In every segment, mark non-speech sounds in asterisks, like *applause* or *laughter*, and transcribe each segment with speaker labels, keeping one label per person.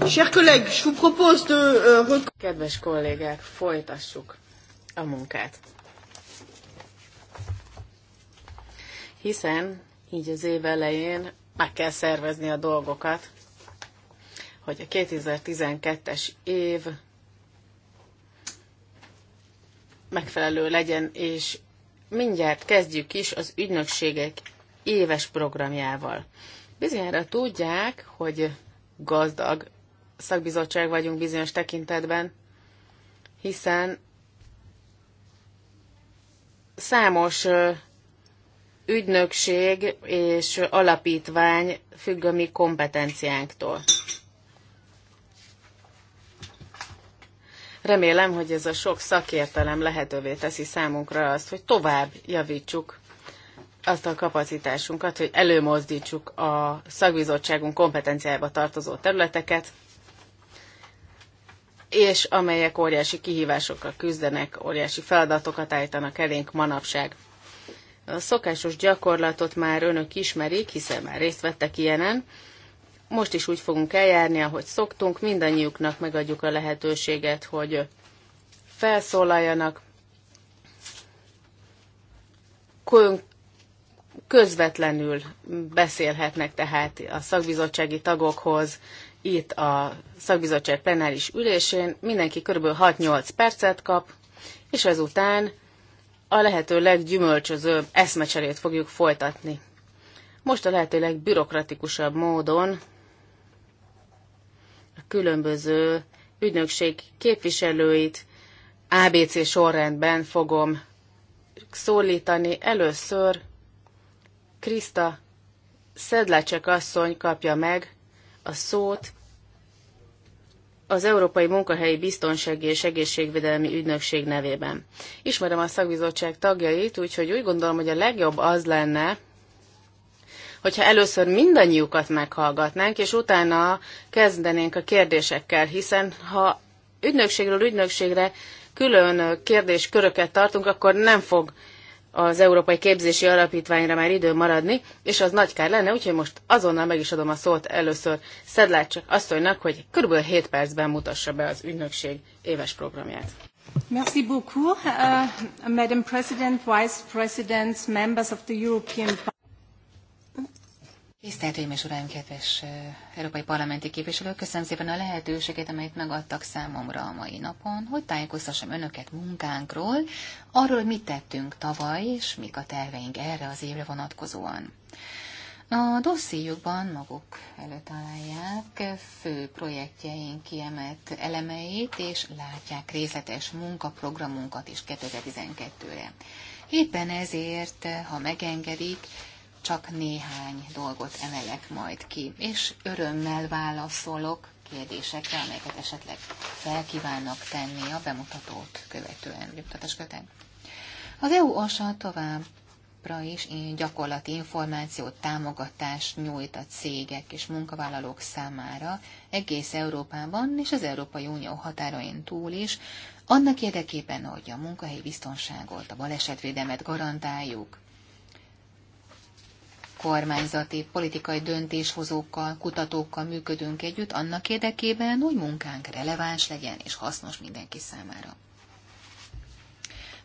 Speaker 1: Euh, Kedves kollégák, folytassuk a munkát. Hiszen így az év elején meg kell szervezni a dolgokat, hogy a 2012-es év megfelelő legyen, és mindjárt kezdjük is az ügynökségek éves programjával. Bizonyára tudják, hogy gazdag szakbizottság vagyunk bizonyos tekintetben, hiszen számos ügynökség és alapítvány függ a mi kompetenciánktól. Remélem, hogy ez a sok szakértelem lehetővé teszi számunkra azt, hogy tovább javítsuk azt a kapacitásunkat, hogy előmozdítsuk a szakbizottságunk kompetenciájába tartozó területeket, és amelyek óriási kihívásokkal küzdenek, óriási feladatokat állítanak elénk manapság. A szokásos gyakorlatot már önök ismerik, hiszen már részt vettek ilyenen. Most is úgy fogunk eljárni, ahogy szoktunk, mindannyiuknak megadjuk a lehetőséget, hogy felszólaljanak, közvetlenül beszélhetnek tehát a szakbizottsági tagokhoz, itt a szakbizottság plenáris ülésén mindenki kb. 6-8 percet kap, és ezután a lehető leggyümölcsözőbb eszmecserét fogjuk folytatni. Most a lehető legbürokratikusabb módon a különböző ügynökség képviselőit ABC sorrendben fogom szólítani. Először Krista Szedlecsek asszony kapja meg a szót az Európai Munkahelyi Biztonsági és Egészségvédelmi Ügynökség nevében. Ismerem a szakbizottság tagjait, úgyhogy úgy gondolom, hogy a legjobb az lenne, hogyha először mindannyiukat meghallgatnánk, és utána kezdenénk a kérdésekkel, hiszen ha ügynökségről ügynökségre külön kérdésköröket tartunk, akkor nem fog az Európai Képzési Alapítványra már idő maradni, és az nagy kár lenne, úgyhogy most azonnal meg is adom a szót először Szedlácsak asszonynak, hogy kb. 7 percben mutassa be az ügynökség éves programját. Merci beaucoup, uh, Madam President, Vice Presidents,
Speaker 2: members of the European Parliament. Tisztelt Hölgyeim és Uraim,
Speaker 3: kedves európai parlamenti képviselők, köszönöm szépen a lehetőséget, amelyet megadtak számomra a mai napon, hogy tájékoztassam önöket munkánkról, arról, hogy mit tettünk tavaly, és mik a terveink erre az évre vonatkozóan. A dossziukban maguk előtt találják fő projektjeink kiemelt elemeit, és látják részletes munkaprogramunkat is 2012-re. Éppen ezért, ha megengedik, csak néhány dolgot emelek majd ki, és örömmel válaszolok kérdésekre, amelyeket esetleg felkívánnak tenni a bemutatót követően, bemutatás követően. Az EU OSA továbbra is gyakorlati információt, támogatást nyújt a cégek és munkavállalók számára egész Európában és az Európai Unió határain túl is, annak érdekében, hogy a munkahelyi biztonságot, a balesetvédelmet garantáljuk, kormányzati, politikai döntéshozókkal, kutatókkal működünk együtt annak érdekében, hogy munkánk releváns legyen és hasznos mindenki számára.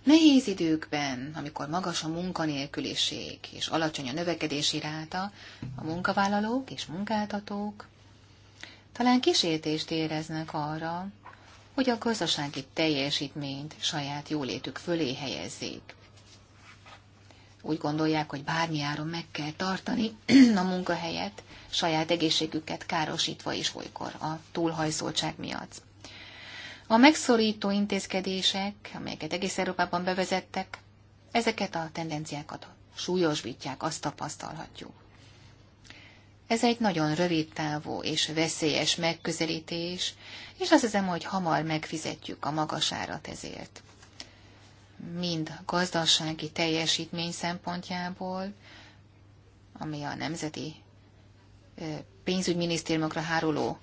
Speaker 3: Nehéz időkben, amikor magas a munkanélküliség és alacsony a növekedési ráta, a munkavállalók és munkáltatók talán kísértést éreznek arra, hogy a gazdasági teljesítményt saját jólétük fölé helyezzék úgy gondolják, hogy bármi áron meg kell tartani *clears throat* a munkahelyet, saját egészségüket károsítva is olykor a túlhajszoltság miatt. A megszorító intézkedések, amelyeket egész Európában bevezettek, ezeket a tendenciákat súlyosbítják, azt tapasztalhatjuk. Ez egy nagyon rövid távú és veszélyes megközelítés, és azt hiszem, hogy hamar megfizetjük a magas árat ezért mind gazdasági teljesítmény szempontjából, ami a nemzeti pénzügyminisztériumokra háruló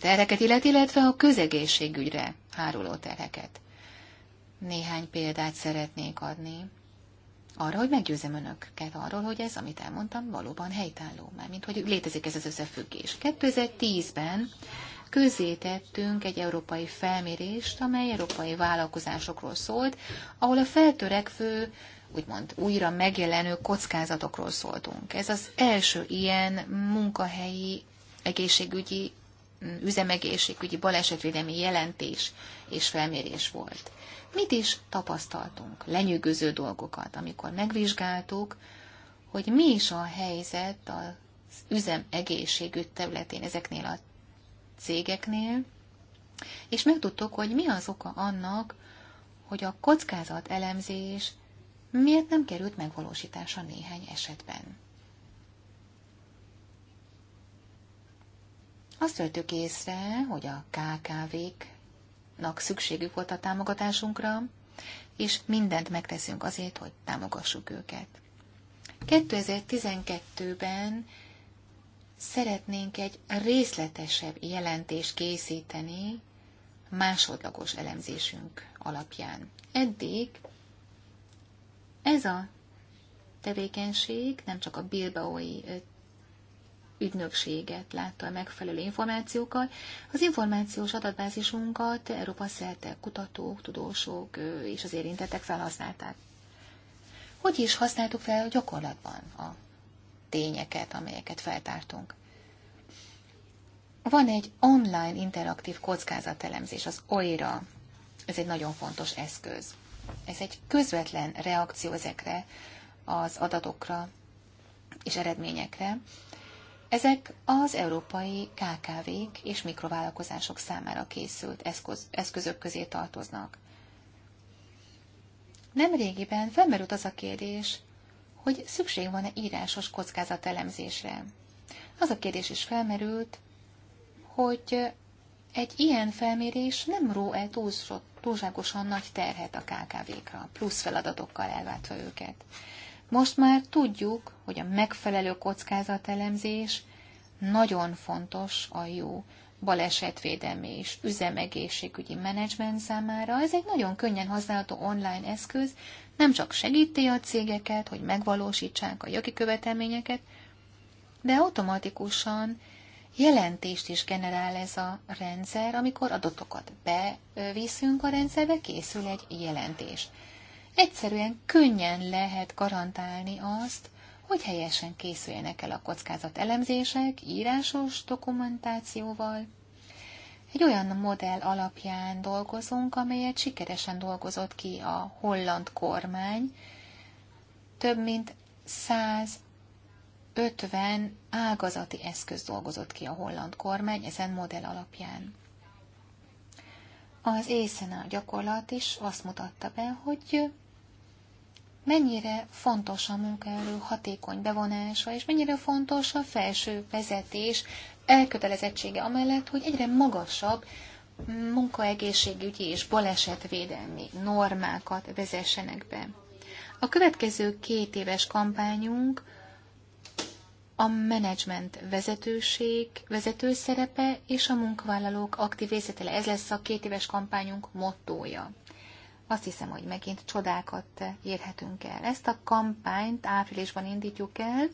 Speaker 3: terheket illeti, illetve a közegészségügyre háruló terheket. Néhány példát szeretnék adni arra, hogy meggyőzem önöket arról, hogy ez, amit elmondtam, valóban helytálló, mármint hogy létezik ez az összefüggés. 2010-ben közé tettünk egy európai felmérést, amely európai vállalkozásokról szólt, ahol a feltörekvő, úgymond újra megjelenő kockázatokról szóltunk. Ez az első ilyen munkahelyi egészségügyi, üzemegészségügyi balesetvédelmi jelentés és felmérés volt. Mit is tapasztaltunk? Lenyűgöző dolgokat, amikor megvizsgáltuk, hogy mi is a helyzet az üzemegészségügy területén ezeknél a cégeknél, és megtudtuk, hogy mi az oka annak, hogy a kockázat elemzés miért nem került megvalósítása néhány esetben. Azt vettük észre, hogy a KKV-knak szükségük volt a támogatásunkra, és mindent megteszünk azért, hogy támogassuk őket. 2012-ben szeretnénk egy részletesebb jelentést készíteni másodlagos elemzésünk alapján. Eddig ez a tevékenység nem csak a Bilbaói ügynökséget látta a megfelelő információkkal, az információs adatbázisunkat Európa szerte kutatók, tudósok és az érintettek felhasználták. Hogy is használtuk fel gyakorlatban a tényeket, amelyeket feltártunk. Van egy online interaktív kockázatelemzés, az OIRA. Ez egy nagyon fontos eszköz. Ez egy közvetlen reakció ezekre az adatokra és eredményekre. Ezek az európai KKV-k és mikrovállalkozások számára készült eszköz, eszközök közé tartoznak. Nemrégiben felmerült az a kérdés, hogy szükség van-e írásos kockázatelemzésre. Az a kérdés is felmerült, hogy egy ilyen felmérés nem ró el túlságosan nagy terhet a KKV-kra, plusz feladatokkal elváltva őket. Most már tudjuk, hogy a megfelelő kockázatelemzés nagyon fontos a jó balesetvédelmi és üzemegészségügyi menedzsment számára. Ez egy nagyon könnyen használható online eszköz, nem csak segíti a cégeket, hogy megvalósítsák a jogi követelményeket, de automatikusan jelentést is generál ez a rendszer, amikor adatokat beviszünk a rendszerbe, készül egy jelentés. Egyszerűen könnyen lehet garantálni azt, hogy helyesen készüljenek el a kockázat elemzések írásos dokumentációval, egy olyan modell alapján dolgozunk, amelyet sikeresen dolgozott ki a holland kormány. Több mint 150 ágazati eszköz dolgozott ki a holland kormány ezen modell alapján. Az éjszena gyakorlat is azt mutatta be, hogy mennyire fontos a munkaerő hatékony bevonása, és mennyire fontos a felső vezetés elkötelezettsége amellett, hogy egyre magasabb munkaegészségügyi és balesetvédelmi normákat vezessenek be. A következő két éves kampányunk a menedzsment vezetőség, vezető szerepe és a munkavállalók aktív részletele. Ez lesz a két éves kampányunk mottója. Azt hiszem, hogy megint csodákat érhetünk el. Ezt a kampányt áprilisban indítjuk el,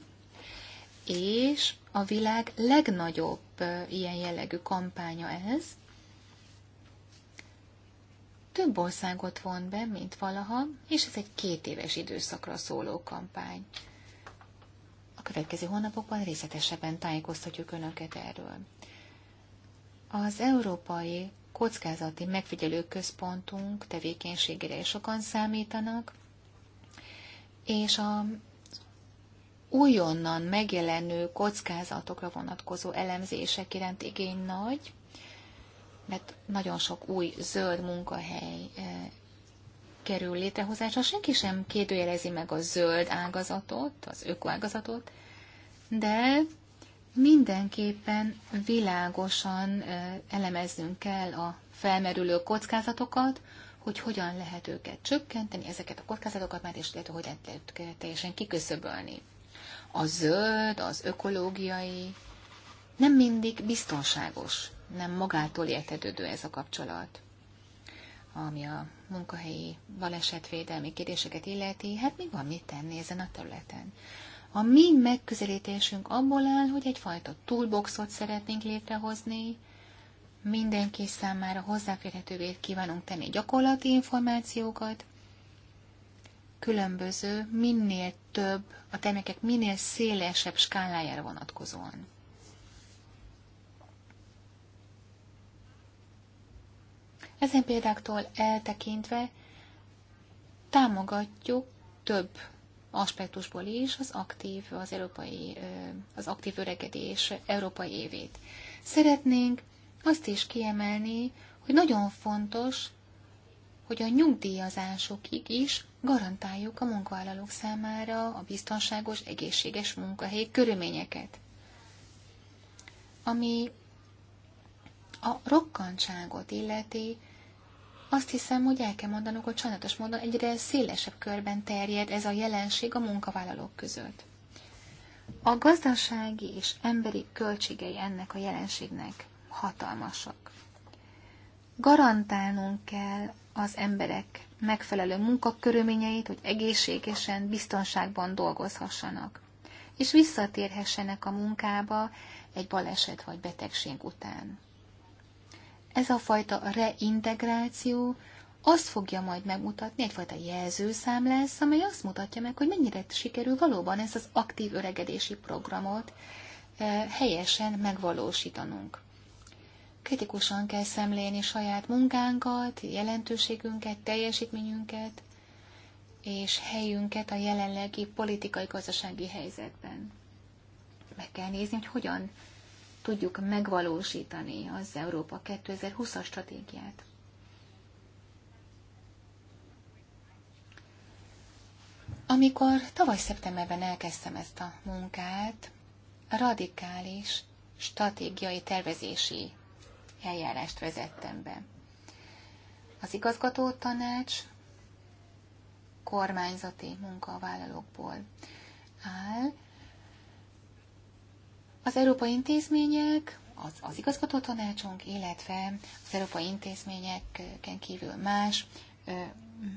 Speaker 3: és a világ legnagyobb ilyen jellegű kampánya ez. Több országot von be, mint valaha, és ez egy két éves időszakra szóló kampány. A következő hónapokban részletesebben tájékoztatjuk Önöket erről. Az Európai Kockázati Megfigyelő Központunk tevékenységére sokan számítanak, és a újonnan megjelenő kockázatokra vonatkozó elemzések iránt igény nagy, mert nagyon sok új zöld munkahely eh, kerül létrehozásra. Senki sem kérdőjelezi meg a zöld ágazatot, az ökoágazatot, de mindenképpen világosan eh, elemeznünk kell a felmerülő kockázatokat, hogy hogyan lehet őket csökkenteni, ezeket a kockázatokat már, és lehet, hogy lehet teljesen kiköszöbölni a zöld, az ökológiai nem mindig biztonságos, nem magától értetődő ez a kapcsolat. Ami a munkahelyi balesetvédelmi kérdéseket illeti, hát mi van mit tenni ezen a területen? A mi megközelítésünk abból áll, hogy egyfajta toolboxot szeretnénk létrehozni, mindenki számára hozzáférhetővé kívánunk tenni gyakorlati információkat, különböző, minél több, a termékek minél szélesebb skálájára vonatkozóan. Ezen példáktól eltekintve támogatjuk több aspektusból is az aktív, az, európai, az aktív öregedés európai évét. Szeretnénk azt is kiemelni, hogy nagyon fontos hogy a nyugdíjazásokig is garantáljuk a munkavállalók számára a biztonságos, egészséges munkahelyi körülményeket. Ami a rokkantságot illeti, azt hiszem, hogy el kell mondanunk, hogy sajnálatos módon egyre szélesebb körben terjed ez a jelenség a munkavállalók között. A gazdasági és emberi költségei ennek a jelenségnek hatalmasak. Garantálnunk kell az emberek megfelelő munkakörülményeit, hogy egészségesen, biztonságban dolgozhassanak, és visszatérhessenek a munkába egy baleset vagy betegség után. Ez a fajta reintegráció azt fogja majd megmutatni, egyfajta jelzőszám lesz, amely azt mutatja meg, hogy mennyire sikerül valóban ezt az aktív öregedési programot eh, helyesen megvalósítanunk. Kritikusan kell szemlélni saját munkánkat, jelentőségünket, teljesítményünket és helyünket a jelenlegi politikai-gazdasági helyzetben. Meg kell nézni, hogy hogyan tudjuk megvalósítani az Európa 2020-as stratégiát. Amikor tavaly szeptemberben elkezdtem ezt a munkát, radikális stratégiai tervezési eljárást vezettem be. Az igazgató tanács kormányzati munkavállalókból áll. Az európai intézmények, az, az igazgató tanácsunk, illetve az európai intézményeken kívül más ö,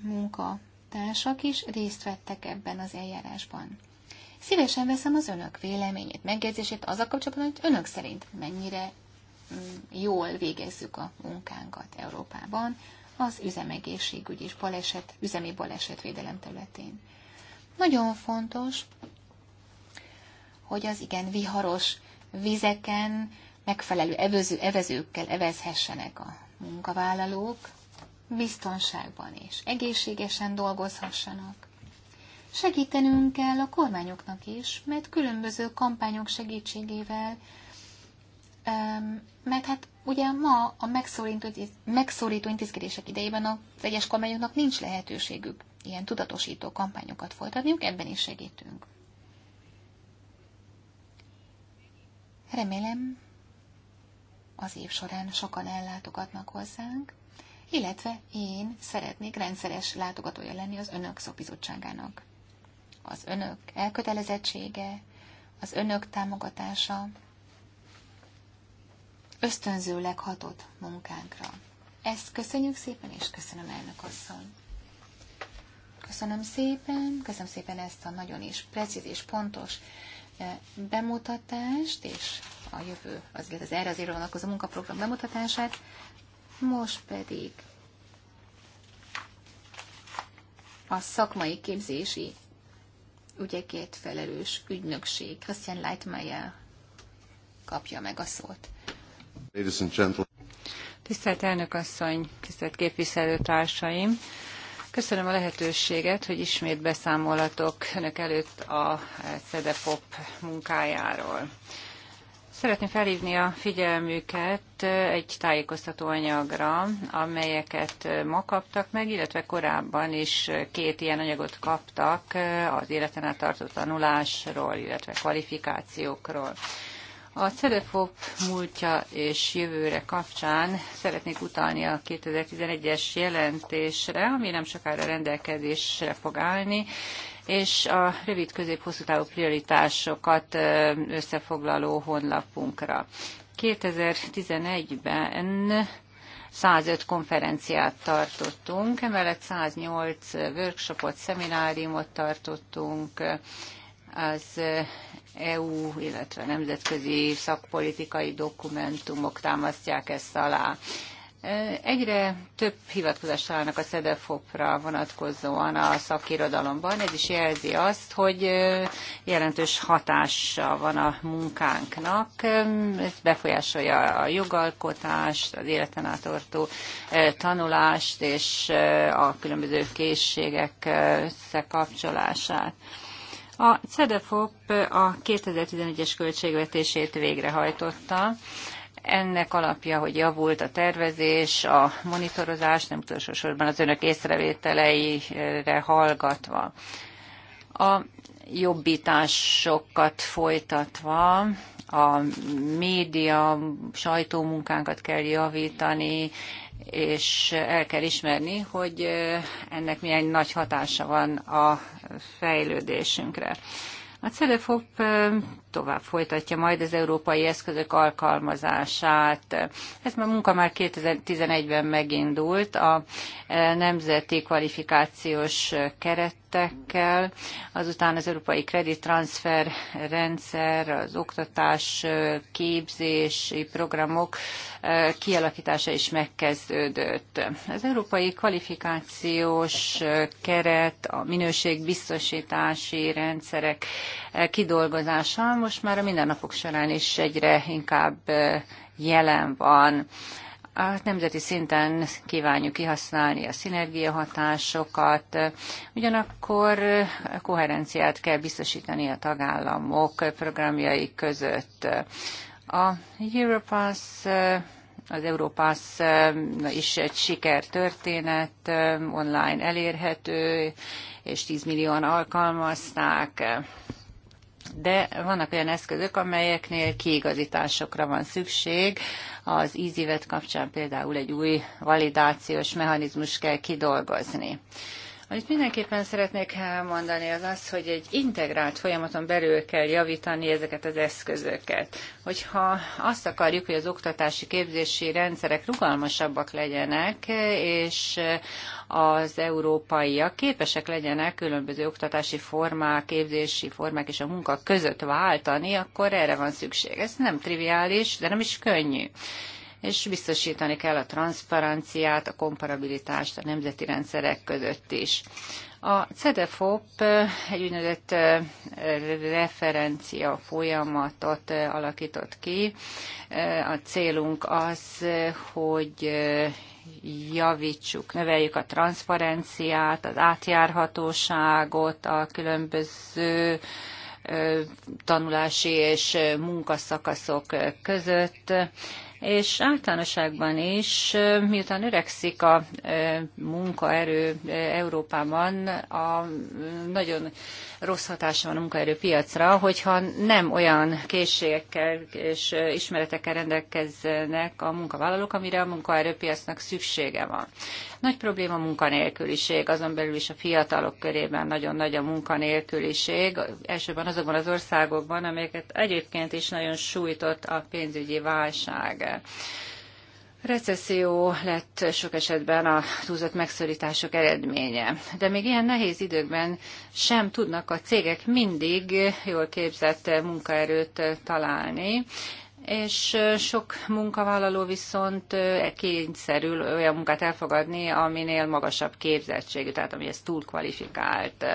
Speaker 3: munkatársak is részt vettek ebben az eljárásban. Szívesen veszem az önök véleményét, megjegyzését az a kapcsolatban, hogy önök szerint mennyire jól végezzük a munkánkat Európában az üzemegészségügy és baleset, üzemi balesetvédelem területén. Nagyon fontos, hogy az igen viharos vizeken megfelelő evező, evezőkkel evezhessenek a munkavállalók, biztonságban és egészségesen dolgozhassanak. Segítenünk kell a kormányoknak is, mert különböző kampányok segítségével mert hát ugye ma a megszorító, intézkedések idejében az egyes kormányoknak nincs lehetőségük ilyen tudatosító kampányokat folytatniuk, ebben is segítünk. Remélem, az év során sokan ellátogatnak hozzánk, illetve én szeretnék rendszeres látogatója lenni az Önök szopizottságának, Az Önök elkötelezettsége, az Önök támogatása ösztönzőleg hatott munkánkra. Ezt köszönjük szépen, és köszönöm elnök asszony. Köszönöm szépen, köszönöm szépen ezt a nagyon is precíz és pontos eh, bemutatást, és a jövő, az, az erre az évre vonatkozó munkaprogram bemutatását. Most pedig a szakmai képzési
Speaker 2: ügyekért felelős ügynökség, Christian Leitmeier kapja meg a szót. Tisztelt elnök asszony, tisztelt képviselőtársaim! Köszönöm a lehetőséget, hogy ismét beszámolhatok Önök előtt a CEDEFOP munkájáról. Szeretném felhívni a figyelmüket egy tájékoztató anyagra, amelyeket ma kaptak meg, illetve korábban is két ilyen anyagot kaptak az életen át tartó tanulásról, illetve kvalifikációkról. A Cedefop múltja és jövőre kapcsán szeretnék utalni a 2011-es jelentésre, ami nem sokára rendelkezésre fog állni, és a rövid közép hosszú távú prioritásokat összefoglaló honlapunkra. 2011-ben 105 konferenciát tartottunk, emellett 108 workshopot, szemináriumot tartottunk, az EU, illetve nemzetközi szakpolitikai dokumentumok támasztják ezt alá. Egyre több hivatkozás találnak a SZEDEFOP-ra vonatkozóan a szakirodalomban. Ez is jelzi azt, hogy jelentős hatása van a munkánknak. Ez befolyásolja a jogalkotást, az életen átortó tanulást és a különböző készségek összekapcsolását. A CEDEFOP a 2011-es költségvetését végrehajtotta. Ennek alapja, hogy javult a tervezés, a monitorozás, nem utolsó sorban az önök észrevételeire hallgatva. A jobbításokat folytatva a média, sajtómunkánkat kell javítani, és el kell ismerni, hogy ennek milyen nagy hatása van a fejlődésünkre. A CEDEFOP tovább folytatja majd az európai eszközök alkalmazását. Ez a munka már 2011-ben megindult a e, nemzeti kvalifikációs keretekkel, azután az európai kredittranszfer rendszer, az oktatás, e, képzési programok e, kialakítása is megkezdődött. Az európai kvalifikációs keret, a minőségbiztosítási rendszerek kidolgozása most már a mindennapok során is egyre inkább jelen van. A nemzeti szinten kívánjuk kihasználni a szinergiahatásokat, ugyanakkor koherenciát kell biztosítani a tagállamok programjai között. A Europass az Európass is egy sikertörténet, online elérhető, és 10 millióan alkalmazták de vannak olyan eszközök, amelyeknél kiigazításokra van szükség. Az ízivet kapcsán például egy új validációs mechanizmus kell kidolgozni. Amit mindenképpen szeretnék elmondani az az, hogy egy integrált folyamaton belül kell javítani ezeket az eszközöket. Hogyha azt akarjuk, hogy az oktatási képzési rendszerek rugalmasabbak legyenek, és az európaiak képesek legyenek különböző oktatási formák, képzési formák és a munka között váltani, akkor erre van szükség. Ez nem triviális, de nem is könnyű és biztosítani kell a transzparenciát, a komparabilitást a nemzeti rendszerek között is. A CEDEFOP egy úgynevezett referencia folyamatot alakított ki. A célunk az, hogy javítsuk, növeljük a transzparenciát, az átjárhatóságot, a különböző tanulási és munkaszakaszok között és általánosságban is, miután öregszik a munkaerő Európában, a nagyon rossz hatása van a munkaerőpiacra, hogyha nem olyan készségekkel és ismeretekkel rendelkeznek a munkavállalók, amire a munkaerőpiacnak szüksége van. Nagy probléma a munkanélküliség, azon belül is a fiatalok körében nagyon nagy a munkanélküliség, elsőben azokban az országokban, amelyeket egyébként is nagyon sújtott a pénzügyi válság el. Recesszió lett sok esetben a túlzott megszorítások eredménye, de még ilyen nehéz időkben sem tudnak a cégek mindig jól képzett munkaerőt találni, és sok munkavállaló viszont kényszerül olyan munkát elfogadni, aminél magasabb képzettségű, tehát ami ezt túl kvalifikált.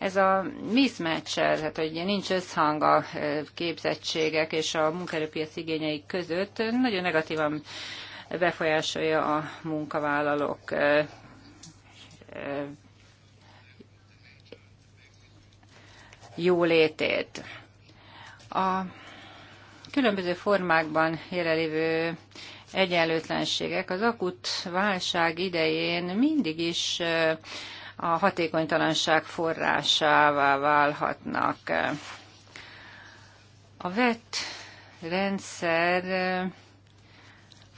Speaker 2: Ez a mismatch, tehát hogy nincs összhang a e, képzettségek és a munkaerőpiac igényei között, nagyon negatívan befolyásolja a munkavállalók e, e, jólétét. A különböző formákban jelenlévő egyenlőtlenségek az akut válság idején mindig is a hatékonytalanság forrásává válhatnak. A VET rendszer eh,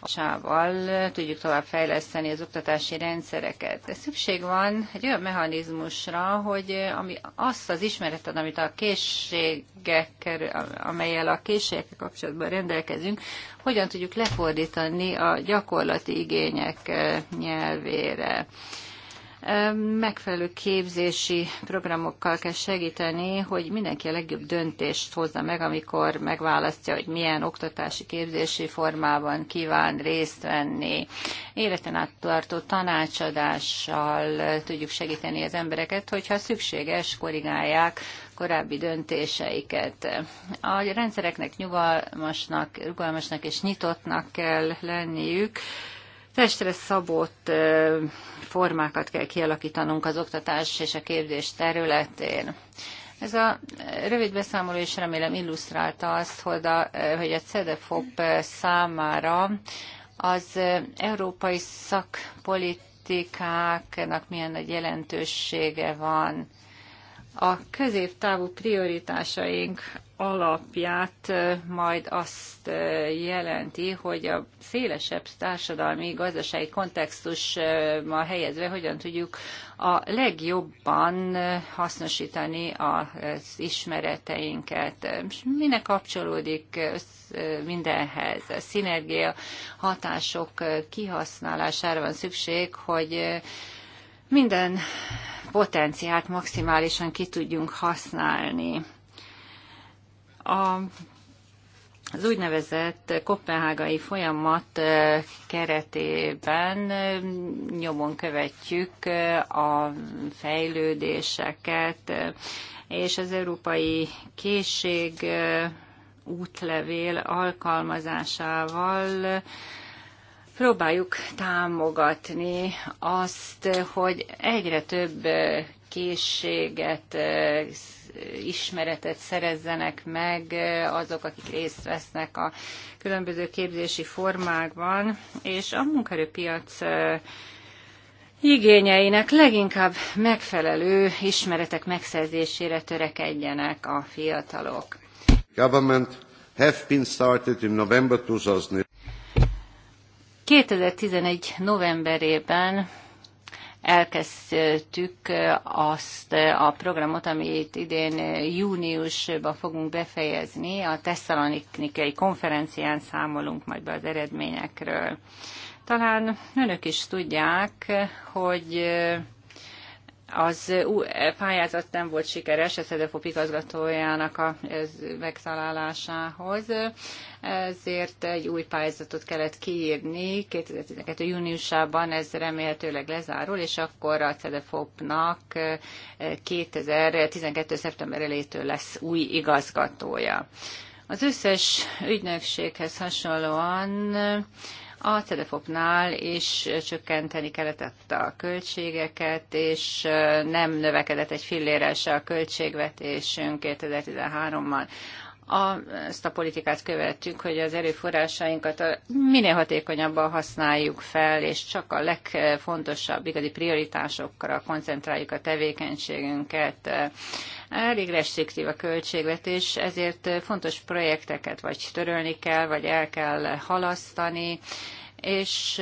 Speaker 2: sával tudjuk tovább fejleszteni az oktatási rendszereket. De szükség van egy olyan mechanizmusra, hogy eh, ami azt az ismeretet, amit a készségek, amelyel a készségekkel kapcsolatban rendelkezünk, hogyan tudjuk lefordítani a gyakorlati igények eh, nyelvére megfelelő képzési programokkal kell segíteni, hogy mindenki a legjobb döntést hozza meg, amikor megválasztja, hogy milyen oktatási képzési formában kíván részt venni. Életen át tartó tanácsadással tudjuk segíteni az embereket, hogyha szükséges, korrigálják korábbi döntéseiket. A rendszereknek nyugalmasnak, rugalmasnak és nyitottnak kell lenniük, testre szabott formákat kell kialakítanunk az oktatás és a képzés területén. Ez a rövid beszámoló is remélem illusztrálta azt, hogy a, hogy a CEDEFOP számára az európai szakpolitikáknak milyen nagy jelentősége van. A középtávú prioritásaink alapját majd azt jelenti, hogy a szélesebb társadalmi, gazdasági ma helyezve hogyan tudjuk a legjobban hasznosítani az ismereteinket. Minek kapcsolódik mindenhez? A szinergia hatások kihasználására van szükség, hogy minden potenciált maximálisan ki tudjunk használni. A az úgynevezett kopenhágai folyamat keretében nyomon követjük a fejlődéseket, és az európai készség útlevél alkalmazásával próbáljuk támogatni azt, hogy egyre több készséget ismeretet szerezzenek meg azok, akik részt vesznek a különböző képzési formákban, és a munkerőpiac igényeinek leginkább megfelelő ismeretek megszerzésére törekedjenek a fiatalok.
Speaker 1: Government have been started in November
Speaker 2: 2011 novemberében elkezdtük azt a programot, amit idén júniusban fogunk befejezni. A Tesszalonikai konferencián számolunk majd be az eredményekről. Talán önök is tudják, hogy az e, pályázat nem volt sikeres a Szedefop igazgatójának a megtalálásához, ezért egy új pályázatot kellett kiírni 2012. júniusában, ez remélhetőleg lezárul, és akkor a Cedefopnak 2012. E, szeptember elétől lesz új igazgatója. Az összes ügynökséghez hasonlóan a CEDEFOP-nál is csökkenteni kellett a költségeket, és nem növekedett egy fillérel se a költségvetésünk 2013-ban a, ezt a politikát követjük, hogy az erőforrásainkat a, minél hatékonyabban használjuk fel, és csak a legfontosabb igazi prioritásokra koncentráljuk a tevékenységünket. Elég restriktív a költségvetés, ezért fontos projekteket vagy törölni kell, vagy el kell halasztani, és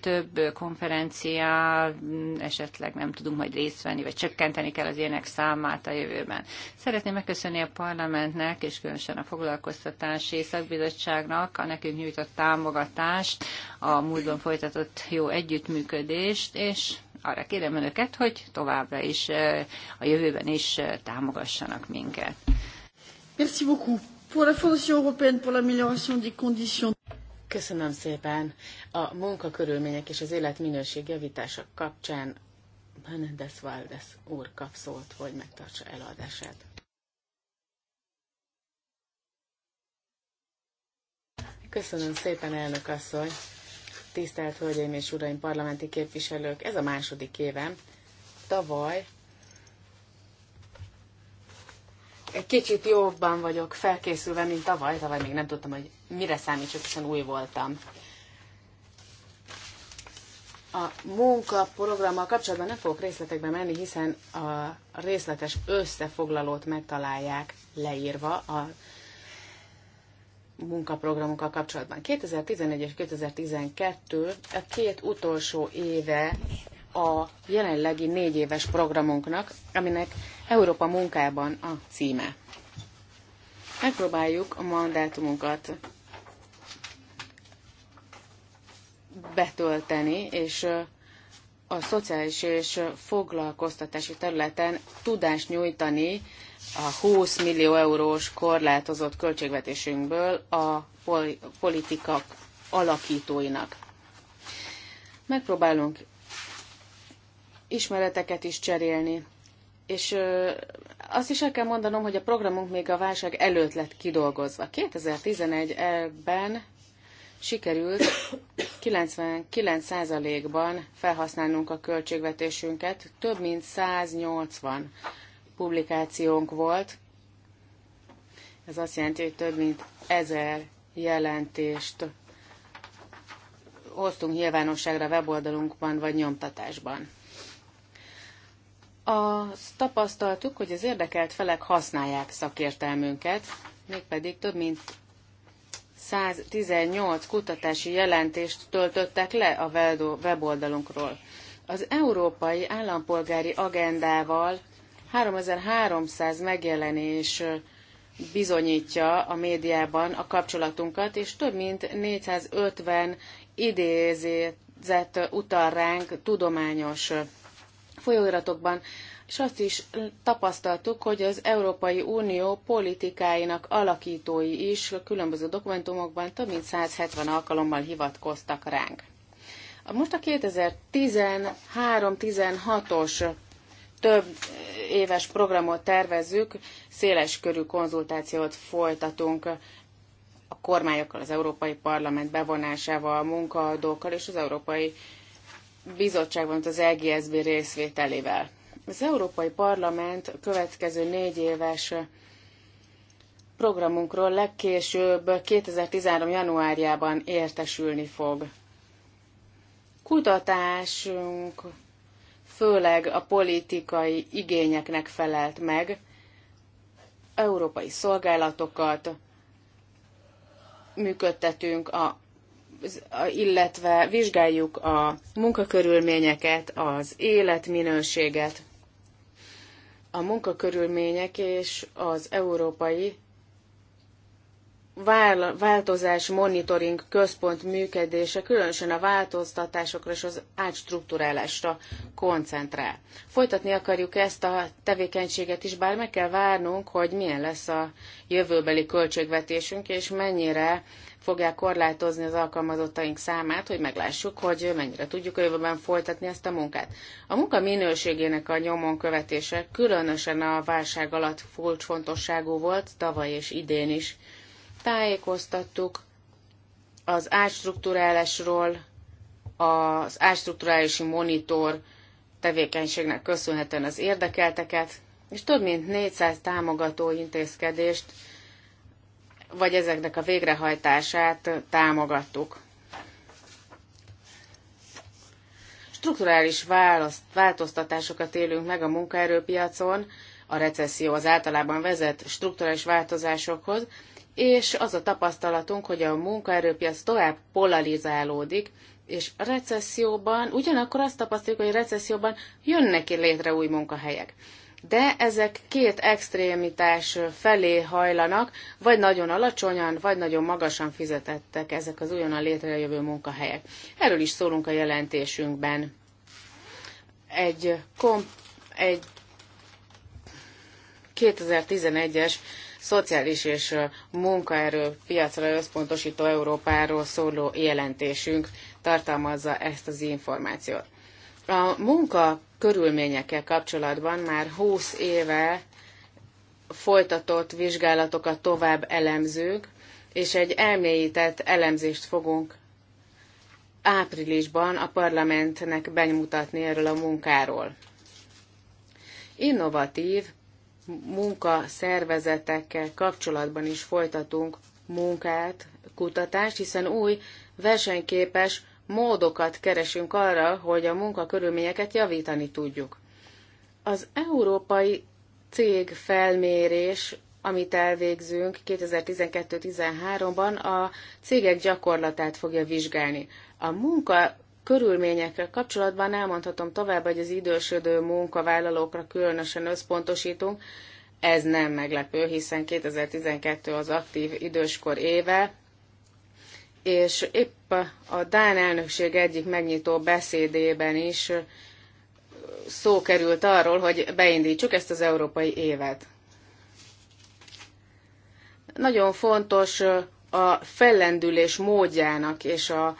Speaker 2: több konferencia esetleg nem tudunk majd részt venni, vagy csökkenteni kell az ének számát a jövőben. Szeretném megköszönni a parlamentnek, és különösen a foglalkoztatási szakbizottságnak a nekünk nyújtott támogatást, a múltban folytatott jó együttműködést, és arra kérem önöket, hogy továbbra is a jövőben is támogassanak minket.
Speaker 1: Merci beaucoup. Pour la Fondation européenne pour l'amélioration des conditions Köszönöm szépen. A munkakörülmények és az életminőség javítása kapcsán Menendez Valdez úr kap szólt, hogy megtartsa előadását. Köszönöm szépen, elnök asszony! Tisztelt Hölgyeim és Uraim parlamenti képviselők! Ez a második évem. Tavaly egy kicsit jobban vagyok felkészülve, mint tavaly. Tavaly még nem tudtam, hogy mire számítsak, hiszen új voltam. A munkaprogrammal kapcsolatban nem fogok részletekbe menni, hiszen a részletes összefoglalót megtalálják leírva a munkaprogramokkal kapcsolatban. 2011 és 2012 a két utolsó éve a jelenlegi négy éves programunknak, aminek Európa munkában a címe. Megpróbáljuk a mandátumunkat betölteni, és a szociális és foglalkoztatási területen tudást nyújtani a 20 millió eurós korlátozott költségvetésünkből a politikak alakítóinak. Megpróbálunk ismereteket is cserélni, és azt is el kell mondanom, hogy a programunk még a válság előtt lett kidolgozva. 2011-ben sikerült 99%-ban felhasználnunk a költségvetésünket, több mint 180 publikációnk volt. Ez azt jelenti, hogy több mint ezer jelentést hoztunk nyilvánosságra weboldalunkban vagy nyomtatásban. Azt tapasztaltuk, hogy az érdekelt felek használják szakértelmünket, mégpedig több mint 118 kutatási jelentést töltöttek le a weboldalunkról. Az Európai Állampolgári Agendával 3300 megjelenés bizonyítja a médiában a kapcsolatunkat, és több mint 450 idézett utal ránk tudományos folyóiratokban, és azt is tapasztaltuk, hogy az Európai Unió politikáinak alakítói is a különböző dokumentumokban több mint 170 alkalommal hivatkoztak ránk. Most a 2013-16-os több éves programot tervezzük, széles körű konzultációt folytatunk a kormányokkal, az Európai Parlament bevonásával, a munkaadókkal és az Európai Bizottságban, az EGSB részvételével. Az Európai Parlament következő négy éves programunkról legkésőbb 2013. januárjában értesülni fog. Kutatásunk főleg a politikai igényeknek felelt meg, európai szolgálatokat működtetünk, a, a, illetve vizsgáljuk a munkakörülményeket, az életminőséget, a munkakörülmények és az európai változás monitoring központ működése különösen a változtatásokra és az átstruktúrálásra koncentrál. Folytatni akarjuk ezt a tevékenységet is, bár meg kell várnunk, hogy milyen lesz a jövőbeli költségvetésünk, és mennyire fogják korlátozni az alkalmazottaink számát, hogy meglássuk, hogy mennyire tudjuk a jövőben folytatni ezt a munkát. A munka minőségének a nyomon követése különösen a válság alatt kulcsfontosságú volt, tavaly és idén is. Tájékoztattuk az átstruktúrálásról, az átstruktúrálási monitor tevékenységnek köszönhetően az érdekelteket, és több mint 400 támogató intézkedést vagy ezeknek a végrehajtását támogattuk. Strukturális változtatásokat élünk meg a munkaerőpiacon, a recesszió az általában vezet strukturális változásokhoz, és az a tapasztalatunk, hogy a munkaerőpiac tovább polarizálódik, és a recesszióban, ugyanakkor azt tapasztaljuk, hogy a recesszióban jönnek létre új munkahelyek de ezek két extrémitás felé hajlanak, vagy nagyon alacsonyan, vagy nagyon magasan fizetettek ezek az újonnan létrejövő munkahelyek. Erről is szólunk a jelentésünkben. Egy, kom, egy 2011-es szociális és munkaerőpiacra összpontosító Európáról szóló jelentésünk tartalmazza ezt az információt. A munka körülményekkel kapcsolatban már 20 éve folytatott vizsgálatokat tovább elemzők, és egy elmélyített elemzést fogunk áprilisban a parlamentnek bemutatni erről a munkáról. Innovatív munkaszervezetekkel kapcsolatban is folytatunk munkát, kutatást, hiszen új versenyképes módokat keresünk arra, hogy a munkakörülményeket javítani tudjuk. Az európai cég felmérés, amit elvégzünk 2012-13-ban, a cégek gyakorlatát fogja vizsgálni. A munka körülményekkel kapcsolatban elmondhatom tovább, hogy az idősödő munkavállalókra különösen összpontosítunk. Ez nem meglepő, hiszen 2012 az aktív időskor éve, és épp a Dán elnökség egyik megnyitó beszédében is szó került arról, hogy beindítsuk ezt az európai évet. Nagyon fontos a fellendülés módjának és a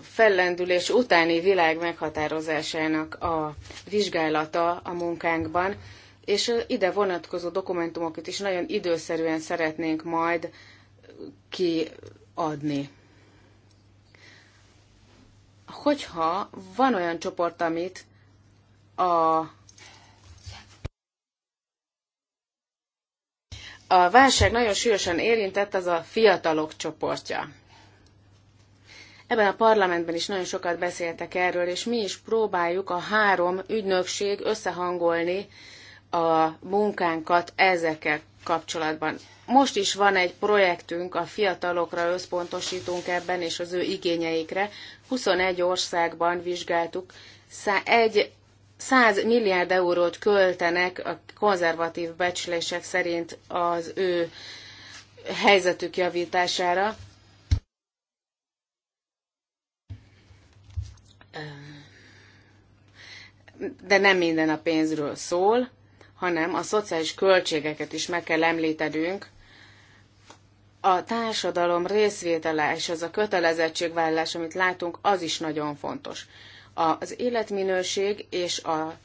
Speaker 1: fellendülés utáni világ meghatározásának a vizsgálata a munkánkban, és ide vonatkozó dokumentumokat is nagyon időszerűen szeretnénk majd kiadni hogyha van olyan csoport, amit a A válság nagyon súlyosan érintett az a fiatalok csoportja. Ebben a parlamentben is nagyon sokat beszéltek erről, és mi is próbáljuk a három ügynökség összehangolni a munkánkat ezeket kapcsolatban. Most is van egy projektünk, a fiatalokra összpontosítunk ebben, és az ő igényeikre. 21 országban vizsgáltuk, egy 100 milliárd eurót költenek a konzervatív becslések szerint az ő helyzetük javítására. De nem minden a pénzről szól hanem a szociális költségeket is meg kell említenünk. A társadalom részvétele és az a kötelezettségvállalás, amit látunk, az is nagyon fontos. Az életminőség és a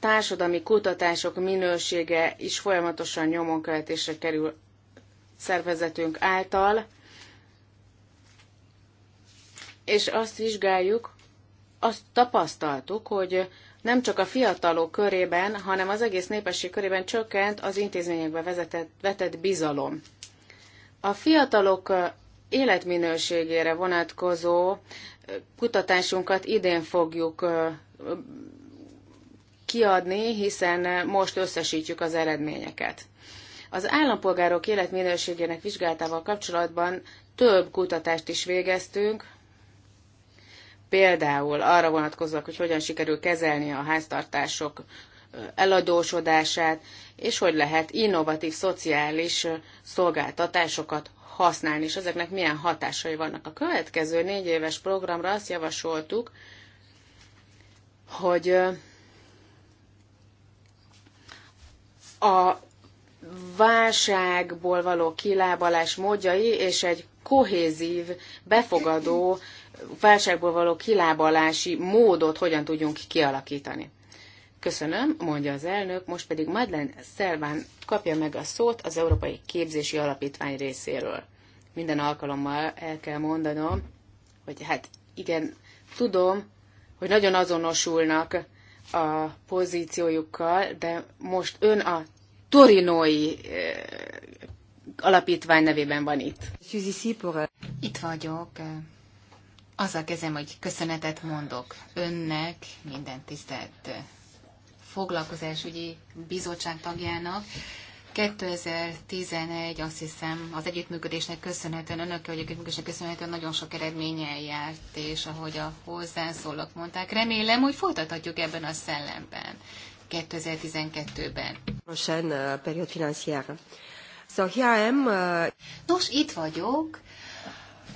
Speaker 1: társadalmi kutatások minősége is folyamatosan nyomon követésre kerül szervezetünk által, és azt vizsgáljuk, azt tapasztaltuk, hogy nem csak a fiatalok körében, hanem az egész népesség körében csökkent az intézményekbe vezetett, vetett bizalom. A fiatalok életminőségére vonatkozó kutatásunkat idén fogjuk kiadni, hiszen most összesítjük az eredményeket. Az állampolgárok életminőségének vizsgálatával kapcsolatban több kutatást is végeztünk, például arra vonatkozóak, hogy hogyan sikerül kezelni a háztartások eladósodását, és hogy lehet innovatív szociális szolgáltatásokat használni, és ezeknek milyen hatásai vannak. A következő négy éves programra azt javasoltuk, hogy a válságból való kilábalás módjai és egy kohézív, befogadó válságból való kilábalási módot hogyan tudjunk kialakítani. Köszönöm, mondja az elnök, most pedig Madlen Szelván kapja meg a szót az Európai Képzési Alapítvány részéről. Minden alkalommal el kell mondanom, hogy hát igen, tudom, hogy nagyon azonosulnak a pozíciójukkal, de most ön a torinói eh, alapítvány nevében van itt. Itt
Speaker 3: vagyok az a kezem, hogy köszönetet mondok önnek, minden tisztelt foglalkozásügyi bizottság tagjának. 2011 azt hiszem az együttműködésnek köszönhetően, önökkel együttműködésnek köszönhetően nagyon sok eredménnyel járt, és ahogy a hozzászólók mondták, remélem, hogy folytathatjuk ebben a szellemben 2012-ben. Euh, euh, Nos, itt vagyok,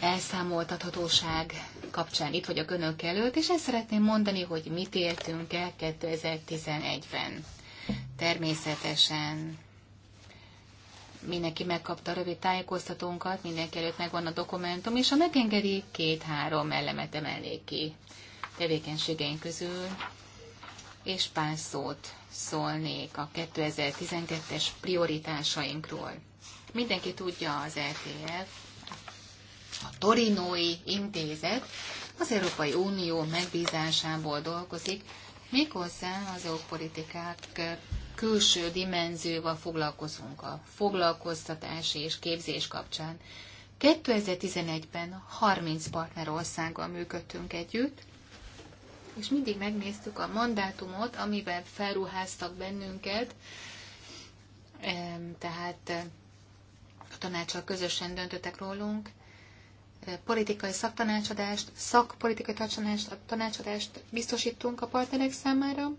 Speaker 3: elszámoltathatóság kapcsán itt vagyok önök előtt, és ezt szeretném mondani, hogy mit éltünk el 2011-ben. Természetesen mindenki megkapta a rövid tájékoztatónkat, mindenki előtt megvan a dokumentum, és ha megengedi, két-három elemet emelnék ki tevékenységeink közül, és pár szót szólnék a 2012-es prioritásainkról. Mindenki tudja az RTF, a Torinói Intézet az Európai Unió megbízásából dolgozik, méghozzá az EU politikák külső dimenzióval foglalkozunk a foglalkoztatás és képzés kapcsán. 2011-ben 30 partnerországgal működtünk együtt, és mindig megnéztük a mandátumot, amivel felruháztak bennünket, tehát a tanácsal közösen döntöttek rólunk, politikai szaktanácsadást, szakpolitikai tanácsadást, tanácsadást biztosítunk a partnerek számára,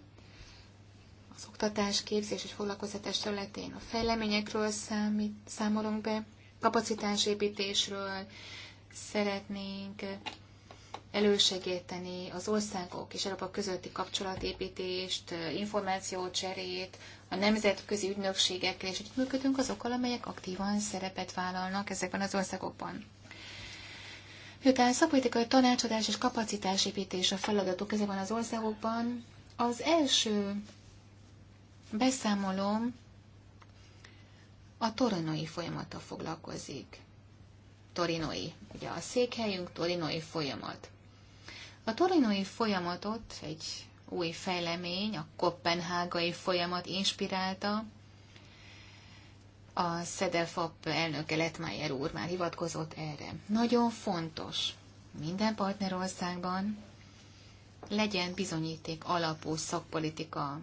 Speaker 3: az oktatás, képzés és foglalkozatás területén a fejleményekről számít, számolunk be, kapacitásépítésről szeretnénk elősegíteni az országok és Európa közötti kapcsolatépítést, információcserét, a nemzetközi ügynökségekkel, és együttműködünk azokkal, amelyek aktívan szerepet vállalnak ezekben az országokban. Miután szakpolitikai tanácsadás és kapacitásépítés a feladatok ezekben az országokban, az első beszámolom a torinoi folyamata foglalkozik. Torinoi, ugye a székhelyünk torinoi folyamat. A torinoi folyamatot egy új fejlemény, a kopenhágai folyamat inspirálta, a szedelfap elnöke Letmajer úr már hivatkozott erre. Nagyon fontos minden partnerországban legyen bizonyíték alapú szakpolitika,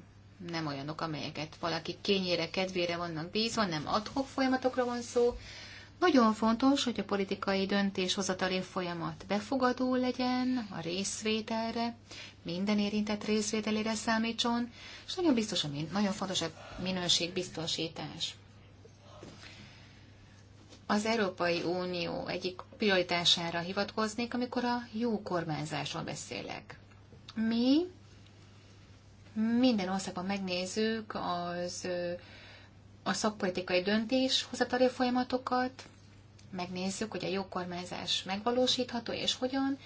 Speaker 3: nem olyanok, amelyeket valaki kényére, kedvére vannak bízva, nem adhok folyamatokra van szó. Nagyon fontos, hogy a politikai döntéshozatali folyamat befogadó legyen, a részvételre, minden érintett részvételére számítson, és nagyon, biztos a min- nagyon fontos a minőségbiztosítás az Európai Unió egyik prioritására hivatkoznék, amikor a jó kormányzásról beszélek. Mi minden országban megnézzük az, a szakpolitikai döntéshozatali folyamatokat, megnézzük, hogy a jó kormányzás megvalósítható és hogyan,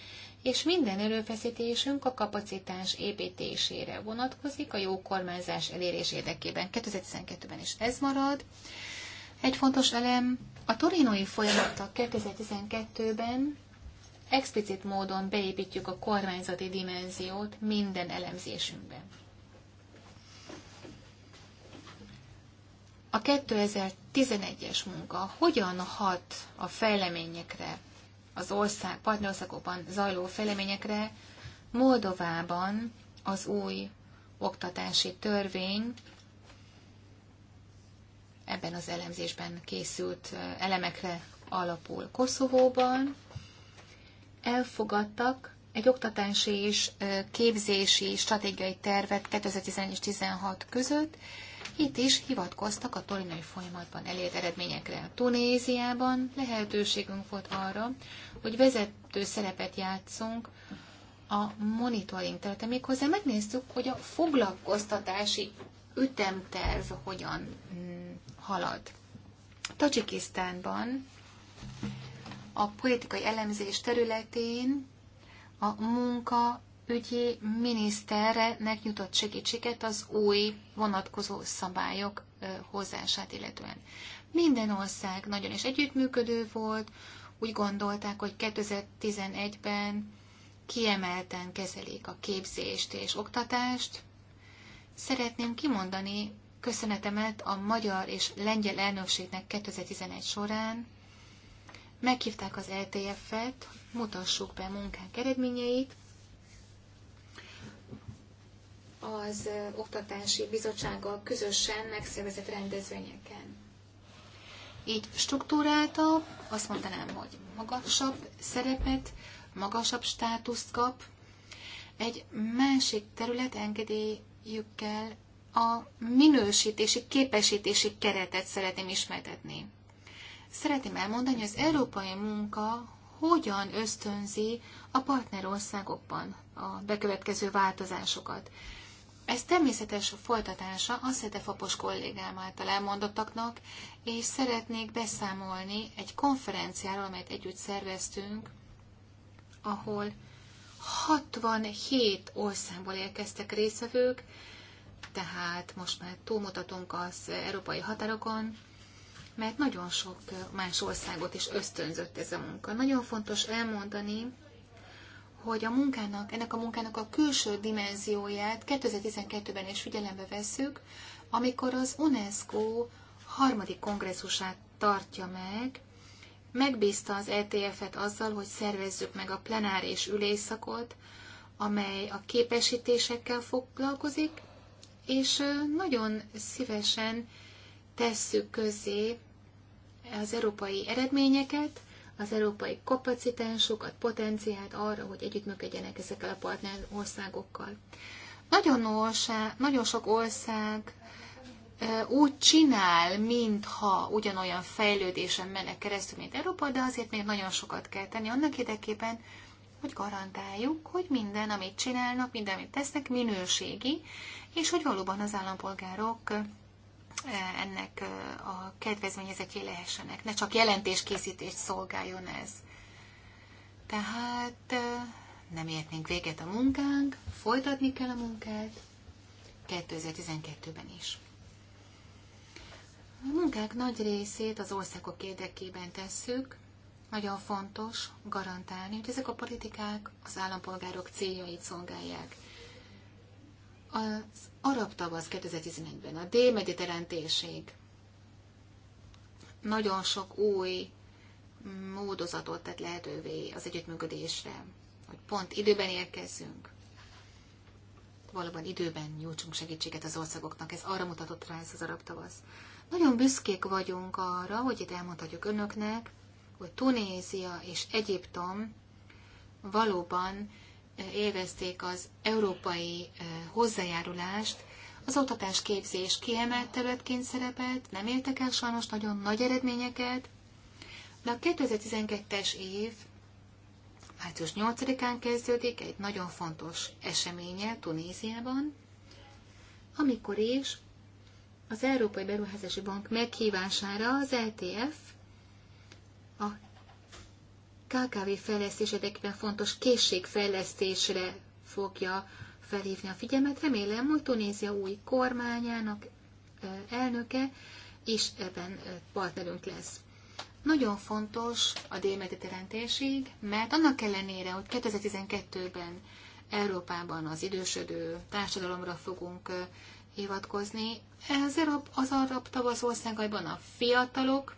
Speaker 3: és minden erőfeszítésünk a kapacitás építésére vonatkozik a jó kormányzás elérés érdekében. 2012-ben is ez marad. Egy fontos elem a torinói folyamattal 2012-ben explicit módon beépítjük a kormányzati dimenziót minden elemzésünkbe. A 2011-es munka hogyan hat a fejleményekre, az ország partnerországokban zajló fejleményekre, Moldovában az új oktatási törvény ebben az elemzésben készült elemekre alapul. Koszovóban elfogadtak egy oktatási és képzési stratégiai tervet 2011 és 16 között. Itt is hivatkoztak a torinai folyamatban elért eredményekre. a Tunéziában lehetőségünk volt arra, hogy vezető szerepet játszunk a monitoring területen. Méghozzá megnéztük, hogy a foglalkoztatási ütemterv hogyan halad. Tajikisztánban a politikai elemzés területén a munka ügyi miniszternek jutott segítséget az új vonatkozó szabályok hozását illetően. Minden ország nagyon is együttműködő volt, úgy gondolták, hogy 2011-ben kiemelten kezelik a képzést és oktatást. Szeretném kimondani, köszönetemet a magyar és lengyel elnökségnek 2011 során. Meghívták az LTF-et, mutassuk be munkánk eredményeit. Az Oktatási Bizottsággal közösen megszervezett rendezvényeken. Így struktúrálta, azt mondanám, hogy magasabb szerepet, magasabb státuszt kap. Egy másik terület engedélyükkel a minősítési, képesítési keretet szeretném ismertetni. Szeretném elmondani, hogy az európai munka hogyan ösztönzi a partnerországokban a bekövetkező változásokat. Ez természetes folytatása a Szedefapos kollégám által elmondottaknak, és szeretnék beszámolni egy konferenciáról, amelyet együtt szerveztünk, ahol 67 országból érkeztek részvevők, tehát most már túlmutatunk az európai határokon, mert nagyon sok más országot is ösztönzött ez a munka. Nagyon fontos elmondani, hogy a munkának, ennek a munkának a külső dimenzióját 2012-ben is figyelembe vesszük, amikor az UNESCO harmadik kongresszusát tartja meg, megbízta az ETF-et azzal, hogy szervezzük meg a plenáris ülésszakot, amely a képesítésekkel foglalkozik, és nagyon szívesen tesszük közé az európai eredményeket, az európai kapacitásokat, potenciált arra, hogy együttműködjenek ezekkel a partner országokkal. Nagyon, ország, nagyon sok ország úgy csinál, mintha ugyanolyan fejlődésen mennek keresztül, mint Európa, de azért még nagyon sokat kell tenni annak érdekében, hogy garantáljuk, hogy minden, amit csinálnak, minden, amit tesznek, minőségi, és hogy valóban az állampolgárok eh, ennek eh, a kedvezményezeké lehessenek, ne csak jelentéskészítést szolgáljon ez. Tehát eh, nem értnénk véget a munkánk, folytatni kell a munkát 2012-ben is. A munkák nagy részét az országok érdekében tesszük. Nagyon fontos garantálni, hogy ezek a politikák az állampolgárok céljait szolgálják az arab tavasz 2011-ben, a dél-mediterrán térség nagyon sok új módozatot tett lehetővé az együttműködésre, hogy pont időben érkezzünk, valóban időben nyújtsunk segítséget az országoknak. Ez arra mutatott rá ez az arab tavasz. Nagyon büszkék vagyunk arra, hogy itt elmondhatjuk önöknek, hogy Tunézia és Egyiptom valóban élvezték az európai hozzájárulást, az oktatás képzés kiemelt területként szerepelt, nem éltek el sajnos nagyon nagy eredményeket, de a 2012-es év március 8-án kezdődik egy nagyon fontos eseménye Tunéziában, amikor is az Európai Beruházási Bank meghívására az ETF, a KKV fejlesztés egyébként fontos készségfejlesztésre fogja felhívni a figyelmet. Remélem, hogy Tunézia új kormányának elnöke is ebben partnerünk lesz. Nagyon fontos a délmediterrán térség, mert annak ellenére, hogy 2012-ben Európában az idősödő társadalomra fogunk hivatkozni, az arab, az arab tavasz országaiban a fiatalok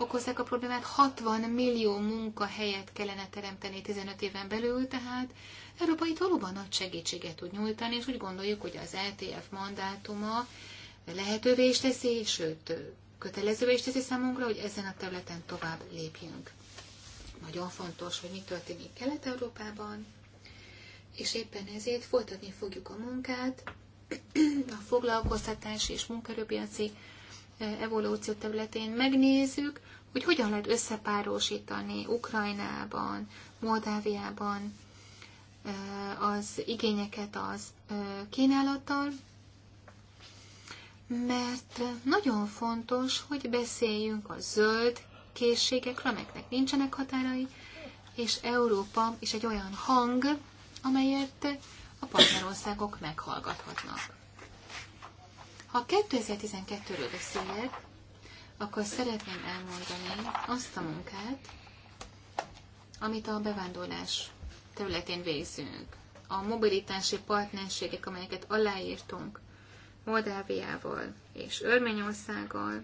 Speaker 3: okozzák a problémát. 60 millió munkahelyet kellene teremteni 15 éven belül, tehát Európa itt valóban nagy segítséget tud nyújtani, és úgy gondoljuk, hogy az LTF e mandátuma lehetővé is teszi, sőt, kötelezővé is teszi számunkra, hogy ezen a területen tovább lépjünk. Nagyon fontos, hogy mi történik Kelet-Európában, és éppen ezért folytatni fogjuk a munkát, a foglalkoztatás és munkerőpiaci evolúció területén megnézzük, hogy hogyan lehet összepárosítani Ukrajnában, Moldáviában az igényeket az kínálattal, mert nagyon fontos, hogy beszéljünk a zöld készségekről, amelyeknek nincsenek határai, és Európa is egy olyan hang, amelyet a partnerországok meghallgathatnak. Ha 2012-ről beszélek, akkor szeretném elmondani azt a munkát, amit a bevándorlás területén végzünk. A mobilitási partnerségek, amelyeket aláírtunk Moldáviával és Örményországgal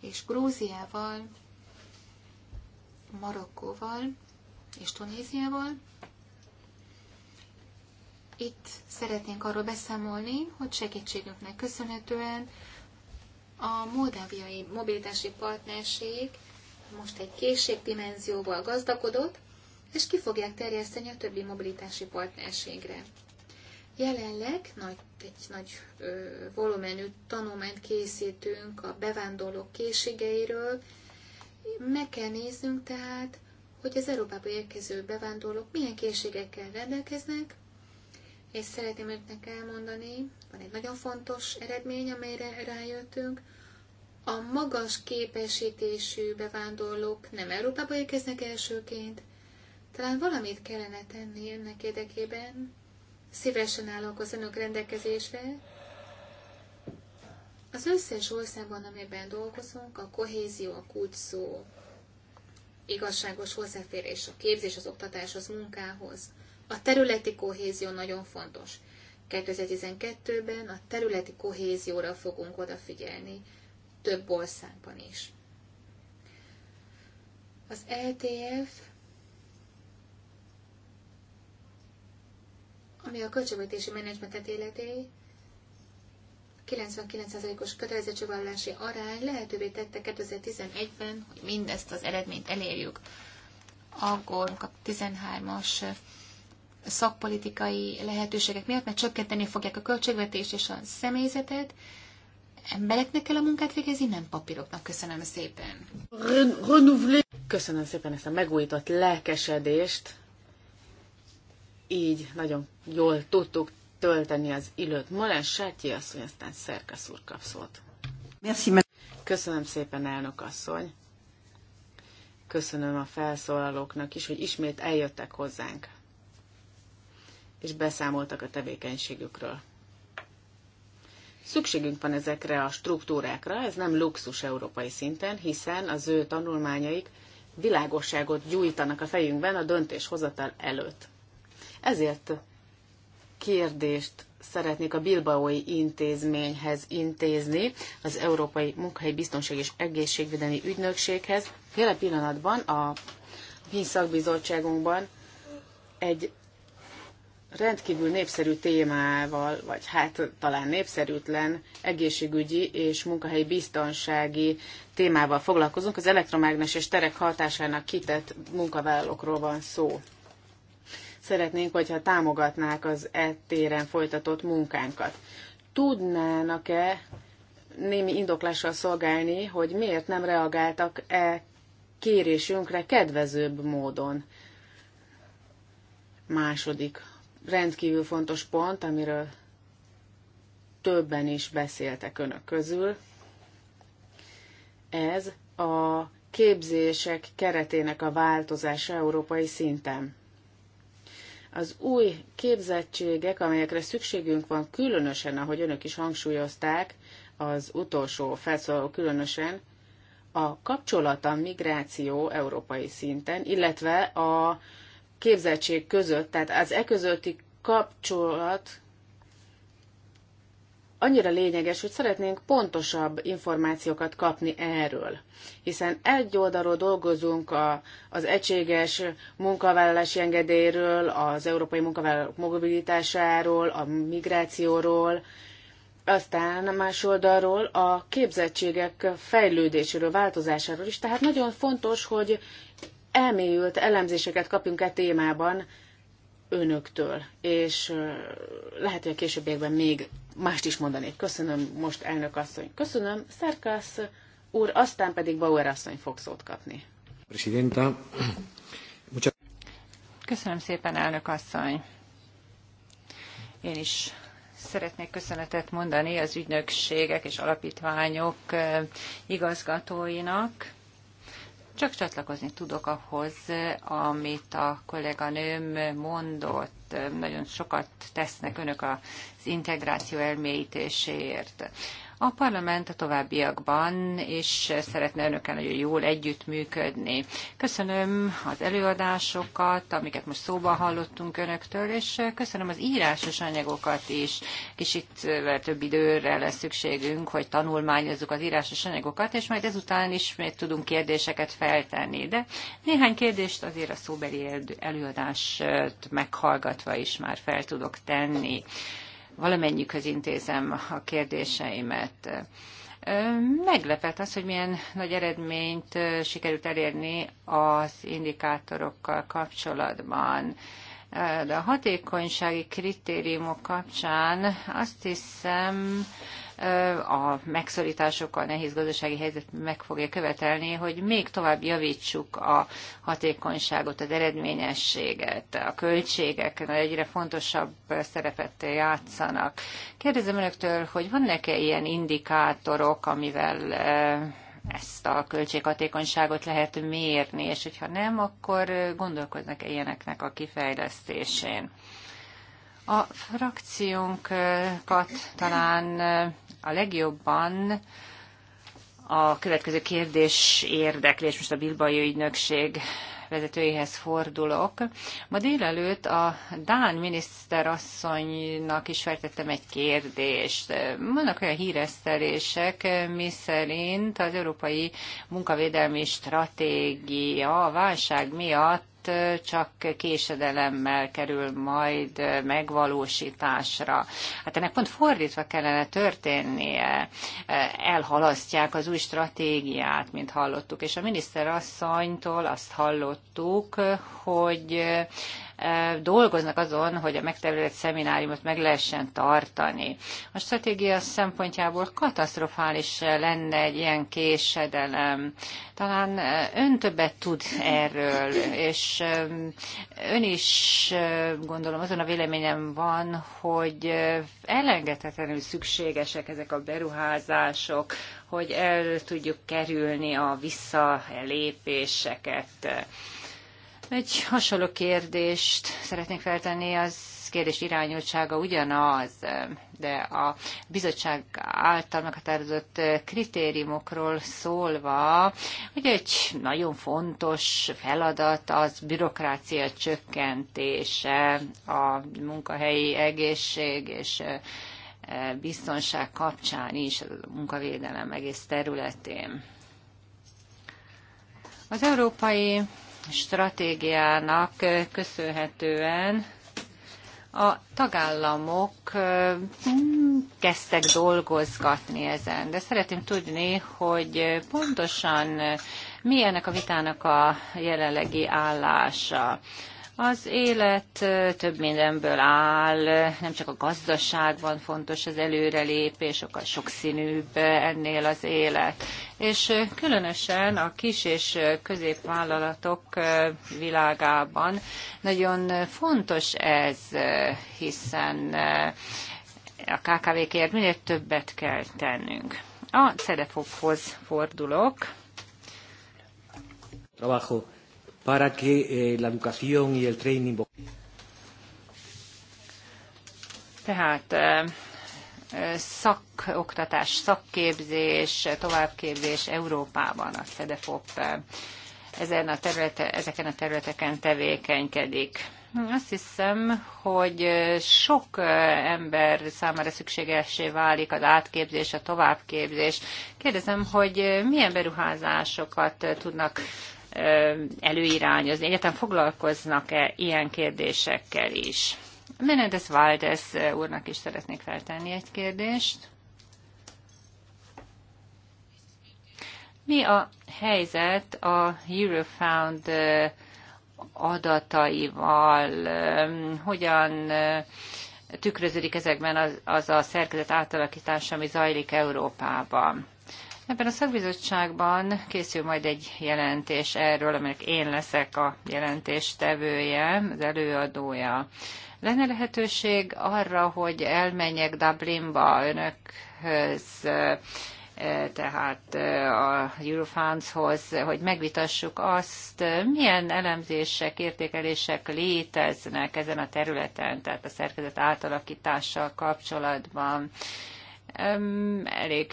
Speaker 3: és Grúziával, Marokkóval és Tunéziával, itt szeretnénk arról beszámolni, hogy segítségünknek köszönhetően a moldáviai mobilitási partnerség most egy készségdimenzióval gazdagodott, és ki fogják terjeszteni a többi mobilitási partnerségre. Jelenleg nagy, egy nagy ö, volumenű tanulmányt készítünk a bevándorlók készségeiről. Meg kell néznünk tehát, hogy az Európába érkező bevándorlók milyen készségekkel rendelkeznek, és szeretném önöknek elmondani, van egy nagyon fontos eredmény, amelyre rájöttünk. A magas képesítésű bevándorlók nem Európába érkeznek elsőként. Talán valamit kellene tenni ennek érdekében. Szívesen állok az önök rendelkezésre. Az összes országban, amiben dolgozunk, a kohézió a kulcs szó. Igazságos hozzáférés a képzés, az oktatás, az munkához a területi kohézió nagyon fontos. 2012-ben a területi kohézióra fogunk odafigyelni, több országban is. Az LTF, e ami a költségvetési menedzsmentet életé, 99%-os kötelezettségvállalási arány lehetővé tette 2011-ben, hogy mindezt az eredményt elérjük. akkor a 13-as szakpolitikai lehetőségek miatt, mert csökkenteni fogják a költségvetést és a személyzetet. Embereknek kell a munkát végezni, nem
Speaker 1: papíroknak. Köszönöm szépen. Köszönöm szépen ezt a megújított lelkesedést. Így nagyon jól tudtuk tölteni az időt. Molen Sátyi asszony, aztán Szerkasz úr kap Köszönöm szépen, elnök asszony. Köszönöm a felszólalóknak is, hogy ismét eljöttek hozzánk és beszámoltak a tevékenységükről. Szükségünk van ezekre a struktúrákra, ez nem luxus európai szinten, hiszen az ő tanulmányaik világosságot gyújtanak a fejünkben a döntéshozatal előtt. Ezért kérdést szeretnék a Bilbaói intézményhez intézni, az Európai Munkahelyi Biztonság és Egészségvédelmi Ügynökséghez. Jelen pillanatban a mi szakbizottságunkban egy rendkívül népszerű témával, vagy hát talán népszerűtlen egészségügyi és munkahelyi biztonsági témával foglalkozunk. Az elektromágneses terek hatásának kitett munkavállalókról van szó. Szeretnénk, hogyha támogatnák az e-téren folytatott munkánkat. Tudnának-e némi indoklással szolgálni, hogy miért nem reagáltak e kérésünkre kedvezőbb módon? Második rendkívül fontos pont, amiről többen is beszéltek önök közül. Ez a képzések keretének a változása európai szinten. Az új képzettségek, amelyekre szükségünk van, különösen, ahogy önök is hangsúlyozták, az utolsó felszólaló különösen, a kapcsolata migráció európai szinten, illetve a képzettség között, tehát az e közötti kapcsolat annyira lényeges, hogy szeretnénk pontosabb információkat kapni erről. Hiszen egy oldalról dolgozunk a, az egységes munkavállalási engedélyről, az európai munkavállalók mobilitásáról, a migrációról, aztán más oldalról a képzettségek fejlődéséről, változásáról is. Tehát nagyon fontos, hogy elmélyült elemzéseket kapjunk e témában önöktől, és lehet, hogy a későbbiekben még mást is mondanék. Köszönöm most elnök asszony. Köszönöm, Szerkász úr, aztán pedig Bauer asszony fog szót kapni.
Speaker 3: Presidenta.
Speaker 1: Köszönöm szépen, elnök asszony. Én is
Speaker 2: szeretnék köszönetet mondani az ügynökségek és alapítványok igazgatóinak csak csatlakozni tudok ahhoz, amit a kolléganőm mondott. Nagyon sokat tesznek önök az integráció elmélyítéséért. A parlament a továbbiakban is szeretne önökkel nagyon jól együttműködni. Köszönöm az előadásokat, amiket most szóba hallottunk önöktől, és köszönöm az írásos anyagokat is. Kicsit eh, több időre lesz szükségünk, hogy tanulmányozzuk az írásos anyagokat, és majd ezután ismét tudunk kérdéseket feltenni. De néhány kérdést azért a szóbeli előadást meghallgatva is már fel tudok tenni valamennyikhöz intézem a kérdéseimet. Meglepett az, hogy milyen nagy eredményt sikerült elérni az indikátorokkal kapcsolatban. De a hatékonysági kritériumok kapcsán azt hiszem, a megszorításokkal, nehéz gazdasági helyzet meg fogja követelni, hogy még tovább javítsuk a hatékonyságot, az eredményességet, a költségek egyre fontosabb szerepet játszanak. Kérdezem önöktől, hogy vannak-e ilyen indikátorok, amivel ezt a költséghatékonyságot lehet mérni, és hogyha nem, akkor gondolkoznak -e ilyeneknek a kifejlesztésén. A frakciónkat talán a legjobban a következő kérdés érdekli, és most a Bilbao ügynökség vezetőjéhez fordulok. Ma délelőtt a Dán miniszterasszonynak is feltettem egy kérdést. Vannak olyan híresztelések, mi szerint az Európai Munkavédelmi Stratégia a válság miatt csak késedelemmel kerül majd megvalósításra. Hát ennek pont fordítva kellene történnie. Elhalasztják az új stratégiát, mint hallottuk, és a miniszter asszonytól azt hallottuk, hogy dolgoznak azon, hogy a megtervezett szemináriumot meg lehessen tartani. A stratégia szempontjából katasztrofális lenne egy ilyen késedelem. Talán ön többet tud erről, és ön is gondolom azon a véleményem van, hogy elengedhetetlenül szükségesek ezek a beruházások, hogy el tudjuk kerülni a visszalépéseket. Egy hasonló kérdést szeretnék feltenni, az kérdés irányultsága ugyanaz, de a bizottság által meghatározott kritériumokról szólva, ugye egy nagyon fontos feladat az bürokrácia csökkentése, a munkahelyi egészség és e, biztonság kapcsán is, a munkavédelem egész területén. Az európai stratégiának köszönhetően a tagállamok kezdtek dolgozgatni ezen, de szeretném tudni, hogy pontosan mi ennek a vitának a jelenlegi állása. Az élet több mindenből áll, nem csak a gazdaságban fontos az előrelépés, sokkal sokszínűbb ennél az élet. És különösen a kis és középvállalatok világában nagyon fontos ez, hiszen a KKV-kért minél többet kell tennünk. A CEDEFOK-hoz fordulok.
Speaker 3: Trabajo para que eh, la educación y el training.
Speaker 2: Tehát eh, eh, szakoktatás, szakképzés, továbbképzés Európában a CEDEFOP eh, ezen a területe, ezeken a területeken tevékenykedik. Azt hiszem, hogy sok ember számára szükségesé válik az átképzés, a továbbképzés. Kérdezem, hogy milyen beruházásokat tudnak előirányozni? Egyáltalán foglalkoznak-e ilyen kérdésekkel is? Menedes Valdes úrnak is szeretnék feltenni egy kérdést. Mi a helyzet a Eurofound adataival? Hogyan tükröződik ezekben az, az a szerkezet átalakítás, ami zajlik Európában? Ebben a szakbizottságban készül majd egy jelentés erről, aminek én leszek a jelentéstevője, az előadója. Lenne lehetőség arra, hogy elmenjek Dublinba önökhöz, eh, tehát eh, a Eurofundshoz, hogy megvitassuk azt, milyen elemzések, értékelések léteznek ezen a területen, tehát a szerkezet átalakítással kapcsolatban. Elég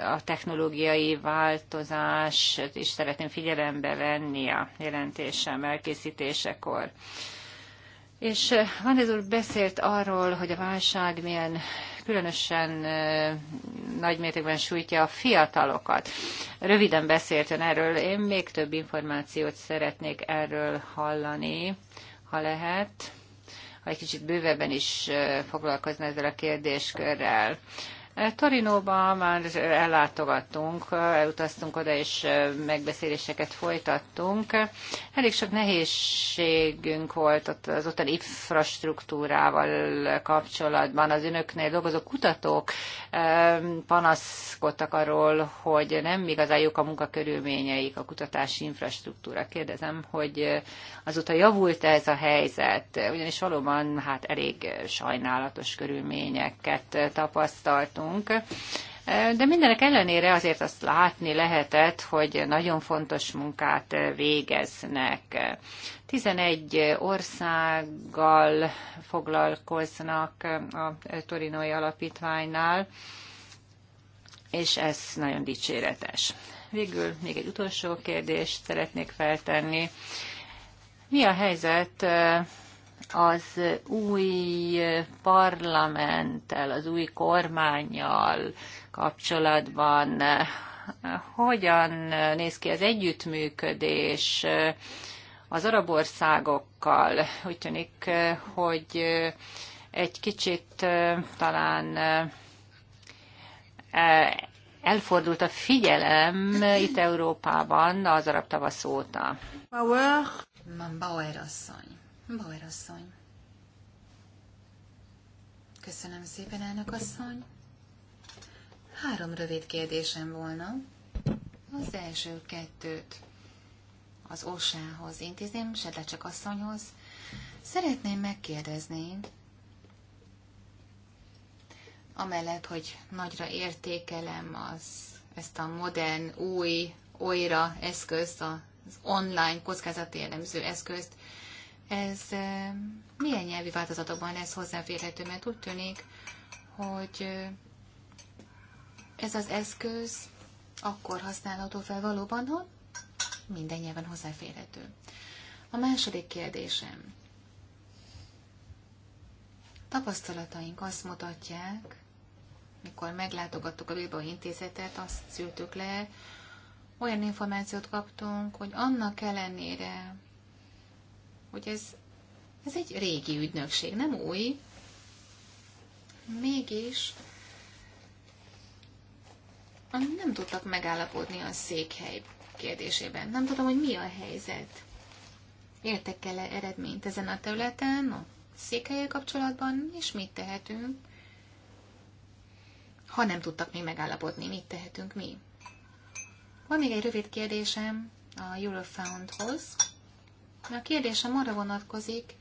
Speaker 2: a technológiai változás is szeretném figyelembe venni a jelentésem elkészítésekor. És Van eh, úr beszélt arról, hogy a válság milyen különösen eh, nagymértékben sújtja a fiatalokat. Röviden beszélt ön erről, én még több információt szeretnék erről hallani, ha lehet, ha egy kicsit bővebben is eh, foglalkozna ezzel a kérdéskörrel. Torinóba már ellátogattunk, elutaztunk oda, és megbeszéléseket folytattunk. Elég sok nehézségünk volt ott az ottani infrastruktúrával kapcsolatban. Az önöknél dolgozó kutatók panaszkodtak arról, hogy nem igazán jók a munkakörülményeik, a kutatási infrastruktúra. Kérdezem, hogy azóta javult -e ez a helyzet, ugyanis valóban hát elég sajnálatos körülményeket tapasztaltunk tartunk. De mindenek ellenére azért azt látni lehetett, hogy nagyon fontos munkát végeznek. 11 országgal foglalkoznak a Torinoi Alapítványnál, és ez nagyon dicséretes. Végül még egy utolsó kérdést szeretnék feltenni. Mi a helyzet az új parlamenttel, az új kormányjal kapcsolatban hogyan néz ki az együttműködés az arab országokkal? Úgy tűnik, hogy egy kicsit talán elfordult a figyelem itt Európában az arab tavasz óta.
Speaker 3: Bauer. Bauer asszony. Bajrasszony. Köszönöm szépen, elnök asszony. Három rövid kérdésem volna. Az első kettőt az Osához intézném, Sedlecsek asszonyhoz. Szeretném megkérdezni, amellett, hogy nagyra értékelem az, ezt a modern, új, olyra eszközt, az online kockázati jellemző eszközt, ez milyen nyelvi változatokban lesz hozzáférhető, mert úgy tűnik, hogy ez az eszköz akkor használható fel valóban, ha minden nyelven hozzáférhető. A második kérdésem. Tapasztalataink azt mutatják, mikor meglátogattuk a Bilbao intézetet, azt szültük le, olyan információt kaptunk, hogy annak ellenére, hogy ez, ez egy régi ügynökség, nem új, mégis nem tudtak megállapodni a székhely kérdésében. Nem tudom, hogy mi a helyzet. Értek el -e eredményt ezen a területen, a székhelyek kapcsolatban, és mit tehetünk? Ha nem tudtak még megállapodni, mit tehetünk mi? Van még egy rövid kérdésem a Eurofoundhoz. A kérdésem arra vonatkozik,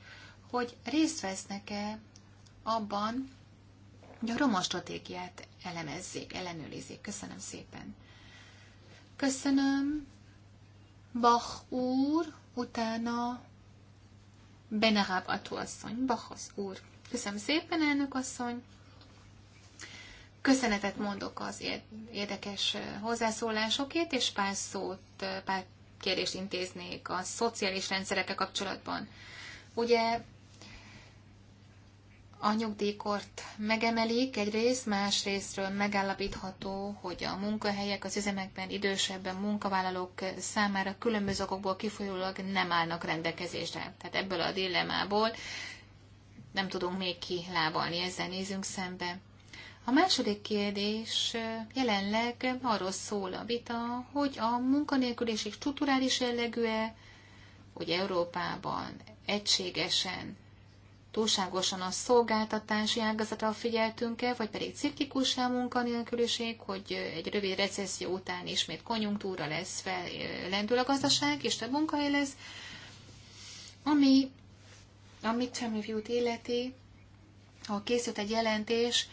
Speaker 3: hogy részt vesznek-e abban, hogy a roma stratégiát elemezzék, ellenőrizzék. Köszönöm szépen. Köszönöm. Bach úr, utána Benarab Atu asszony, Bachos úr. Köszönöm szépen, elnök asszony. Köszönetet mondok az érdekes eh, hozzászólásokért, és pár szót, eh, pár kérdést intéznék a szociális rendszerekkel kapcsolatban. Ugye a nyugdíjkort megemelik egyrészt, másrésztről megállapítható, hogy a munkahelyek az üzemekben idősebben munkavállalók számára különböző okokból kifolyólag nem állnak rendelkezésre. Tehát ebből a dilemmából nem tudunk még kilábalni, ezzel nézünk szembe. A második kérdés jelenleg arról szól a vita, hogy a munkanélküliség strukturális jellegű-e, hogy Európában egységesen, túlságosan a szolgáltatási ágazatra figyeltünk-e, vagy pedig ciklikus a munkanélküliség, hogy egy rövid recesszió után ismét konjunktúra lesz, fel, lendül a gazdaság, és több munkahely lesz, ami a midterm review-t illeti, ahol készült egy jelentés,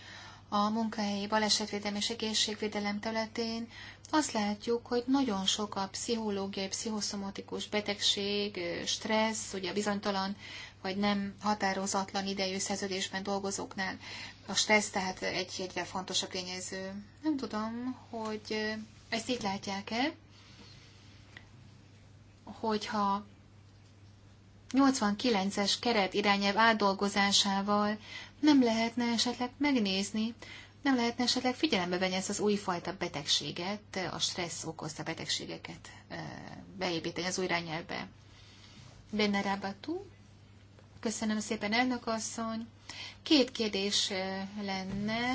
Speaker 3: a munkahelyi balesetvédelem és egészségvédelem területén azt látjuk, hogy nagyon sok a pszichológiai, pszichoszomatikus betegség, stressz, ugye bizonytalan vagy nem határozatlan idejű szerződésben dolgozóknál. A stressz tehát egy egyre fontosabb tényező. Nem tudom, hogy ezt így látják-e, hogyha 89-es keret irányelv átdolgozásával nem lehetne esetleg megnézni, nem lehetne esetleg figyelembe venni ezt az újfajta betegséget, a stressz okozta betegségeket beépíteni az új Benne Rabatú, köszönöm szépen, elnök asszony. Két kérdés lenne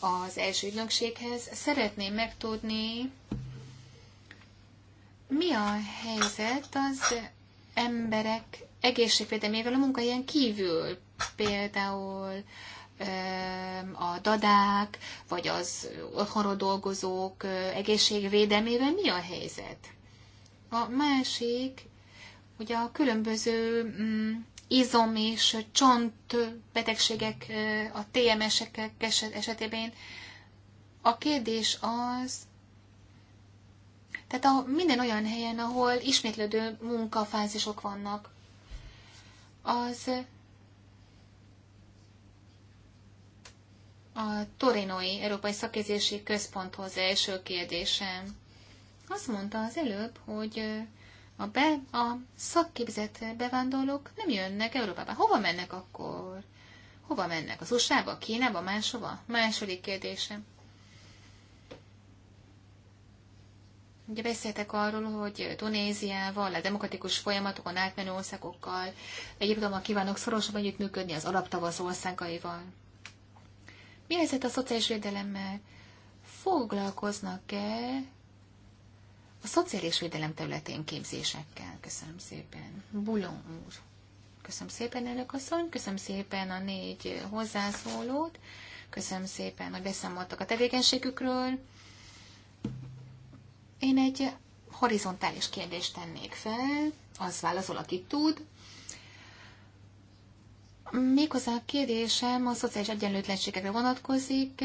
Speaker 3: az első ügynökséghez. Szeretném megtudni, mi a helyzet az emberek egészségvédelmével a munkahelyen kívül? például a dadák, vagy az otthonról dolgozók egészségvédelmével mi a helyzet? A másik, hogy a különböző mm, izom és csont betegségek a TMS-ek esetében a kérdés az, tehát a, minden olyan helyen, ahol ismétlődő munkafázisok vannak, az a Torinoi Európai Szakézési Központhoz első kérdésem. Azt mondta az előbb, hogy a, be, a szakképzett bevándorlók nem jönnek Európába. Hova mennek akkor? Hova mennek? Az USA-ba, Kínába, máshova? Második kérdésem. Ugye beszéltek arról, hogy Tunéziával, a demokratikus folyamatokon átmenő országokkal, Egyiptommal kívánok szorosabban együttműködni az alaptavasz országaival. Mi helyzet a szociális védelemmel? Foglalkoznak-e a szociális védelem területén képzésekkel? Köszönöm szépen. Bulon úr. Köszönöm szépen, elnök asszony. Köszönöm szépen a négy hozzászólót. Köszönöm szépen, hogy beszámoltak a tevékenységükről. Én egy horizontális kérdést tennék fel, az válaszol, aki tud. Méghozzá a kérdésem a szociális egyenlőtlenségekre vonatkozik.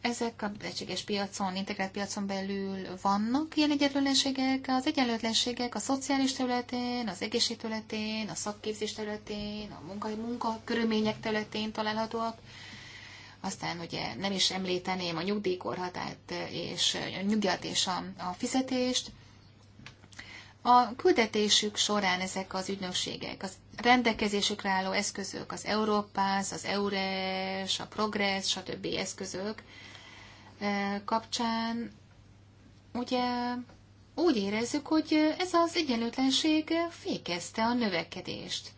Speaker 3: Ezek a egységes piacon, integrált piacon belül vannak ilyen egyenlőtlenségek? Az egyenlőtlenségek a szociális területén, az egészség területén, a szakképzés területén, a munka, munkakörülmények területén találhatóak. Aztán ugye nem is említeném a nyugdíjkorhatát és a nyugdíjat és a, a fizetést. A küldetésük során ezek az ügynökségek, az rendelkezésükre álló eszközök, az Európász, az EURES, a Progress, stb. eszközök eh, kapcsán ugye úgy érezzük, hogy ez az egyenlőtlenség fékezte a növekedést.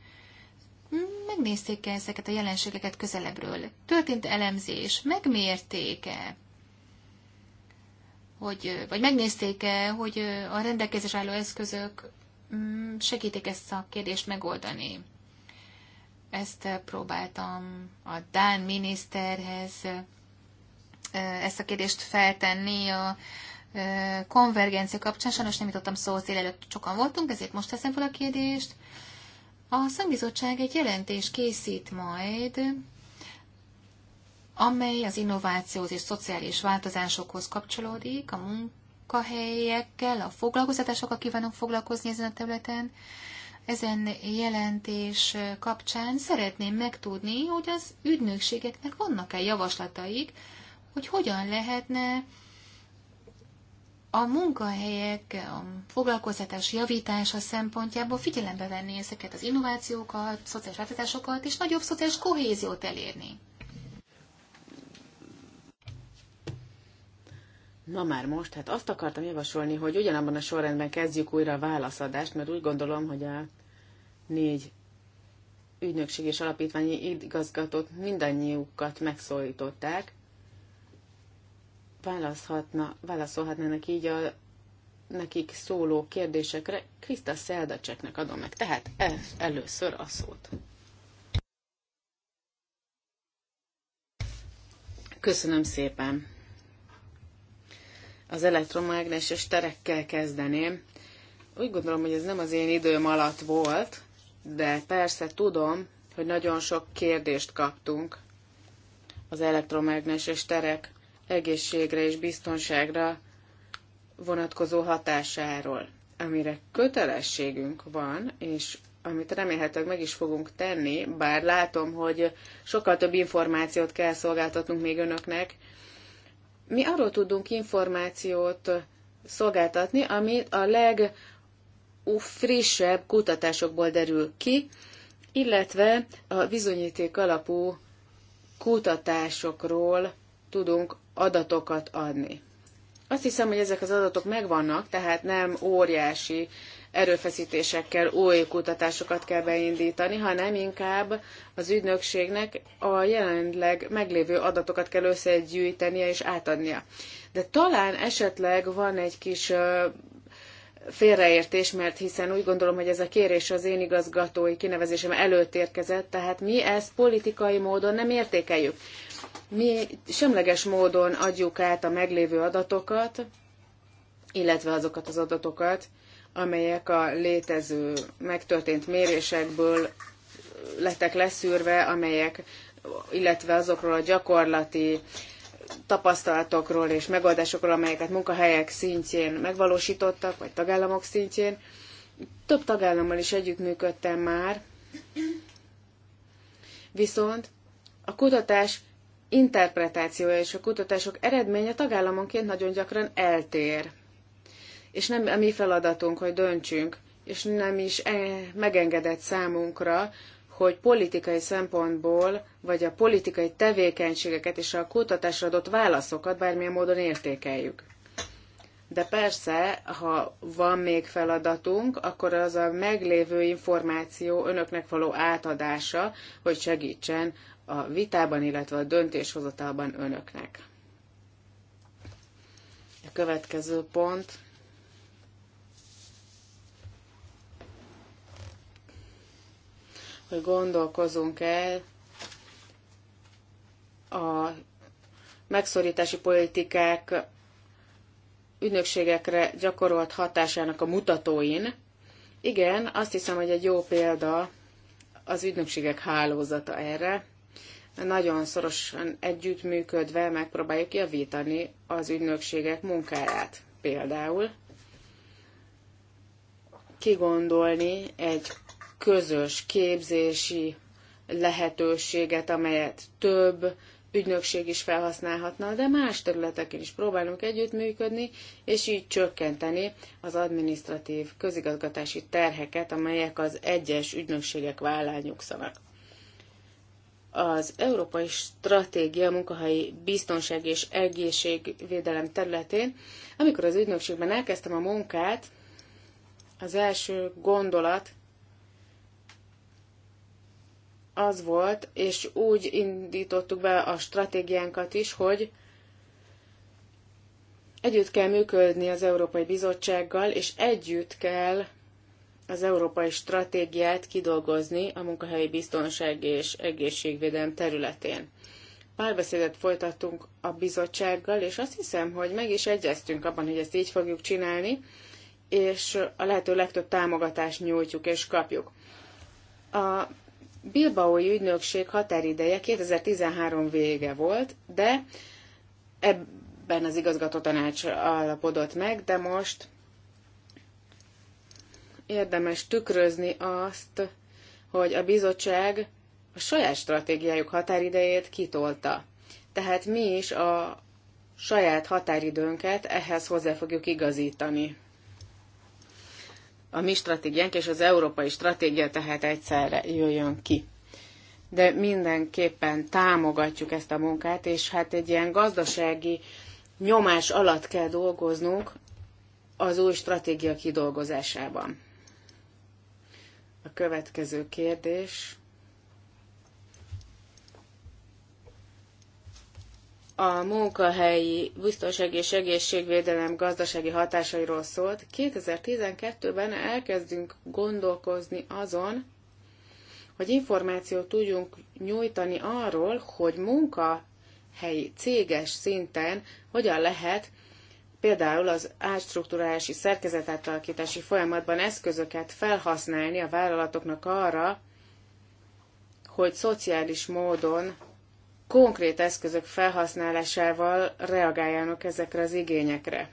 Speaker 3: Megnézték -e ezeket a jelenségeket közelebbről? Történt -e elemzés? Megmérték-e? Hogy, vagy megnézték-e, hogy a rendelkezés álló eszközök Mm, segítik ezt a kérdést megoldani. Ezt eh, próbáltam a Dán miniszterhez eh, ezt a kérdést feltenni a eh, konvergencia kapcsán. Sajnos nem jutottam szó, előtt sokan voltunk, ezért most teszem fel a kérdést. A szakbizottság egy jelentést készít majd, amely az innovációhoz és szociális változásokhoz kapcsolódik a munka munkahelyekkel, a foglalkoztatásokkal kívánunk foglalkozni ezen a területen. Ezen jelentés kapcsán szeretném megtudni, hogy az ügynökségeknek vannak-e javaslataik, hogy hogyan lehetne a munkahelyek, a foglalkoztatás javítása szempontjából figyelembe venni ezeket az innovációkat, szociális változásokat és nagyobb szociális kohéziót elérni.
Speaker 1: Na már most, hát azt akartam javasolni, hogy ugyanabban a sorrendben kezdjük újra a válaszadást, mert úgy gondolom, hogy a négy ügynökség és alapítványi igazgatót mindannyiukat megszólították. Válaszhatna, válaszolhatnának így a nekik szóló kérdésekre. Krista Szeldacseknek adom meg, tehát el, először a szót. Köszönöm szépen! az elektromágneses terekkel kezdeném. Úgy gondolom, hogy ez nem az én időm alatt volt, de persze tudom, hogy nagyon sok kérdést kaptunk az elektromágneses terek egészségre és biztonságra vonatkozó hatásáról, amire kötelességünk van, és amit remélhetőleg meg is fogunk tenni, bár látom, hogy sokkal több információt kell szolgáltatnunk még önöknek, mi arról tudunk információt szolgáltatni, amit a legfrissebb kutatásokból derül ki, illetve a bizonyíték alapú kutatásokról tudunk adatokat adni. Azt hiszem, hogy ezek az adatok megvannak, tehát nem óriási erőfeszítésekkel új kutatásokat kell beindítani, hanem inkább az ügynökségnek a jelenleg meglévő adatokat kell összegyűjtenie és átadnia. De talán esetleg van egy kis félreértés, mert hiszen úgy gondolom, hogy ez a kérés az én igazgatói kinevezésem előtt érkezett, tehát mi ezt politikai módon nem értékeljük. Mi semleges módon adjuk át a meglévő adatokat, illetve azokat az adatokat, amelyek a létező megtörtént mérésekből lettek leszűrve, amelyek, illetve azokról a gyakorlati tapasztalatokról és megoldásokról, amelyeket munkahelyek szintjén megvalósítottak, vagy tagállamok szintjén. Több tagállammal is együttműködtem már, viszont a kutatás interpretációja és a kutatások eredménye tagállamonként nagyon gyakran eltér és nem a mi feladatunk, hogy döntsünk, és nem is e, megengedett számunkra, hogy politikai szempontból, vagy a politikai tevékenységeket és a kutatásra adott válaszokat bármilyen módon értékeljük. De persze, ha van még feladatunk, akkor az a meglévő információ önöknek való átadása, hogy segítsen a vitában, illetve a döntéshozatalban önöknek. A következő pont hogy gondolkozunk el a megszorítási politikák ügynökségekre gyakorolt hatásának a mutatóin. Igen, azt hiszem, hogy egy jó példa az ügynökségek hálózata erre. Nagyon szorosan együttműködve megpróbáljuk javítani az ügynökségek munkáját. Például kigondolni egy közös képzési lehetőséget, amelyet több ügynökség is felhasználhatna, de más területeken is próbálunk együttműködni, és így csökkenteni az administratív közigazgatási terheket, amelyek az egyes ügynökségek vállán nyugszanak. Az Európai Stratégia munkahelyi biztonság és egészségvédelem területén, amikor az ügynökségben elkezdtem a munkát, az első gondolat az volt, és úgy indítottuk be a stratégiánkat is, hogy együtt kell működni az Európai Bizottsággal, és együtt kell az európai stratégiát kidolgozni a munkahelyi biztonság és egészségvédelem területén. Párbeszédet folytattunk a bizottsággal, és azt hiszem, hogy meg is egyeztünk abban, hogy ezt így fogjuk csinálni, és a lehető legtöbb támogatást nyújtjuk és kapjuk. A Bilbaói ügynökség határideje 2013 vége volt, de ebben az igazgató tanács állapodott meg, de most érdemes tükrözni azt, hogy a bizottság a saját stratégiájuk határidejét kitolta. Tehát mi is a saját határidőnket ehhez hozzá fogjuk igazítani a mi stratégiánk és az európai stratégia tehát egyszerre jöjjön ki. De mindenképpen támogatjuk ezt a munkát, és hát egy ilyen gazdasági nyomás alatt kell dolgoznunk az új stratégia kidolgozásában. A következő kérdés a munkahelyi biztonsági és egészségvédelem gazdasági hatásairól szólt. 2012-ben elkezdünk gondolkozni azon, hogy információt tudjunk nyújtani arról, hogy munkahelyi céges szinten hogyan lehet például az átstruktúrálási szerkezetátalakítási folyamatban eszközöket felhasználni a vállalatoknak arra, hogy szociális módon konkrét eszközök felhasználásával reagáljanak ezekre az igényekre.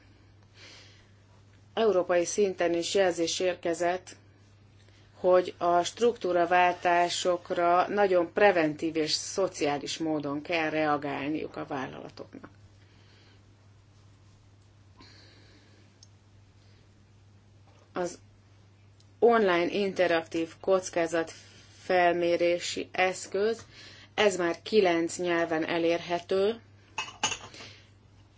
Speaker 1: Európai szinten is jelzés érkezett, hogy a struktúraváltásokra nagyon preventív és szociális módon kell reagálniuk a vállalatoknak. Az online interaktív kockázatfelmérési eszköz ez már kilenc nyelven elérhető,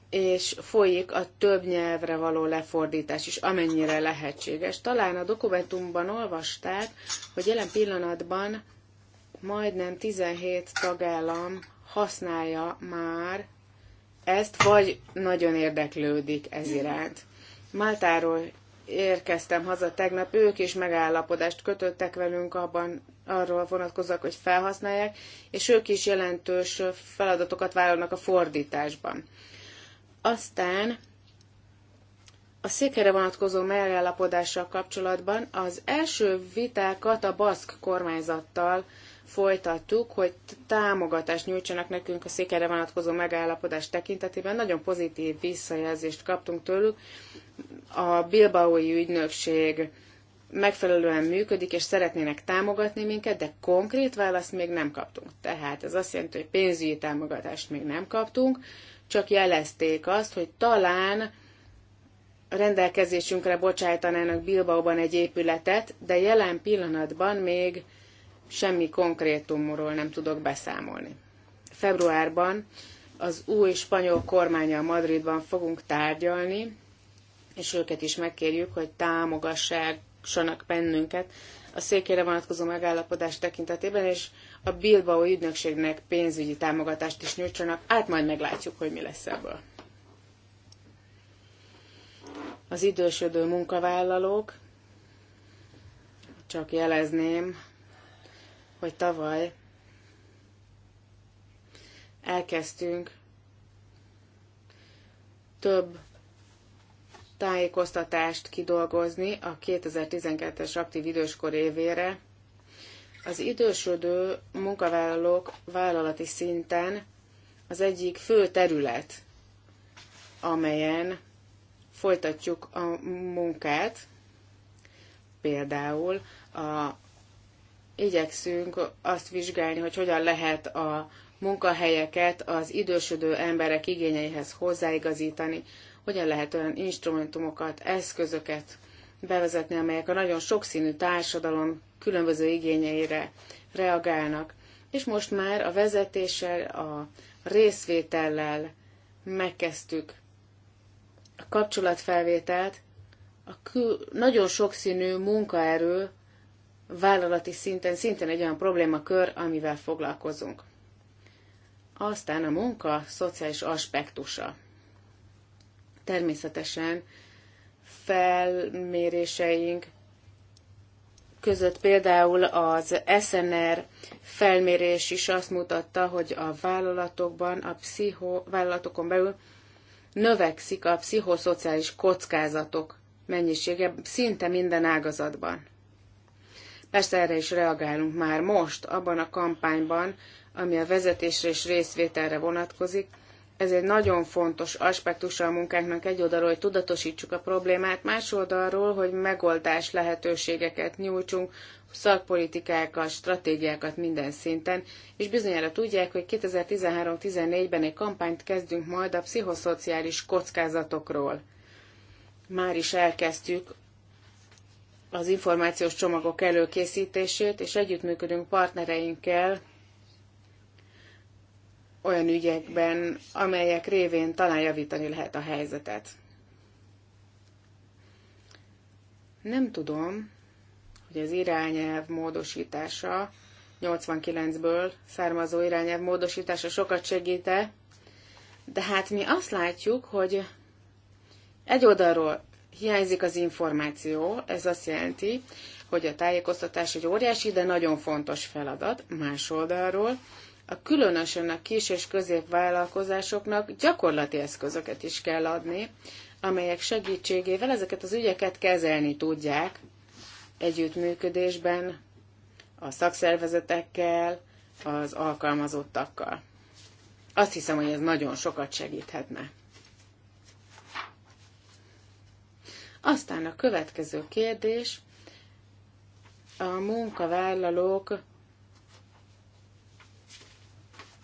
Speaker 1: és folyik a több nyelvre való lefordítás is, amennyire lehetséges. Talán a dokumentumban olvasták, hogy jelen pillanatban majdnem 17 tagállam használja már ezt, vagy nagyon érdeklődik ez iránt. Máltáról érkeztem haza tegnap, ők is megállapodást kötöttek velünk abban, arról vonatkozóak, hogy felhasználják, és ők is jelentős feladatokat vállalnak a fordításban. Aztán a székhelyre vonatkozó megállapodással kapcsolatban az első vitákat a baszk kormányzattal folytattuk, hogy támogatást nyújtsanak nekünk a székelyre vonatkozó megállapodás tekintetében. Nagyon pozitív visszajelzést kaptunk tőlük. A Bilbaói ügynökség megfelelően működik, és szeretnének támogatni minket, de konkrét választ még nem kaptunk. Tehát ez azt jelenti, hogy pénzügyi támogatást még nem kaptunk, csak jelezték azt, hogy talán rendelkezésünkre bocsájtanának Bilbaóban egy épületet, de jelen pillanatban még semmi konkrétumról nem tudok beszámolni. Februárban az új spanyol kormányjal Madridban fogunk tárgyalni, és őket is megkérjük, hogy támogassák bennünket a székére vonatkozó megállapodás tekintetében, és a Bilbao ügynökségnek pénzügyi támogatást is nyújtsanak, át majd meglátjuk, hogy mi lesz ebből. Az idősödő munkavállalók, csak jelezném, hogy tavaly elkezdtünk több tájékoztatást kidolgozni a 2012-es aktív időskor évére. Az idősödő munkavállalók vállalati szinten az egyik fő terület, amelyen folytatjuk a munkát, például a igyekszünk azt vizsgálni, hogy hogyan lehet a munkahelyeket az idősödő emberek igényeihez hozzáigazítani, hogyan lehet olyan instrumentumokat, eszközöket bevezetni, amelyek a nagyon sokszínű társadalom különböző igényeire reagálnak. És most már a vezetéssel, a részvétellel megkezdtük a kapcsolatfelvételt, a kül- nagyon sokszínű munkaerő vállalati szinten szintén egy olyan problémakör, amivel foglalkozunk. Aztán a munka szociális aspektusa. Természetesen felméréseink között például az SNR felmérés is azt mutatta, hogy a vállalatokban, a pszicho, vállalatokon belül növekszik a pszichoszociális kockázatok mennyisége szinte minden ágazatban. Persze erre is reagálunk már most, abban a kampányban, ami a vezetésre és részvételre vonatkozik. Ez egy nagyon fontos aspektusa a munkánknak egy oldalról, hogy tudatosítsuk a problémát, más oldalról, hogy megoldás lehetőségeket nyújtsunk, szakpolitikákat, stratégiákat minden szinten, és bizonyára tudják, hogy 2013-14-ben egy kampányt kezdünk majd a pszichoszociális kockázatokról. Már is elkezdtük az információs csomagok előkészítését, és együttműködünk partnereinkkel olyan ügyekben, amelyek révén talán javítani lehet a helyzetet. Nem tudom, hogy az irányelv módosítása, 89-ből származó irányelv módosítása sokat segíte, de hát mi azt látjuk, hogy egy oldalról hiányzik az információ, ez azt jelenti, hogy a tájékoztatás egy óriási, de nagyon fontos feladat más oldalról. A különösen a kis és középvállalkozásoknak gyakorlati eszközöket is kell adni, amelyek segítségével ezeket az ügyeket kezelni tudják együttműködésben a szakszervezetekkel, az alkalmazottakkal. Azt hiszem, hogy ez nagyon sokat segíthetne. Aztán a következő kérdés, a munkavállalók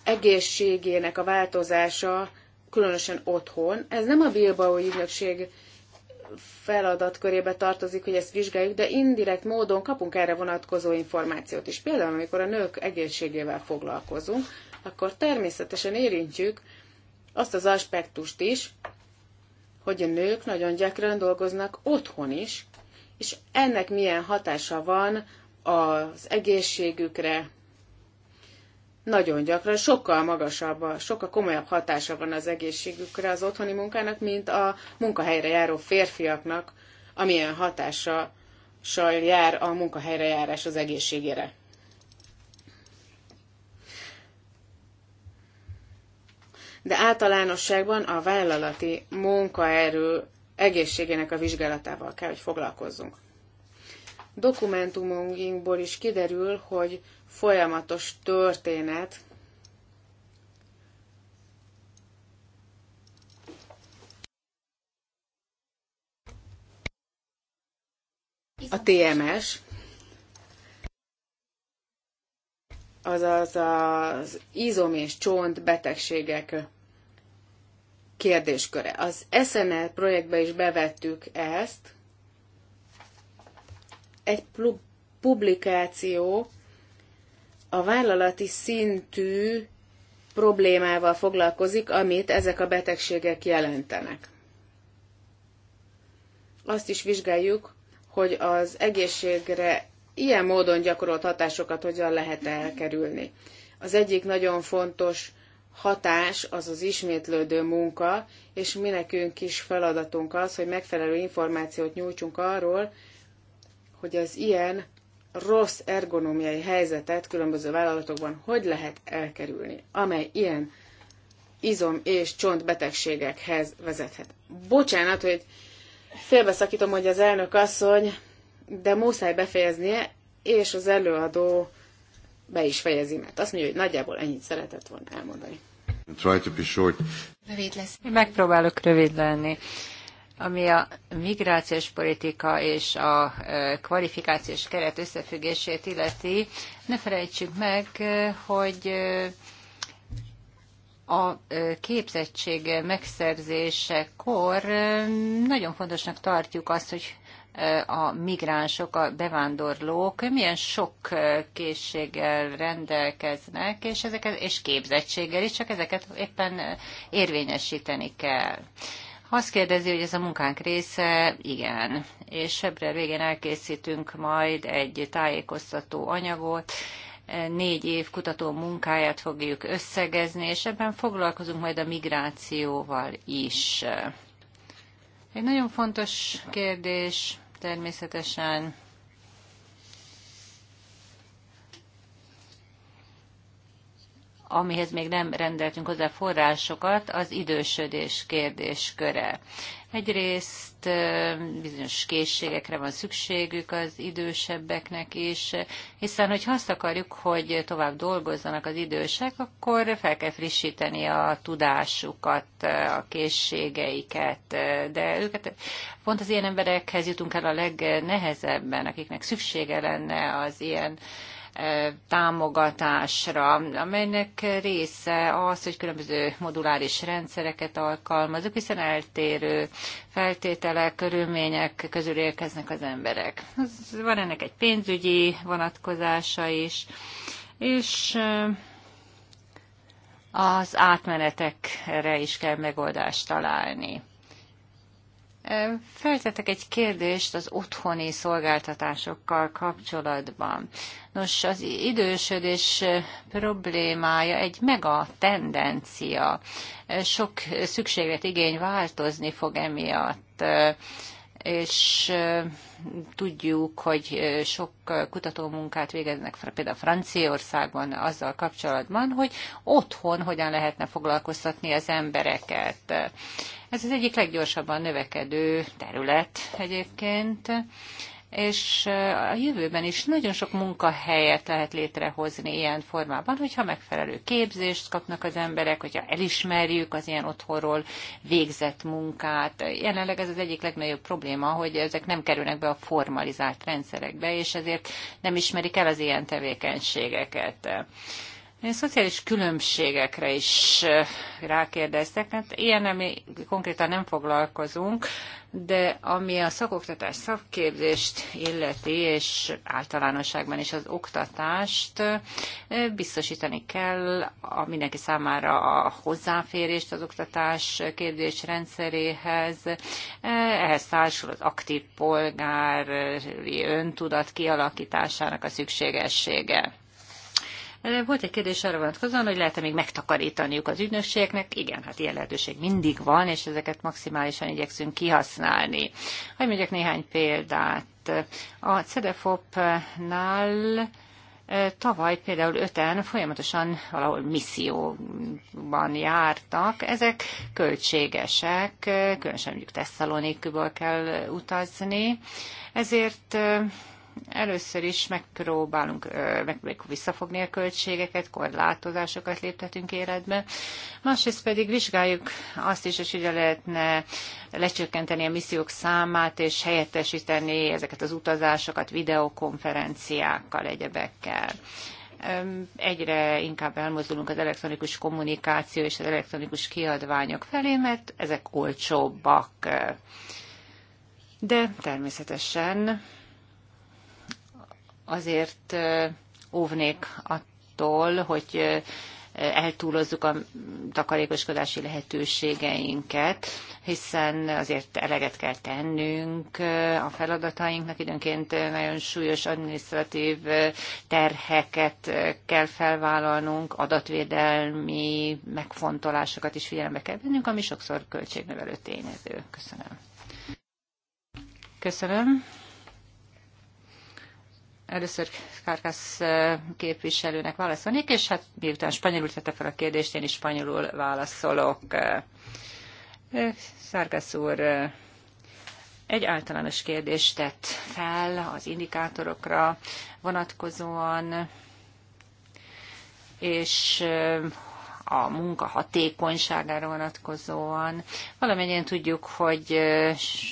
Speaker 1: egészségének a változása, különösen otthon. Ez nem a Bilbao ügynökség feladatkörébe tartozik, hogy ezt vizsgáljuk, de indirekt módon kapunk erre vonatkozó információt is. Például, amikor a nők egészségével foglalkozunk, akkor természetesen érintjük azt az aspektust is, hogy a nők nagyon gyakran dolgoznak otthon is, és ennek milyen hatása van az egészségükre, nagyon gyakran sokkal magasabb, sokkal komolyabb hatása van az egészségükre az otthoni munkának, mint a munkahelyre járó férfiaknak, amilyen hatása jár a munkahelyre járás az egészségére. de általánosságban a vállalati munkaerő egészségének a vizsgálatával kell, hogy foglalkozzunk. Dokumentumunkból is kiderül, hogy folyamatos történet a TMS, azaz az izom és csont betegségek kérdésköre. Az SNL projektbe is bevettük ezt. Egy publikáció a vállalati szintű problémával foglalkozik, amit ezek a betegségek jelentenek. Azt is vizsgáljuk, hogy az egészségre ilyen módon gyakorolt hatásokat hogyan lehet elkerülni. Az egyik nagyon fontos hatás az az ismétlődő munka, és mi nekünk is feladatunk az, hogy megfelelő információt nyújtsunk arról, hogy az ilyen rossz ergonómiai helyzetet különböző vállalatokban hogy lehet elkerülni, amely ilyen izom- és csontbetegségekhez vezethet. Bocsánat, hogy félbeszakítom, hogy az elnök asszony de muszáj befejeznie, és az előadó be is fejezi, mert azt mondja, hogy nagyjából ennyit szeretett volna elmondani. Try to be short.
Speaker 2: Rövid lesz. Megpróbálok rövid lenni. Ami a migrációs politika és a e, kvalifikációs keret összefüggését illeti, ne felejtsük meg, e, hogy e, a képzettség megszerzésekor nagyon fontosnak tartjuk azt, hogy a migránsok, a bevándorlók milyen sok készséggel rendelkeznek, és, ezeket, és képzettséggel is, csak ezeket éppen érvényesíteni kell. Ha azt kérdezi, hogy ez a munkánk része, igen. És február végén elkészítünk majd egy tájékoztató anyagot, négy év kutató munkáját fogjuk összegezni, és ebben foglalkozunk majd a migrációval is. Egy nagyon fontos kérdés, természetesen amihez még nem rendeltünk hozzá forrásokat, az idősödés kérdésköre. Egyrészt bizonyos készségekre van szükségük az idősebbeknek is, hiszen hogyha azt akarjuk, hogy tovább dolgozzanak az idősek, akkor fel kell frissíteni a tudásukat, a készségeiket, de őket pont az ilyen emberekhez jutunk el a legnehezebben, akiknek szüksége lenne az ilyen támogatásra, amelynek része az, hogy különböző moduláris rendszereket alkalmazunk, hiszen eltérő feltételek, körülmények közül érkeznek az emberek. Van ennek egy pénzügyi vonatkozása is, és az átmenetekre is kell megoldást találni. Feltettek egy kérdést az otthoni szolgáltatásokkal kapcsolatban. Nos, az idősödés problémája egy mega tendencia. Sok szükséglet igény változni fog emiatt és tudjuk, hogy sok kutatómunkát végeznek például Franciaországban azzal kapcsolatban, hogy otthon hogyan lehetne foglalkoztatni az embereket. Ez az egyik leggyorsabban növekedő terület egyébként, és a jövőben is nagyon sok munkahelyet lehet létrehozni ilyen formában, hogyha megfelelő képzést kapnak az emberek, hogyha elismerjük az ilyen otthonról végzett munkát. Jelenleg ez az egyik legnagyobb probléma, hogy ezek nem kerülnek be a formalizált rendszerekbe, és ezért nem ismerik el az ilyen tevékenységeket. Én szociális különbségekre is rákérdeztek, hát ilyen mi konkrétan nem foglalkozunk, de ami a szakoktatás szakképzést illeti, és általánosságban is az oktatást, biztosítani kell a mindenki számára a hozzáférést az oktatás képzés rendszeréhez. Ehhez társul az aktív polgári öntudat kialakításának a szükségessége. Volt egy kérdés arra vonatkozóan, hogy lehet-e még megtakarítaniuk az ügynökségeknek. Igen, hát ilyen lehetőség mindig van, és ezeket maximálisan igyekszünk kihasználni. Hogy mondjak néhány példát. A CEDEFOP-nál Tavaly például öten folyamatosan valahol misszióban jártak. Ezek költségesek, különösen mondjuk Tesszalonikből kell utazni, ezért Először is megpróbálunk meg, meg visszafogni a költségeket, korlátozásokat léptetünk életbe. Másrészt pedig vizsgáljuk azt is, hogy lehetne lecsökkenteni a missziók számát, és helyettesíteni ezeket az utazásokat videokonferenciákkal, egyebekkel egyre inkább elmozdulunk az elektronikus kommunikáció és az elektronikus kiadványok felé, mert ezek olcsóbbak. De természetesen azért óvnék attól, hogy eltúlozzuk a takarékoskodási lehetőségeinket, hiszen azért eleget kell tennünk a feladatainknak, időnként nagyon súlyos administratív terheket kell felvállalnunk, adatvédelmi megfontolásokat is figyelembe kell vennünk, ami sokszor költségnövelő tényező. Köszönöm. Köszönöm. Először Kárkász képviselőnek válaszolnék, és hát miután spanyolul tette fel a kérdést, én is spanyolul válaszolok. Szárkász úr egy általános kérdést tett fel az indikátorokra vonatkozóan, és a munka hatékonyságára vonatkozóan. Valamennyien tudjuk, hogy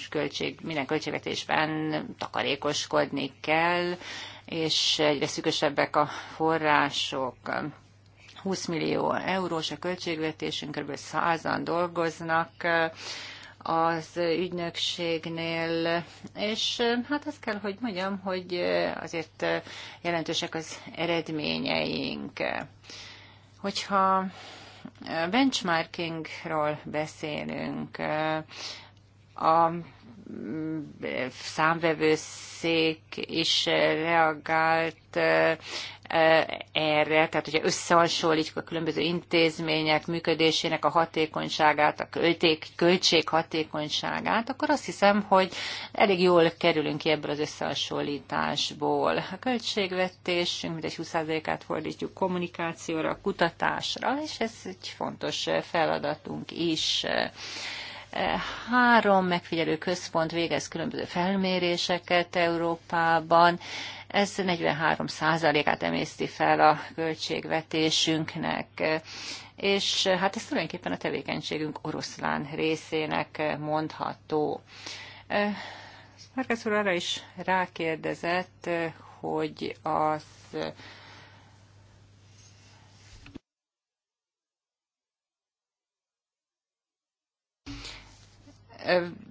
Speaker 2: költség, minden költségvetésben takarékoskodni kell, és egyre szükösebbek a források. 20 millió eurós a költségvetésünk, kb. 100-an dolgoznak az ügynökségnél, és hát azt kell, hogy mondjam, hogy azért jelentősek az eredményeink. Hogyha benchmarkingról beszélünk, a számvevőszék is reagált Eh, erre, tehát hogyha összehasonlítjuk a különböző intézmények működésének a hatékonyságát, a költék, költség hatékonyságát, akkor azt hiszem, hogy elég jól kerülünk ki ebből az összehasonlításból. A költségvetésünk egy 20%-át fordítjuk kommunikációra, kutatásra, és ez egy fontos feladatunk is. Három megfigyelő központ végez különböző felméréseket Európában, ez 43 át emészti fel a költségvetésünknek és hát ez tulajdonképpen a tevékenységünk oroszlán részének mondható. Márkász úr arra is rákérdezett, hogy az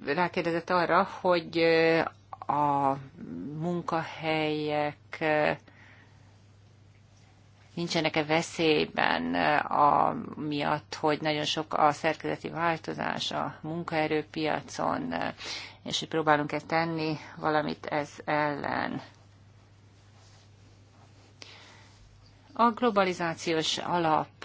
Speaker 2: rákérdezett arra, hogy a munkahelyek nincsenek-e veszélyben a miatt, hogy nagyon sok a szerkezeti változás a munkaerőpiacon, és hogy próbálunk-e tenni valamit ez ellen. A globalizációs alap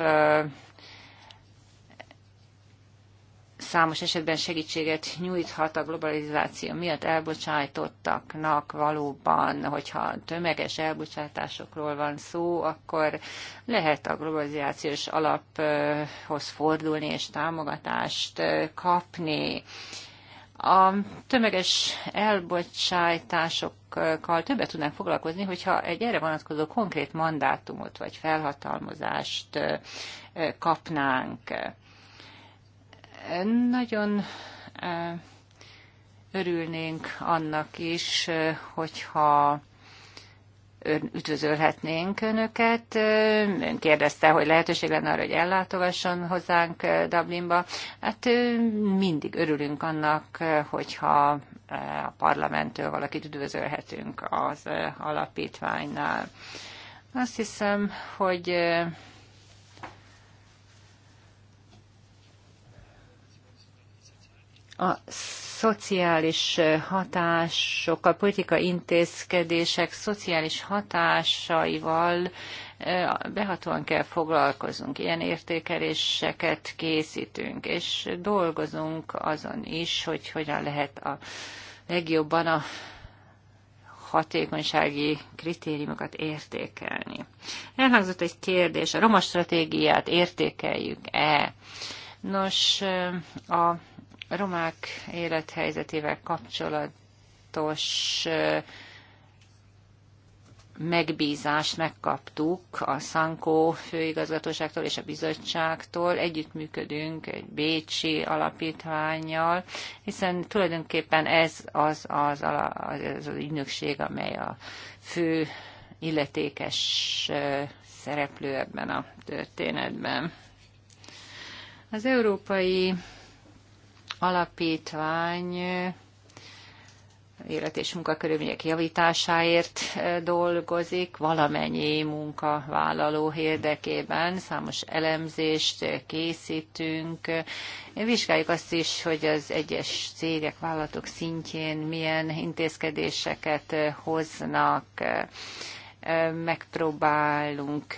Speaker 2: számos esetben segítséget nyújthat a globalizáció miatt elbocsájtottaknak valóban, hogyha tömeges elbocsátásokról van szó, akkor lehet a globalizációs alaphoz fordulni és támogatást kapni. A tömeges elbocsájtásokkal többet tudnánk foglalkozni, hogyha egy erre vonatkozó konkrét mandátumot vagy felhatalmazást kapnánk. Nagyon örülnénk annak is, hogyha üdvözölhetnénk önöket. Ön kérdezte, hogy lehetőség lenne arra, hogy ellátogasson hozzánk Dublinba. Hát mindig örülünk annak, hogyha a parlamenttől valakit üdvözölhetünk az alapítványnál. Azt hiszem, hogy a szociális hatások, a politikai intézkedések szociális hatásaival behatóan kell foglalkozunk, ilyen értékeléseket készítünk, és dolgozunk azon is, hogy hogyan lehet a legjobban a hatékonysági kritériumokat értékelni. Elhangzott egy kérdés, a roma stratégiát értékeljük-e? Nos, a romák élethelyzetével kapcsolatos megbízást megkaptuk a Szankó főigazgatóságtól és a bizottságtól. Együttműködünk egy Bécsi alapítványjal, hiszen tulajdonképpen ez az az, az, az, az ügynökség, amely a fő illetékes szereplő ebben a történetben. Az Európai alapítvány élet és munkakörülmények javításáért eh, dolgozik, valamennyi munkavállaló érdekében számos elemzést eh, készítünk. Vizsgáljuk azt is, hogy az egyes cégek, vállalatok szintjén milyen intézkedéseket eh, hoznak, megpróbálunk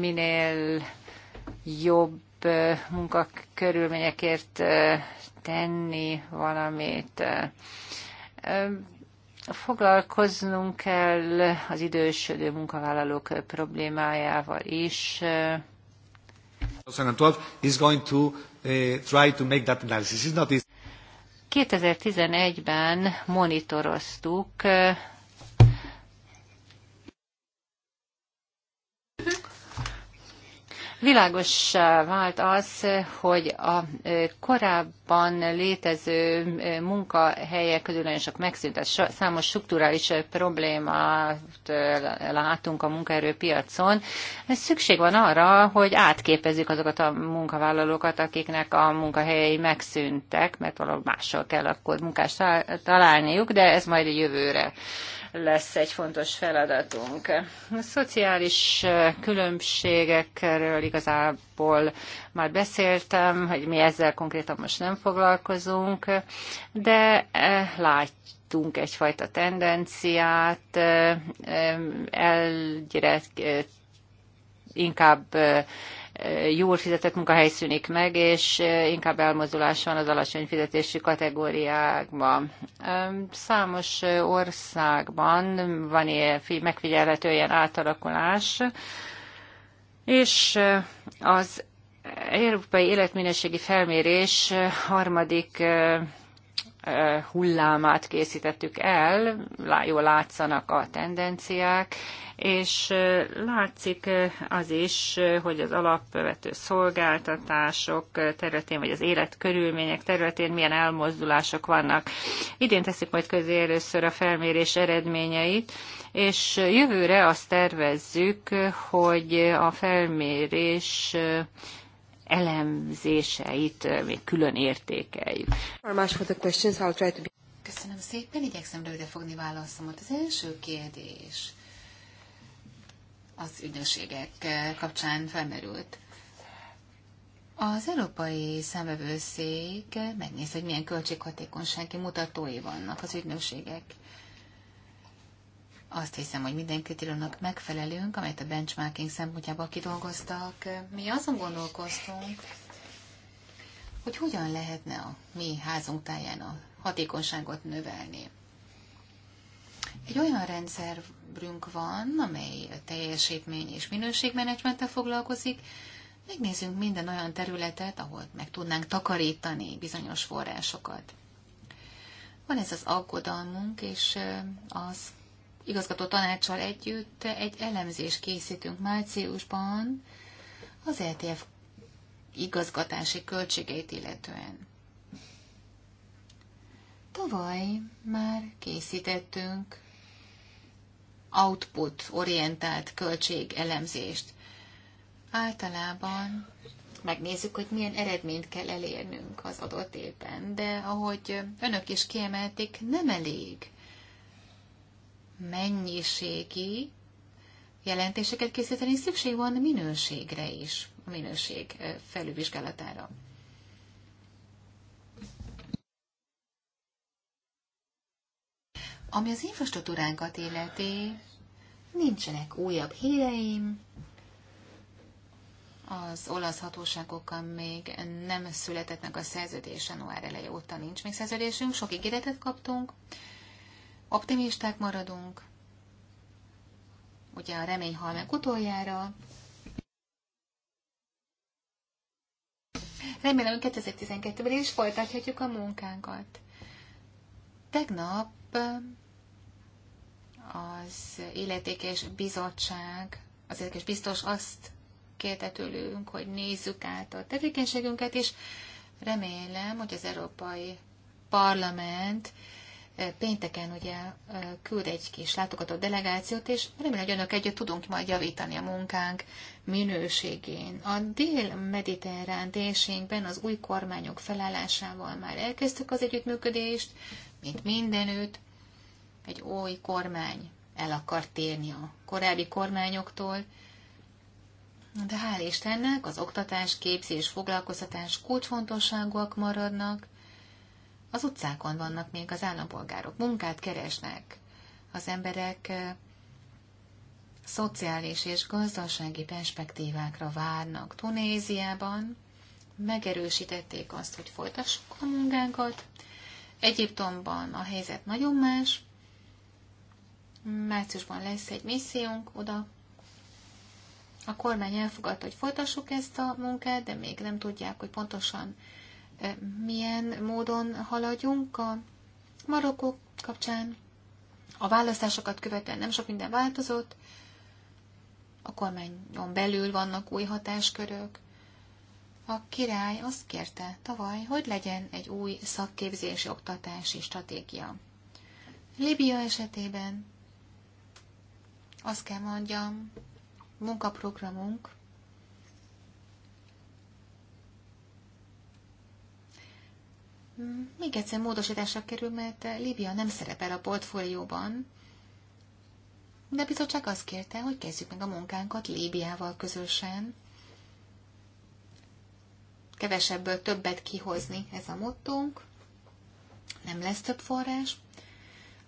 Speaker 2: minél jobb jobb munkakörülményekért tenni valamit. Foglalkoznunk kell az idősödő munkavállalók problémájával is. is going to eh, try to make that analysis. 2011-ben monitoroztuk Világossá vált az, hogy a korábban létező munkahelyek közül nagyon sok megszűnt, számos strukturális problémát látunk a munkaerőpiacon. Szükség van arra, hogy átképezzük azokat a munkavállalókat, akiknek a munkahelyei megszűntek, mert valahol máshol kell akkor munkást találniuk, de ez majd a jövőre lesz egy fontos feladatunk. A szociális különbségekről igazából már beszéltem, hogy mi ezzel konkrétan most nem foglalkozunk, de látjuk, egyfajta tendenciát, egyre inkább jól fizetett munkahely szűnik meg, és inkább elmozdulás van az alacsony fizetési kategóriákban. Számos országban van ilyen, megfigyelhető ilyen átalakulás, és az Európai Életminőségi Felmérés harmadik hullámát készítettük el, jól látszanak a tendenciák, és látszik az is, hogy az alapvető szolgáltatások területén, vagy az életkörülmények területén milyen elmozdulások vannak. Idén teszik majd közé először a felmérés eredményeit, és jövőre azt tervezzük, hogy a felmérés elemzéseit még külön értékeljük.
Speaker 3: Köszönöm szépen, igyekszem rövide fogni válaszomat. Az első kérdés az ügynökségek kapcsán felmerült. Az Európai Számvevőszék megnéz, hogy milyen költséghatékonysági mutatói vannak az ügynökségek azt hiszem, hogy minden kritériumnak megfelelünk, amelyet a benchmarking szempontjából kidolgoztak. Mi azon gondolkoztunk, hogy hogyan lehetne a mi házunk táján a hatékonyságot növelni. Egy olyan rendszerünk van, amely teljesítmény és minőségmenedzsmenttel foglalkozik. Megnézzünk minden olyan területet, ahol meg tudnánk takarítani bizonyos forrásokat. Van ez az aggodalmunk, és az igazgató tanácssal együtt egy elemzés készítünk márciusban az ETF igazgatási költségeit illetően. Tavaly már készítettünk output-orientált költségelemzést. Általában megnézzük, hogy milyen eredményt kell elérnünk az adott évben, de ahogy önök is kiemelték, nem elég mennyiségi jelentéseket készíteni, szükség van minőségre is, a minőség felülvizsgálatára. Ami az infrastruktúránkat illeti, nincsenek újabb híreim, az olasz hatóságokkal még nem született meg a szerződés, január eleje óta nincs még szerződésünk, sok ígéretet kaptunk, Optimisták maradunk. Ugye a remény hal meg utoljára. Remélem, 2012-ben is folytathatjuk a munkánkat. Tegnap eh, az illetékes bizottság, az illetékes biztos azt kérte tőlünk, hogy nézzük át a tevékenységünket, és remélem, hogy az Európai Parlament pénteken ugye küld egy kis látogató delegációt, és remélem, hogy önök együtt tudunk majd javítani a munkánk minőségén. A dél-mediterrán térségben az új kormányok felállásával már elkezdtük az együttműködést, mint mindenütt. Egy új kormány el akar térni a korábbi kormányoktól, de hál' Istennek az oktatás, képzés, foglalkoztatás kulcsfontosságúak maradnak, az utcákon vannak még az állampolgárok, munkát keresnek. Az emberek szociális és gazdasági perspektívákra várnak. Tunéziában megerősítették azt, hogy folytassuk a munkánkat. Egyiptomban a helyzet nagyon más. Márciusban lesz egy missziónk oda. A kormány elfogadta, hogy folytassuk ezt a munkát, de még nem tudják, hogy pontosan milyen módon haladjunk a marokkok kapcsán. A választásokat követően nem sok minden változott, a kormányon belül vannak új hatáskörök. A király azt kérte tavaly, hogy legyen egy új szakképzési oktatási stratégia. Libia esetében azt kell mondjam, munkaprogramunk még egyszer módosításra kerül, mert eh, Líbia nem szerepel a portfólióban, de bizony bizottság azt kérte, hogy kezdjük meg a munkánkat Líbiával közösen. Kevesebből többet kihozni ez a mottunk. Nem lesz több forrás,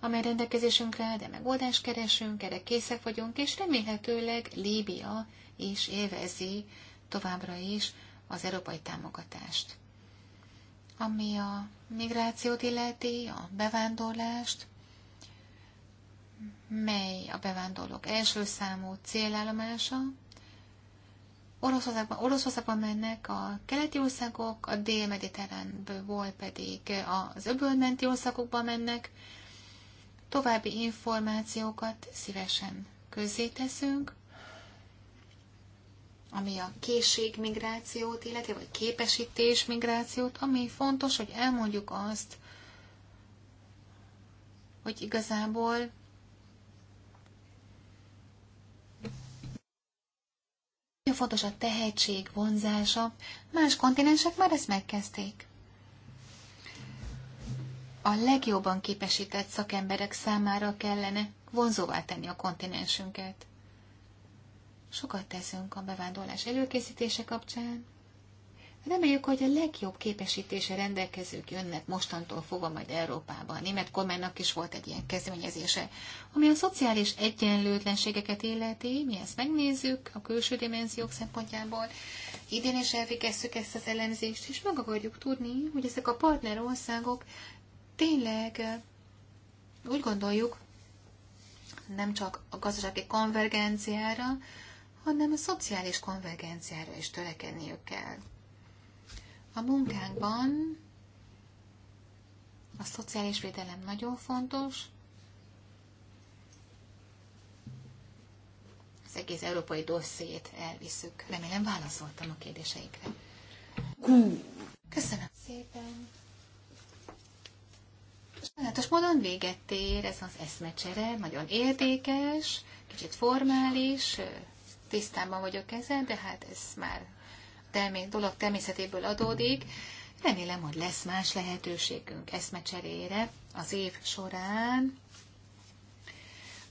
Speaker 3: amely rendelkezésünkre, de megoldást keresünk, erre készek vagyunk, és remélhetőleg Líbia is élvezi továbbra is az európai támogatást ami a migrációt illeti, a bevándorlást, mely a bevándorlók első számú célállomása. Oroszországban, Oroszországban mennek a keleti országok, a dél-mediterránból pedig az öbölmenti országokba mennek. További információkat szívesen közzéteszünk ami a készségmigrációt illeti, vagy képesítés migrációt, ami fontos, hogy elmondjuk azt, hogy igazából nagyon fontos a tehetség vonzása. Más kontinensek már ezt megkezdték. A legjobban képesített szakemberek számára kellene vonzóvá tenni a kontinensünket. Sokat teszünk a bevándorlás előkészítése kapcsán. Reméljük, hogy a legjobb képesítése rendelkezők jönnek mostantól fogva majd Európába. A német kormánynak is volt egy ilyen kezdeményezése, ami a szociális egyenlőtlenségeket illeti. Mi ezt megnézzük a külső dimenziók szempontjából. Idén is elvégezzük ezt az elemzést, és meg akarjuk tudni, hogy ezek a partner országok tényleg eh, úgy gondoljuk, nem csak a gazdasági konvergenciára, hanem a szociális konvergenciára is törekedniük kell. A munkánkban a szociális védelem nagyon fontos, az egész európai dossziét elviszük. Remélem válaszoltam a kérdéseikre. Köszönöm szépen! Sajnálatos módon véget ér ez az eszmecsere, nagyon érdekes, kicsit formális, tisztában vagyok ezzel, de hát ez már termé- dolog természetéből adódik. Remélem, hogy lesz más lehetőségünk eszmecserére az év során,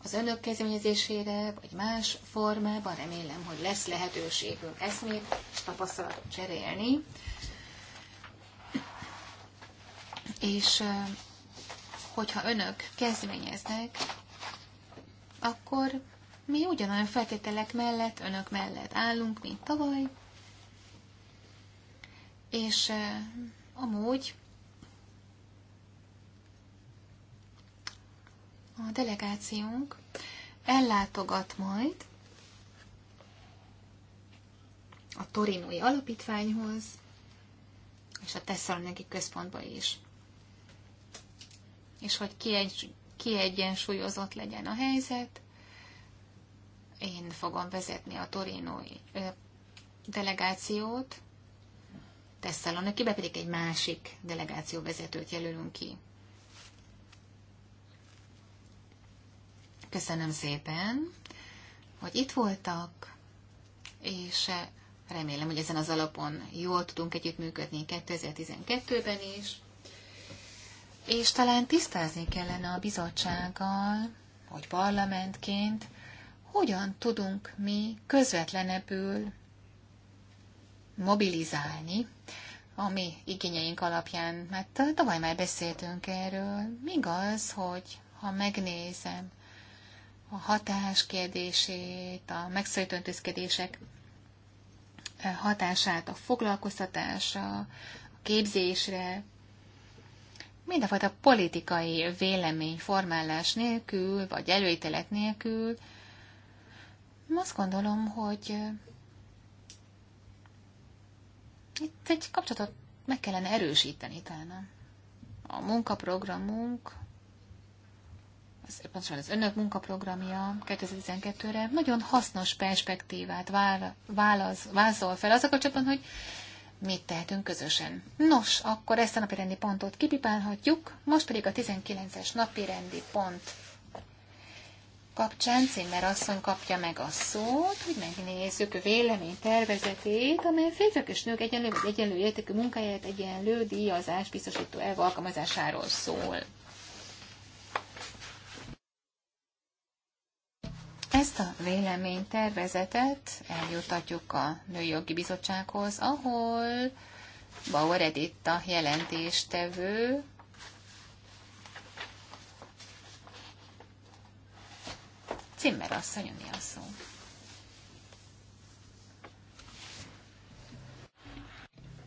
Speaker 3: az önök kezdeményezésére, vagy más formában. Remélem, hogy lesz lehetőségünk eszmét és tapasztalatot cserélni. És hogyha önök kezdeményeznek, akkor mi ugyanolyan feltételek mellett, önök mellett állunk, mint tavaly, és amúgy a delegációnk ellátogat majd a Torinói Alapítványhoz, és a Tesszaloniki Központba is. És hogy kiegy, kiegyensúlyozott legyen a helyzet, én fogom vezetni a torinói delegációt, Tesszalonikibe pedig egy másik delegáció vezetőt jelölünk ki. Köszönöm szépen, hogy itt voltak, és remélem, hogy ezen az alapon jól tudunk együttműködni 2012-ben is. És talán tisztázni kellene a bizottsággal, hogy parlamentként, hogyan tudunk mi közvetlenebbül mobilizálni a mi igényeink alapján. Mert tavaly már beszéltünk erről. az, hogy ha megnézem a hatás kérdését, a megszorító intézkedések eh, hatását a foglalkoztatásra, a képzésre, mindenfajta politikai véleményformálás nélkül, vagy előítelet nélkül, azt gondolom, hogy itt egy kapcsolatot meg kellene erősíteni talán. A munkaprogramunk, az, pontosan az önök munkaprogramja 2012-re nagyon hasznos perspektívát válasz, vázol fel az a kapcsolatban, hogy mit tehetünk közösen. Nos, akkor ezt a napi rendi pontot kipipálhatjuk, most pedig a 19-es napi rendi pont kapcsán Cimmer asszony kapja meg a szót, hogy megnézzük vélemény tervezetét, amely férfiak és nők egyenlő vagy egyenlő értékű munkáját egyenlő díjazás biztosító elv alkalmazásáról szól. Ezt a véleménytervezetet eljutatjuk a Nőjogi Bizottsághoz, ahol Bauer Editta jelentéstevő Cimmer asszony, a szó.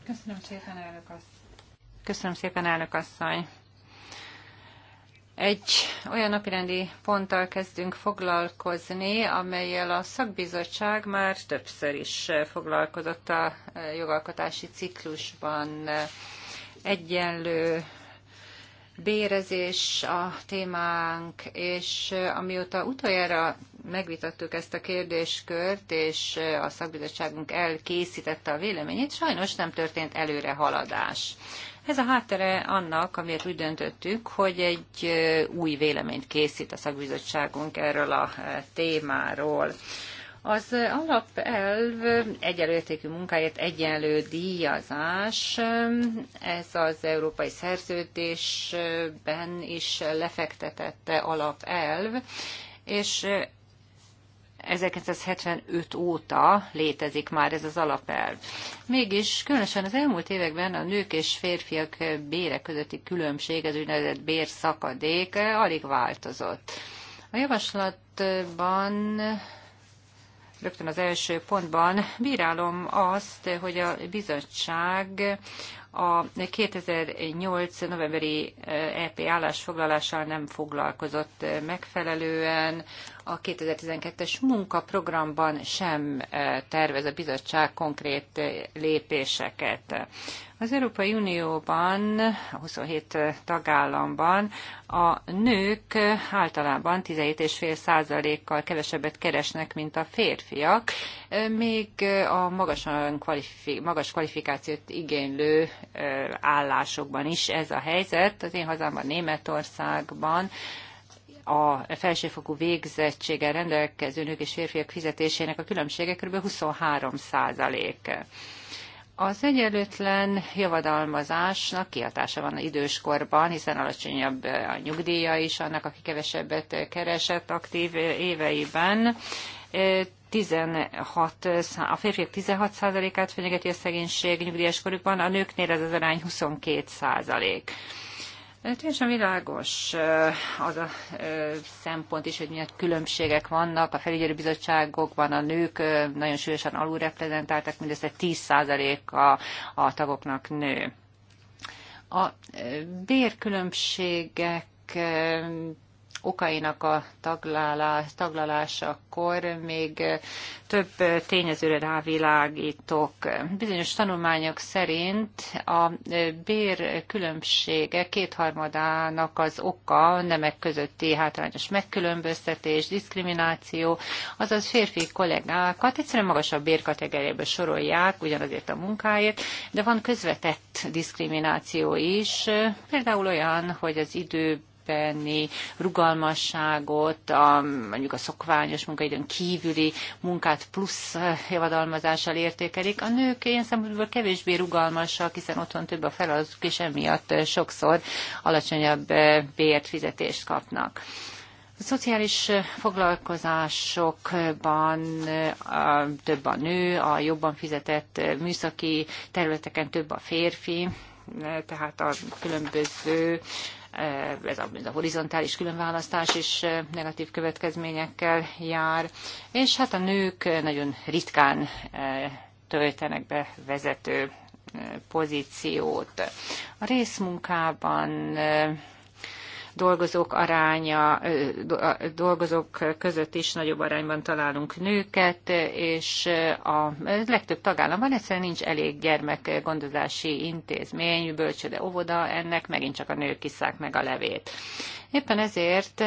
Speaker 2: Köszönöm szépen, elnök asszony. Köszönöm szépen, elnök asszony. Egy olyan napirendi ponttal kezdünk foglalkozni, amelyel a szakbizottság már többször is foglalkozott a jogalkotási ciklusban. Egyenlő bérezés a témánk, és eh, amióta utoljára megvitattuk ezt a kérdéskört, és eh, a szakbizottságunk elkészítette a véleményét, sajnos nem történt előrehaladás. Ez a háttere annak, amiért úgy döntöttük, hogy egy eh, új véleményt készít a szakbizottságunk erről a témáról. Az alapelv egyenlőértékű munkáért egyenlő díjazás, ez az európai szerződésben is lefektetette alapelv, és 1975 óta létezik már ez az alapelv. Mégis különösen az elmúlt években a nők és férfiak bére közötti különbség, az úgynevezett bérszakadék alig változott. A javaslatban rögtön az első pontban bírálom azt, hogy a bizottság a 2008. novemberi EP eh, e állásfoglalással nem foglalkozott eh, megfelelően, a 2012-es munkaprogramban sem eh, tervez a bizottság konkrét eh, lépéseket. Az Európai Unióban, a 27 eh, tagállamban a nők általában 17,5%-kal kevesebbet keresnek, mint a férfiak, még a magasan kvalifi- magas kvalifikációt igénylő állásokban is ez a helyzet. Az én hazámban, Németországban a felsőfokú végzettséggel rendelkező nők és férfiak fizetésének a különbsége kb. 23 százalék. Az egyenlőtlen javadalmazásnak kihatása van az időskorban, hiszen alacsonyabb a nyugdíja is annak, aki kevesebbet keresett aktív éveiben. 16, a férfiak 16 százalékát fenyegeti a szegénység nyugdíjas korukban, a nőknél ez az arány 22%. Teljesen világos az a szempont is, hogy milyen különbségek vannak. A felügyelőbizottságokban a nők nagyon súlyosan alulreprezentáltak, mindössze 10%-a a tagoknak nő. A bérkülönbségek okainak a taglalás, taglalásakor még több tényezőre rávilágítok. Bizonyos tanulmányok szerint a bér különbsége kétharmadának az oka nemek közötti hátrányos megkülönböztetés, diszkrimináció, azaz férfi kollégákat egyszerűen magasabb bérkategóriába sorolják ugyanazért a munkáért, de van közvetett diszkrimináció is, például olyan, hogy az idő tenni, rugalmasságot, a, mondjuk a szokványos munkaidőn kívüli munkát plusz javadalmazással értékelik. A nők ilyen szempontból kevésbé rugalmasak, hiszen otthon több a feladatuk, és emiatt sokszor alacsonyabb bért fizetést kapnak. A szociális foglalkozásokban több a nő, a jobban fizetett műszaki területeken több a férfi, tehát a különböző Eh, ez a, ez a horizontális különválasztás is eh, negatív következményekkel jár, és hát a nők eh, nagyon ritkán töltenek be vezető pozíciót. A részmunkában dolgozók aránya, dolgozók között is nagyobb arányban találunk nőket, és a legtöbb tagállamban egyszerűen nincs elég gyermekgondozási intézmény, bölcsőde, óvoda, ennek megint csak a nők kiszák meg a levét. Éppen ezért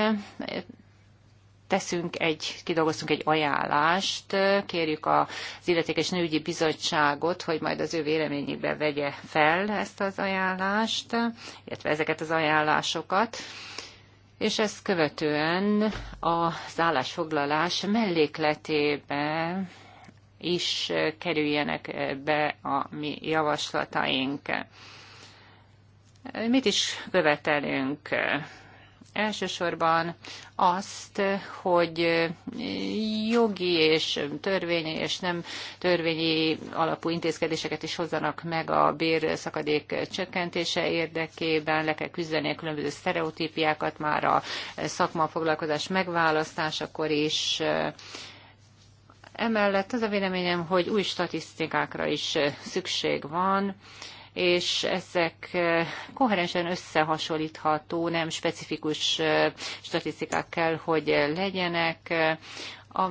Speaker 2: teszünk egy, kidolgoztunk egy ajánlást, kérjük az illetékes nőügyi bizottságot, hogy majd az ő véleményébe vegye fel ezt az ajánlást, illetve ezeket az ajánlásokat és ezt követően az állásfoglalás mellékletébe is kerüljenek be a mi javaslataink. Mit is követelünk? Elsősorban azt, hogy jogi és törvényi és nem törvényi alapú intézkedéseket is hozzanak meg a bérszakadék csökkentése érdekében, le kell küzdeni a különböző sztereotípiákat már a szakma foglalkozás megválasztásakor is, Emellett az a véleményem, hogy új statisztikákra is szükség van, és ezek eh, koherensen összehasonlítható, nem specifikus eh, statisztikák kell, hogy legyenek. A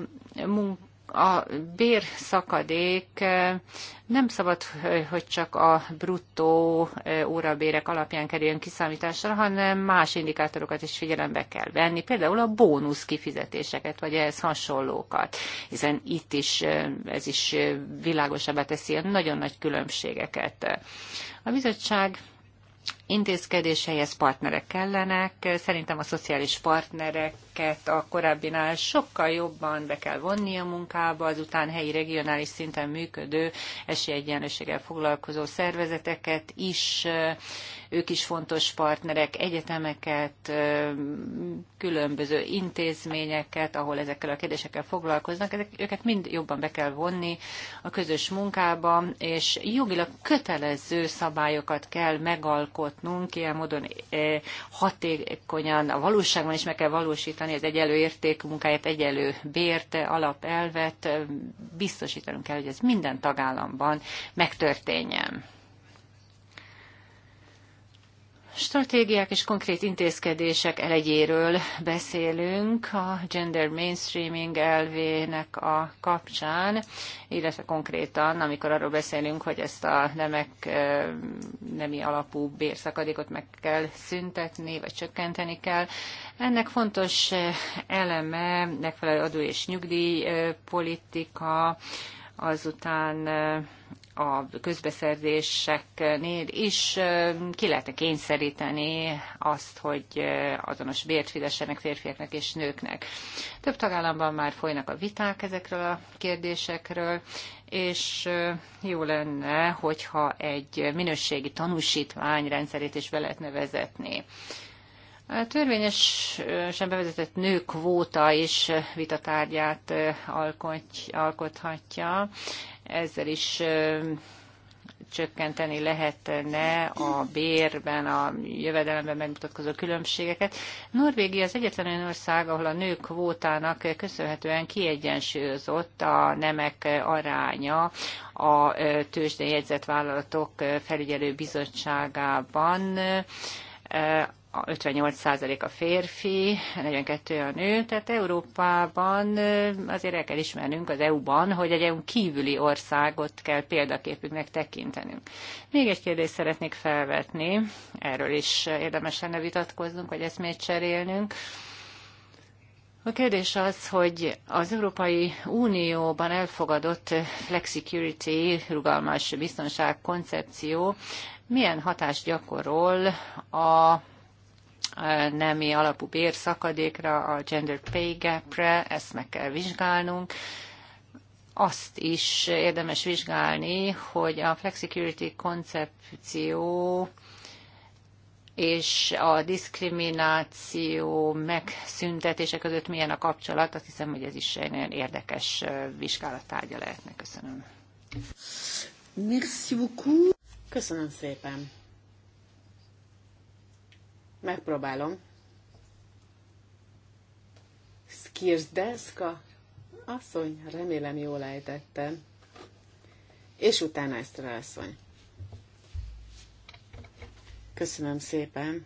Speaker 2: munka a bérszakadék eh, nem szabad, eh, hogy csak a bruttó eh, órabérek alapján kerüljön kiszámításra, hanem más indikátorokat is figyelembe kell venni, például a bónusz kifizetéseket, vagy ehhez hasonlókat, hiszen itt is ez is világosabbá teszi a nagyon nagy különbségeket. A bizottság intézkedéseihez partnerek kellenek. Szerintem a szociális partnereket a korábbinál sokkal jobban be kell vonni a munkába, azután helyi regionális szinten működő esélyegyenlőséggel foglalkozó szervezeteket is ők is fontos partnerek, egyetemeket, különböző intézményeket, ahol ezekkel a kérdésekkel foglalkoznak, ezek, őket mind jobban be kell vonni a közös munkába, és jogilag kötelező szabályokat kell megalkotnunk, ilyen módon hatékonyan a valóságban is meg kell valósítani az egyelő érték munkáját, egyelő bért, alapelvet, biztosítanunk kell, hogy ez minden tagállamban megtörténjen stratégiák és konkrét intézkedések elegyéről beszélünk a gender mainstreaming elvének a kapcsán, illetve konkrétan, amikor arról beszélünk, hogy ezt a nemek nemi alapú bérszakadékot meg kell szüntetni, vagy csökkenteni kell. Ennek fontos eleme megfelelő adó és nyugdíjpolitika, azután a közbeszerzéseknél is ki lehetne kényszeríteni azt, hogy azonos bért fizessenek férfiaknak és nőknek. Több tagállamban már folynak a viták ezekről a kérdésekről, és jó lenne, hogyha egy minőségi tanúsítvány rendszerét is be lehetne vezetni. A sem bevezetett nők is vitatárgyát alkothatja ezzel is csökkenteni lehetne a bérben, a jövedelemben megmutatkozó különbségeket. Norvégia az egyetlen olyan ország, ahol a nők kvótának köszönhetően kiegyensúlyozott a nemek aránya a tőzsdén jegyzett vállalatok felügyelő bizottságában 58% a férfi, 42 a nő, tehát Európában azért el kell ismernünk az EU-ban, hogy egy EU kívüli országot kell példaképünknek tekintenünk. Még egy kérdést szeretnék felvetni, erről is érdemes lenne vitatkoznunk, vagy eszmét cserélnünk. A kérdés az, hogy az Európai Unióban elfogadott flexicurity, rugalmas biztonság koncepció milyen hatást gyakorol a nemi alapú bérszakadékra, a gender pay gapre, ezt meg kell vizsgálnunk. Azt is érdemes vizsgálni, hogy a flexicurity koncepció és a diszkrimináció megszüntetése között milyen a kapcsolat, azt hiszem, hogy ez is egy nagyon érdekes vizsgálattárgya
Speaker 1: lehetne. Köszönöm. Merci beaucoup. Köszönöm szépen. Megpróbálom. Skirzdeska? Asszony, remélem jól ejtettem. És utána ezt rá asszony. Köszönöm szépen.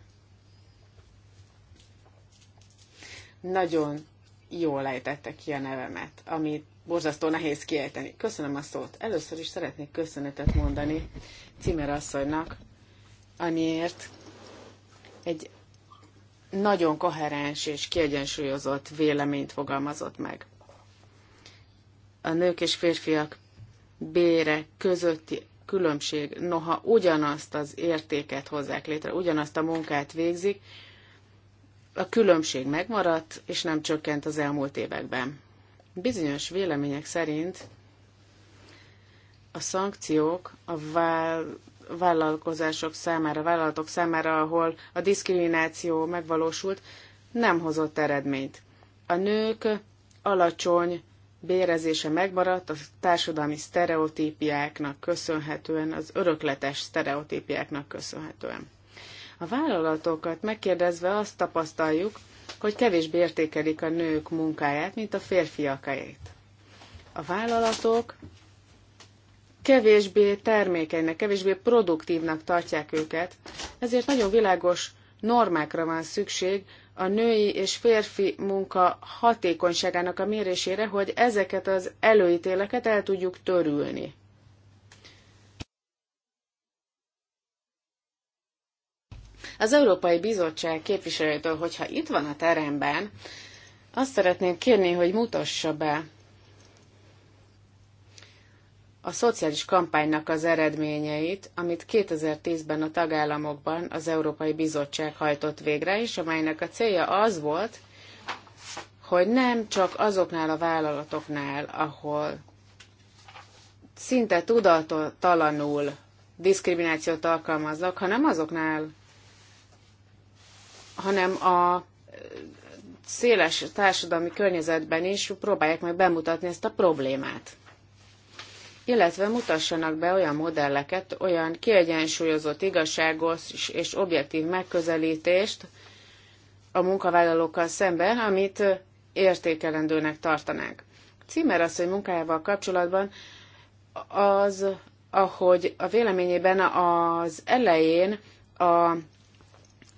Speaker 1: Nagyon jól ejtette ki a nevemet, ami borzasztó nehéz kiejteni. Köszönöm a szót. Először is szeretnék köszönetet mondani Cimer asszonynak, amiért egy nagyon koherens és kiegyensúlyozott véleményt fogalmazott meg. A nők és férfiak bére közötti különbség, noha ugyanazt az értéket hozzák létre, ugyanazt a munkát végzik, a különbség megmaradt, és nem csökkent az elmúlt években. Bizonyos vélemények szerint a szankciók a vállalkozások számára, vállalatok számára, ahol a diszkrimináció megvalósult, nem hozott eredményt. A nők alacsony bérezése megmaradt a társadalmi sztereotípiáknak köszönhetően, az örökletes sztereotípiáknak köszönhetően. A vállalatokat megkérdezve azt tapasztaljuk, hogy kevésbé értékelik a nők munkáját, mint a férfiakáit. A vállalatok kevésbé termékenynek, kevésbé produktívnak tartják őket, ezért nagyon világos normákra van szükség a női és férfi munka hatékonyságának a mérésére, hogy ezeket az előítéleket el tudjuk törülni. Az Európai Bizottság képviselőtől, hogyha itt van a teremben, azt szeretném kérni, hogy mutassa be a szociális kampánynak az eredményeit, amit 2010-ben a tagállamokban az Európai Bizottság hajtott végre, és amelynek a célja az volt, hogy nem csak azoknál a vállalatoknál, ahol szinte tudatalanul diszkriminációt alkalmaznak, hanem azoknál, hanem a széles társadalmi környezetben is próbálják meg bemutatni ezt a problémát illetve mutassanak be olyan modelleket, olyan kiegyensúlyozott, igazságos és objektív megközelítést a munkavállalókkal szemben, amit értékelendőnek tartanánk. Címer asszony munkájával kapcsolatban az, ahogy a véleményében az elején a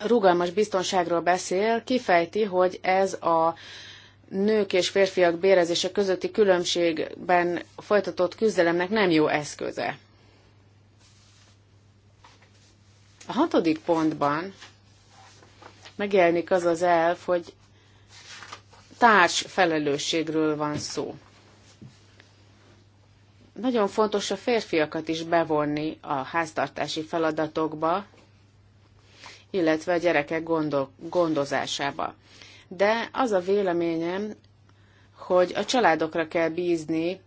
Speaker 1: rugalmas biztonságról beszél, kifejti, hogy ez a nők és férfiak bérezése közötti különbségben folytatott küzdelemnek nem jó eszköze. A hatodik pontban megjelenik az az elv, hogy társ felelősségről van szó. Nagyon fontos a férfiakat is bevonni a háztartási feladatokba, illetve a gyerekek gondol- gondozásába de az a véleményem, hogy a családokra kell bízni,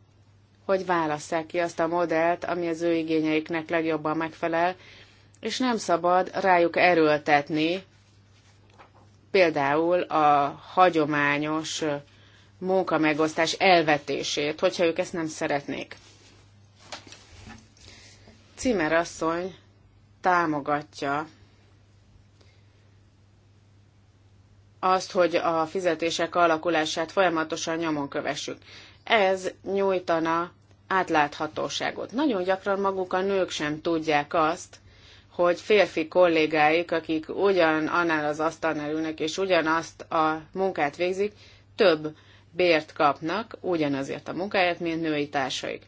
Speaker 1: hogy válasszák ki azt a modellt, ami az ő igényeiknek legjobban megfelel, és nem szabad rájuk erőltetni például a hagyományos munkamegosztás elvetését, hogyha ők ezt nem szeretnék. Cimer asszony támogatja azt, hogy a fizetések alakulását folyamatosan nyomon kövessük. Ez nyújtana átláthatóságot. Nagyon gyakran maguk a nők sem tudják azt, hogy férfi kollégáik, akik ugyan az asztalnál ülnek, és ugyanazt a munkát végzik, több bért kapnak ugyanazért a munkáját, mint női társaik.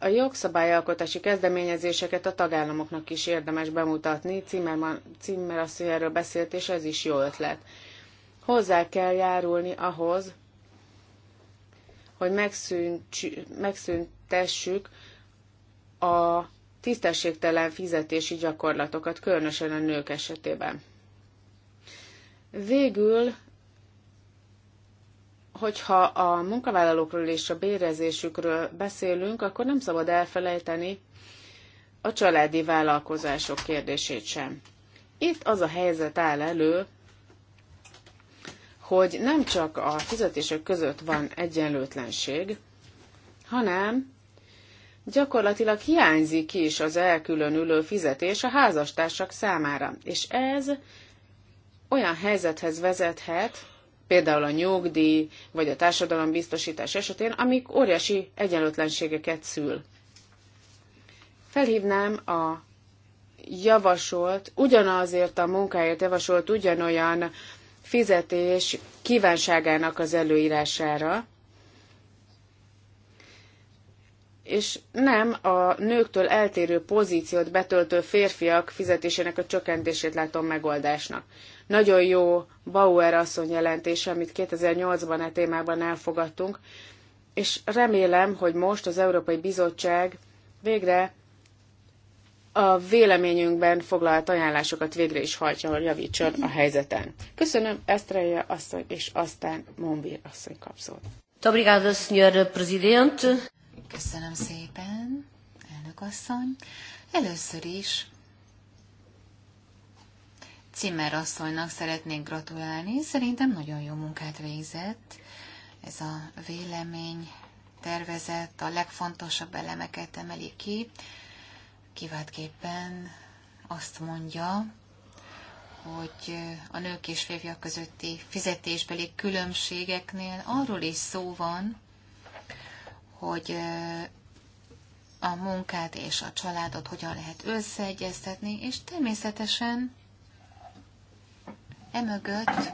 Speaker 1: A jogszabályalkotási kezdeményezéseket a tagállamoknak is érdemes bemutatni, Cimmerman, Cimmer asszony erről beszélt, és ez is jó ötlet. Hozzá kell járulni ahhoz, hogy megszüntessük a tisztességtelen fizetési gyakorlatokat, különösen a nők esetében. Végül hogyha a munkavállalókról és a bérezésükről beszélünk, akkor nem szabad elfelejteni a családi vállalkozások kérdését sem. Itt az a helyzet áll elő, hogy nem csak a fizetések között van egyenlőtlenség, hanem gyakorlatilag hiányzik is az elkülönülő fizetés a házastársak számára, és ez olyan helyzethez vezethet, például a nyugdíj vagy a társadalombiztosítás esetén, amik óriási egyenlőtlenségeket szül. Felhívnám a javasolt, ugyanazért a munkáért javasolt ugyanolyan fizetés kívánságának az előírására, és nem a nőktől eltérő pozíciót betöltő férfiak fizetésének a csökkentését látom megoldásnak. Nagyon jó Bauer asszony jelentése, amit 2008-ban e témában elfogadtunk, és remélem, hogy most az Európai Bizottság végre a véleményünkben foglalt ajánlásokat végre is hajtja, hogy javítson a helyzeten. Köszönöm Esztreja asszony, és aztán Monbir asszony kap
Speaker 3: Köszönöm szépen, elnök asszony. Először is Cimmer asszonynak szeretnék gratulálni. Szerintem nagyon jó munkát végzett. Ez a vélemény tervezett, a legfontosabb elemeket emeli ki. Kiváltképpen azt mondja, hogy a nők és férfiak közötti fizetésbeli különbségeknél arról is szó van, hogy a munkát és a családot hogyan lehet összeegyeztetni, és természetesen Emögött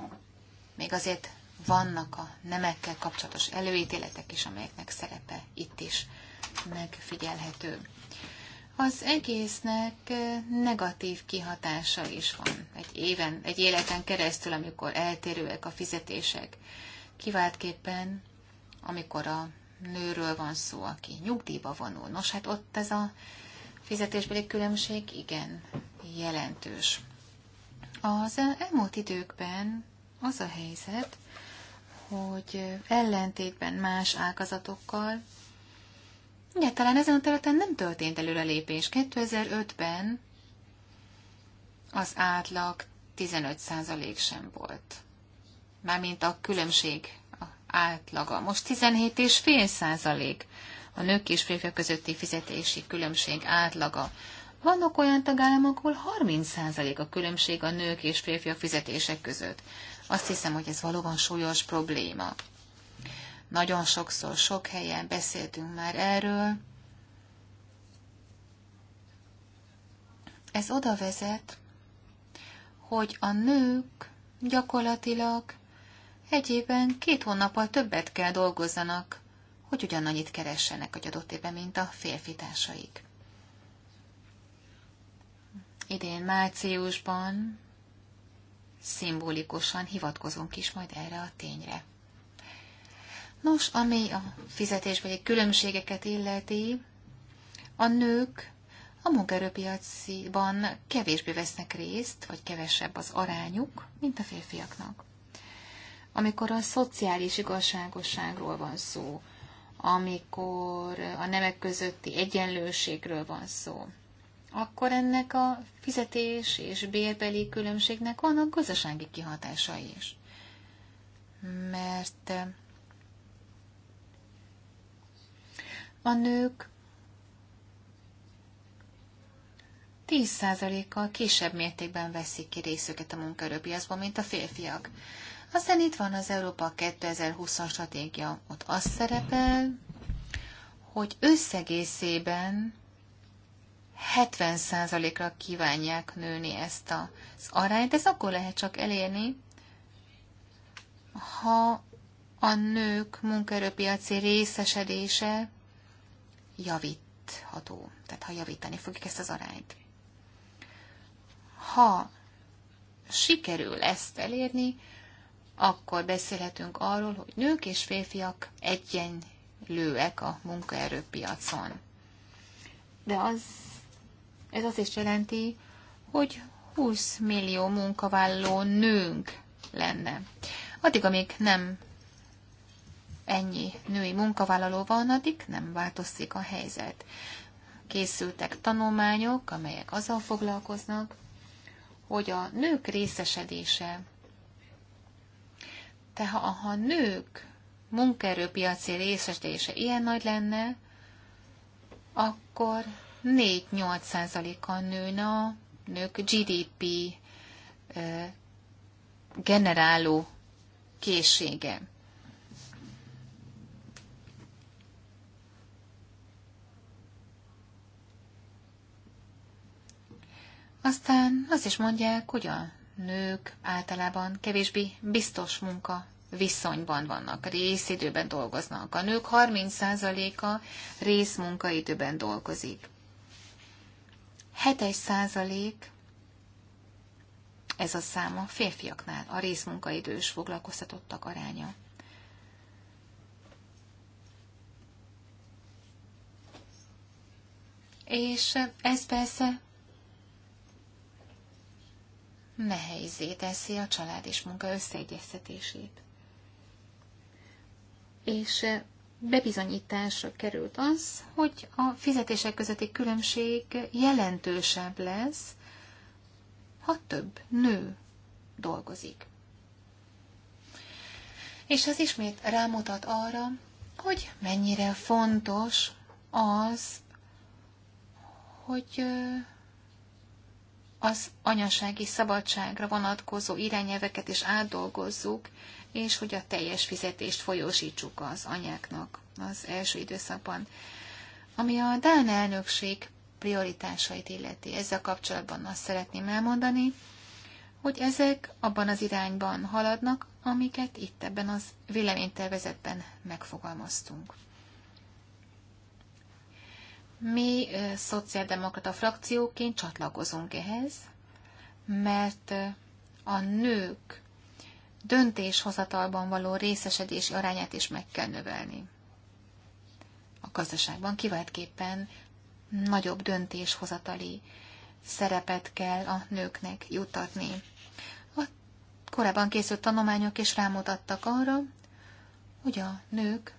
Speaker 3: még azért vannak a nemekkel kapcsolatos előítéletek is, amelyeknek szerepe itt is megfigyelhető. Az egésznek eh, negatív kihatása is van egy éven, egy életen keresztül, amikor eltérőek a fizetések. Kiváltképpen, amikor a nőről van szó, aki nyugdíjba vonul. Nos, hát ott ez a fizetésbeli különbség igen jelentős. Az elmúlt időkben az a helyzet, hogy ellentétben más ágazatokkal, talán ezen a területen nem történt előrelépés. 2005-ben az átlag 15% sem volt. Mármint a különbség a átlaga. Most 17,5% a nők és férfiak közötti fizetési különbség átlaga. Vannak olyan tagállamok, ahol 30% a különbség a nők és férfiak fizetések között. Azt hiszem, hogy ez valóban súlyos probléma. Nagyon sokszor, sok helyen beszéltünk már erről. Ez oda vezet, hogy a nők gyakorlatilag egy évben két hónappal többet kell dolgozzanak, hogy ugyanannyit keressenek a adott éve, mint a férfi társaik idén márciusban szimbolikusan hivatkozunk is majd erre a tényre. Nos, ami a fizetésbeli különbségeket illeti, a nők a munkaerőpiacban kevésbé vesznek részt, vagy kevesebb az arányuk, mint a férfiaknak. Amikor a szociális igazságosságról van szó, amikor a nemek közötti egyenlőségről van szó, akkor ennek a fizetés és bérbeli különbségnek vannak gazdasági kihatása is. Mert eh, a nők 10%-kal kisebb mértékben veszik ki részüket a munkaerőpiacból, mint a férfiak. Aztán itt van az Európa 2020 stratégia, ott az szerepel, hogy összegészében 70%-ra kívánják nőni ezt az arányt. Ez akkor lehet csak elérni, ha a nők munkaerőpiaci részesedése javítható. Tehát ha javítani fogjuk ezt az arányt. Ha sikerül ezt elérni, akkor beszélhetünk arról, hogy nők és férfiak egyenlőek a munkaerőpiacon. De az ez azt is jelenti, hogy 20 millió munkavállaló nőnk lenne. Addig, amíg nem ennyi női munkavállaló van, addig nem változik a helyzet. Készültek tanulmányok, amelyek azzal foglalkoznak, hogy a nők részesedése, tehát ha a nők munkaerőpiaci részesedése ilyen nagy lenne, akkor 4-8%-a nőne a nők GDP generáló készsége. Aztán azt is mondják, hogy a nők általában kevésbé biztos munka viszonyban vannak, részidőben dolgoznak. A nők 30%-a részmunkaidőben dolgozik. 7 százalék ez a száma férfiaknál, a részmunkaidős foglalkoztatottak aránya. És ez persze nehézé teszi a család és munka összeegyeztetését. És bebizonyításra került az, hogy a fizetések közötti különbség jelentősebb lesz, ha több nő dolgozik. És ez ismét rámutat arra, hogy mennyire fontos az, hogy az anyasági szabadságra vonatkozó irányelveket is átdolgozzuk, és hogy a teljes fizetést folyósítsuk az anyáknak az első időszakban. Ami a Dán elnökség prioritásait illeti, ezzel kapcsolatban azt szeretném elmondani, hogy ezek abban az irányban haladnak, amiket itt ebben az véleménytervezetben megfogalmaztunk. Mi szociáldemokrata frakcióként csatlakozunk ehhez, mert a nők döntéshozatalban való részesedés arányát is meg kell növelni. A gazdaságban kiváltképpen nagyobb döntéshozatali szerepet kell a nőknek jutatni. A korábban készült tanulmányok is rámutattak arra, hogy a nők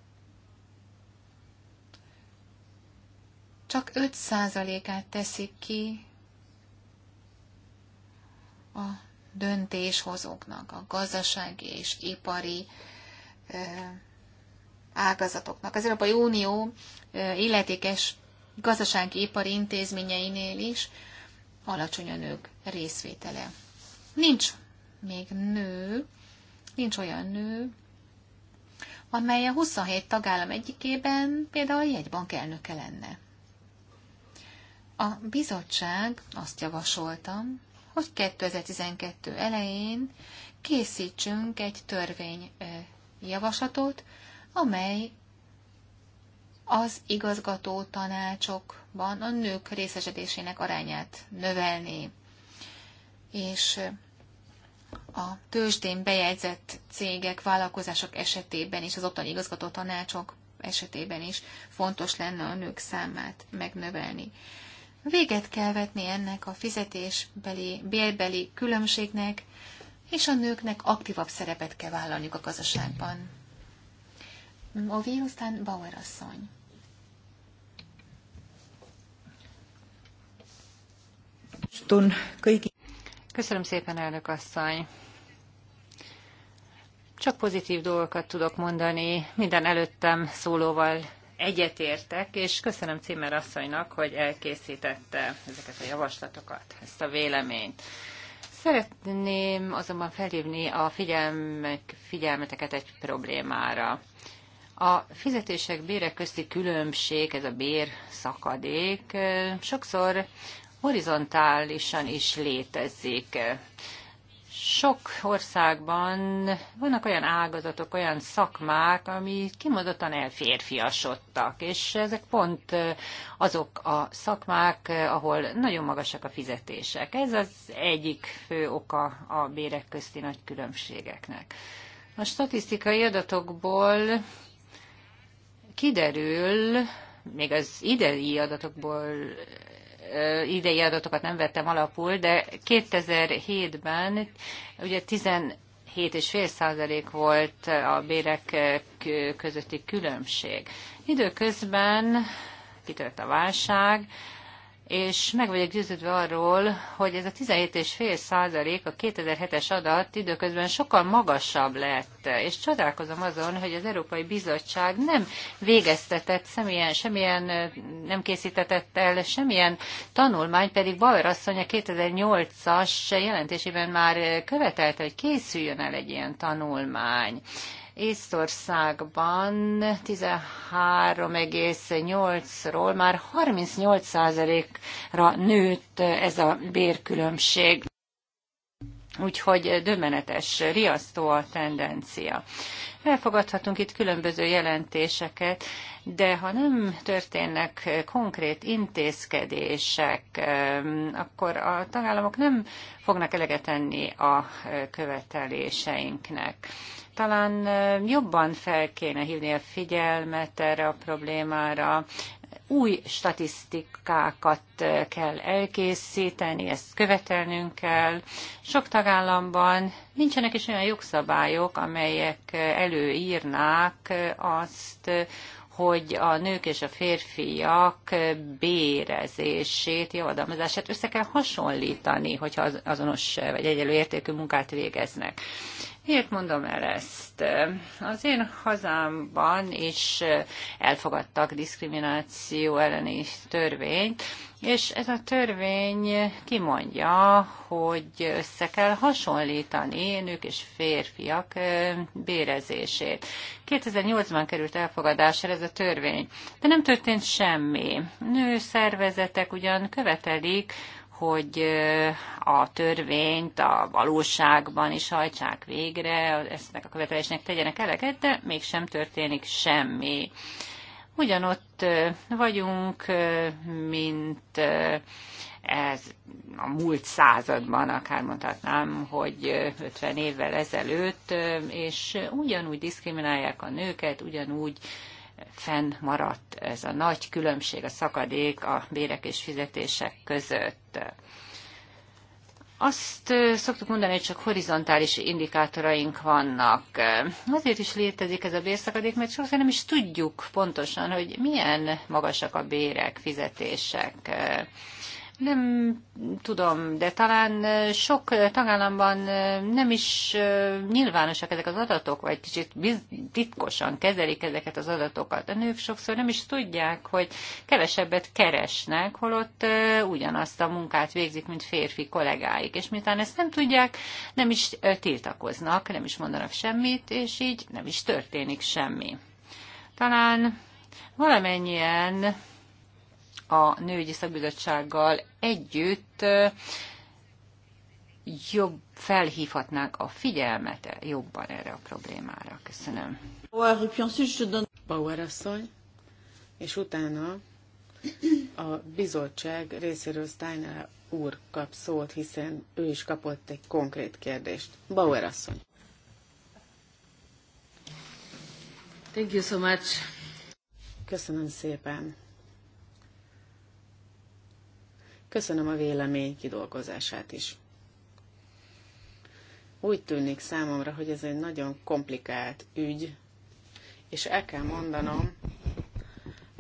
Speaker 3: csak 5%-át teszik ki a döntéshozóknak, a gazdasági és ipari ágazatoknak. Az Európai Unió illetékes gazdasági ipari intézményeinél is alacsony a nők részvétele. Nincs még nő, nincs olyan nő, amely a 27 tagállam egyikében például a jegybank elnöke lenne. A bizottság azt javasoltam, hogy 2012 elején készítsünk egy törvény javaslatot, amely az igazgató tanácsokban a nők részesedésének arányát növelné, és a tőzsdén bejegyzett cégek, vállalkozások esetében is, az ottani igazgató tanácsok esetében is fontos lenne a nők számát megnövelni. Véget kell vetni ennek a fizetésbeli, bérbeli különbségnek, és a nőknek aktívabb szerepet kell vállalniuk a gazdaságban. Ovi, aztán Bauer asszony.
Speaker 2: Köszönöm szépen, elnök asszony. Csak pozitív dolgokat tudok mondani minden előttem szólóval egyetértek, és köszönöm Cimmer asszonynak, hogy elkészítette ezeket a javaslatokat, ezt a véleményt. Szeretném azonban felhívni a figyelmek, figyelmeteket egy problémára. A fizetések bérek közti különbség, ez a bér szakadék, sokszor horizontálisan is létezik. Sok országban vannak olyan ágazatok, olyan szakmák, ami kimondottan elférfiasodtak, és ezek pont azok a szakmák, ahol nagyon magasak a fizetések. Ez az egyik fő oka a bérek közti nagy különbségeknek. A statisztikai adatokból kiderül, még az idei adatokból idei adatokat nem vettem alapul, de 2007-ben ugye 17,5 százalék volt a bérek közötti különbség. Időközben kitört a válság, és meg vagyok győződve arról, hogy ez a 17,5 százalék, a 2007-es adat időközben sokkal magasabb lett, és csodálkozom azon, hogy az Európai Bizottság nem végeztetett semmilyen, semmilyen nem készítetett el semmilyen tanulmány, pedig Bauer asszony a 2008-as jelentésében már követelte, hogy készüljön el egy ilyen tanulmány. Észtországban 13,8-ról már 38%-ra nőtt ez a bérkülönbség. Úgyhogy döbbenetes, riasztó a tendencia. Elfogadhatunk itt különböző jelentéseket, de ha nem történnek konkrét intézkedések, akkor a tagállamok nem fognak eleget tenni a követeléseinknek talán eh, jobban fel kéne hívni a figyelmet erre a problémára, új statisztikákat eh, kell elkészíteni, ezt követelnünk kell. Sok tagállamban nincsenek is olyan jogszabályok, amelyek eh, előírnák azt, hogy a nők és a férfiak bérezését, javadalmazását össze kell hasonlítani, hogyha azonos vagy egyelő értékű munkát végeznek. Miért mondom el ezt? Az én hazámban is elfogadtak diszkrimináció elleni törvényt, és ez a törvény kimondja, hogy össze kell hasonlítani nők és férfiak bérezését. 2008-ban került elfogadásra ez a törvény, de nem történt semmi. Nőszervezetek ugyan követelik, hogy a törvényt a valóságban is hajtsák végre, eztnek a követelésnek tegyenek eleget, de mégsem történik semmi. Ugyanott vagyunk, mint ez a múlt században, akár mondhatnám, hogy 50 évvel ezelőtt, és ugyanúgy diszkriminálják a nőket, ugyanúgy fennmaradt ez a nagy különbség, a szakadék a bérek és fizetések között. Azt szoktuk mondani, hogy csak horizontális indikátoraink vannak. Azért is létezik ez a bérszakadék, mert sokszor nem is tudjuk pontosan, hogy milyen magasak a bérek, fizetések nem tudom, de talán sok tagállamban nem is nyilvánosak ezek az adatok, vagy kicsit titkosan kezelik ezeket az adatokat. A nők sokszor nem is tudják, hogy kevesebbet keresnek, holott ugyanazt a munkát végzik, mint férfi kollégáik. És miután ezt nem tudják, nem is tiltakoznak, nem is mondanak semmit, és így nem is történik semmi. Talán valamennyien a nőgyi szakbizottsággal együtt jobb felhívhatnák a figyelmet jobban erre a problémára. Köszönöm.
Speaker 1: Bauer asszony, és utána a bizottság részéről Steiner úr kap szót, hiszen ő is kapott egy konkrét kérdést. Bauer asszony. Thank you so much. Köszönöm szépen. Köszönöm a vélemény kidolgozását is. Úgy tűnik számomra, hogy ez egy nagyon komplikált ügy, és el kell mondanom,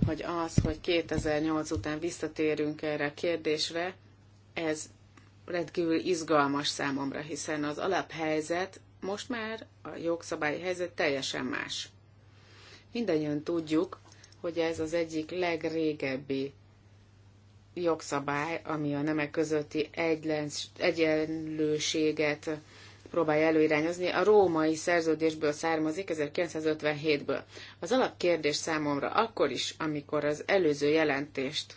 Speaker 1: hogy az, hogy 2008 után visszatérünk erre a kérdésre, ez rendkívül izgalmas számomra, hiszen az alaphelyzet most már a jogszabályi helyzet teljesen más. Mindannyian tudjuk, hogy ez az egyik legrégebbi jogszabály, ami a nemek közötti egylens, egyenlőséget próbálja előirányozni, a római szerződésből származik, 1957-ből. Az alapkérdés számomra akkor is, amikor az előző jelentést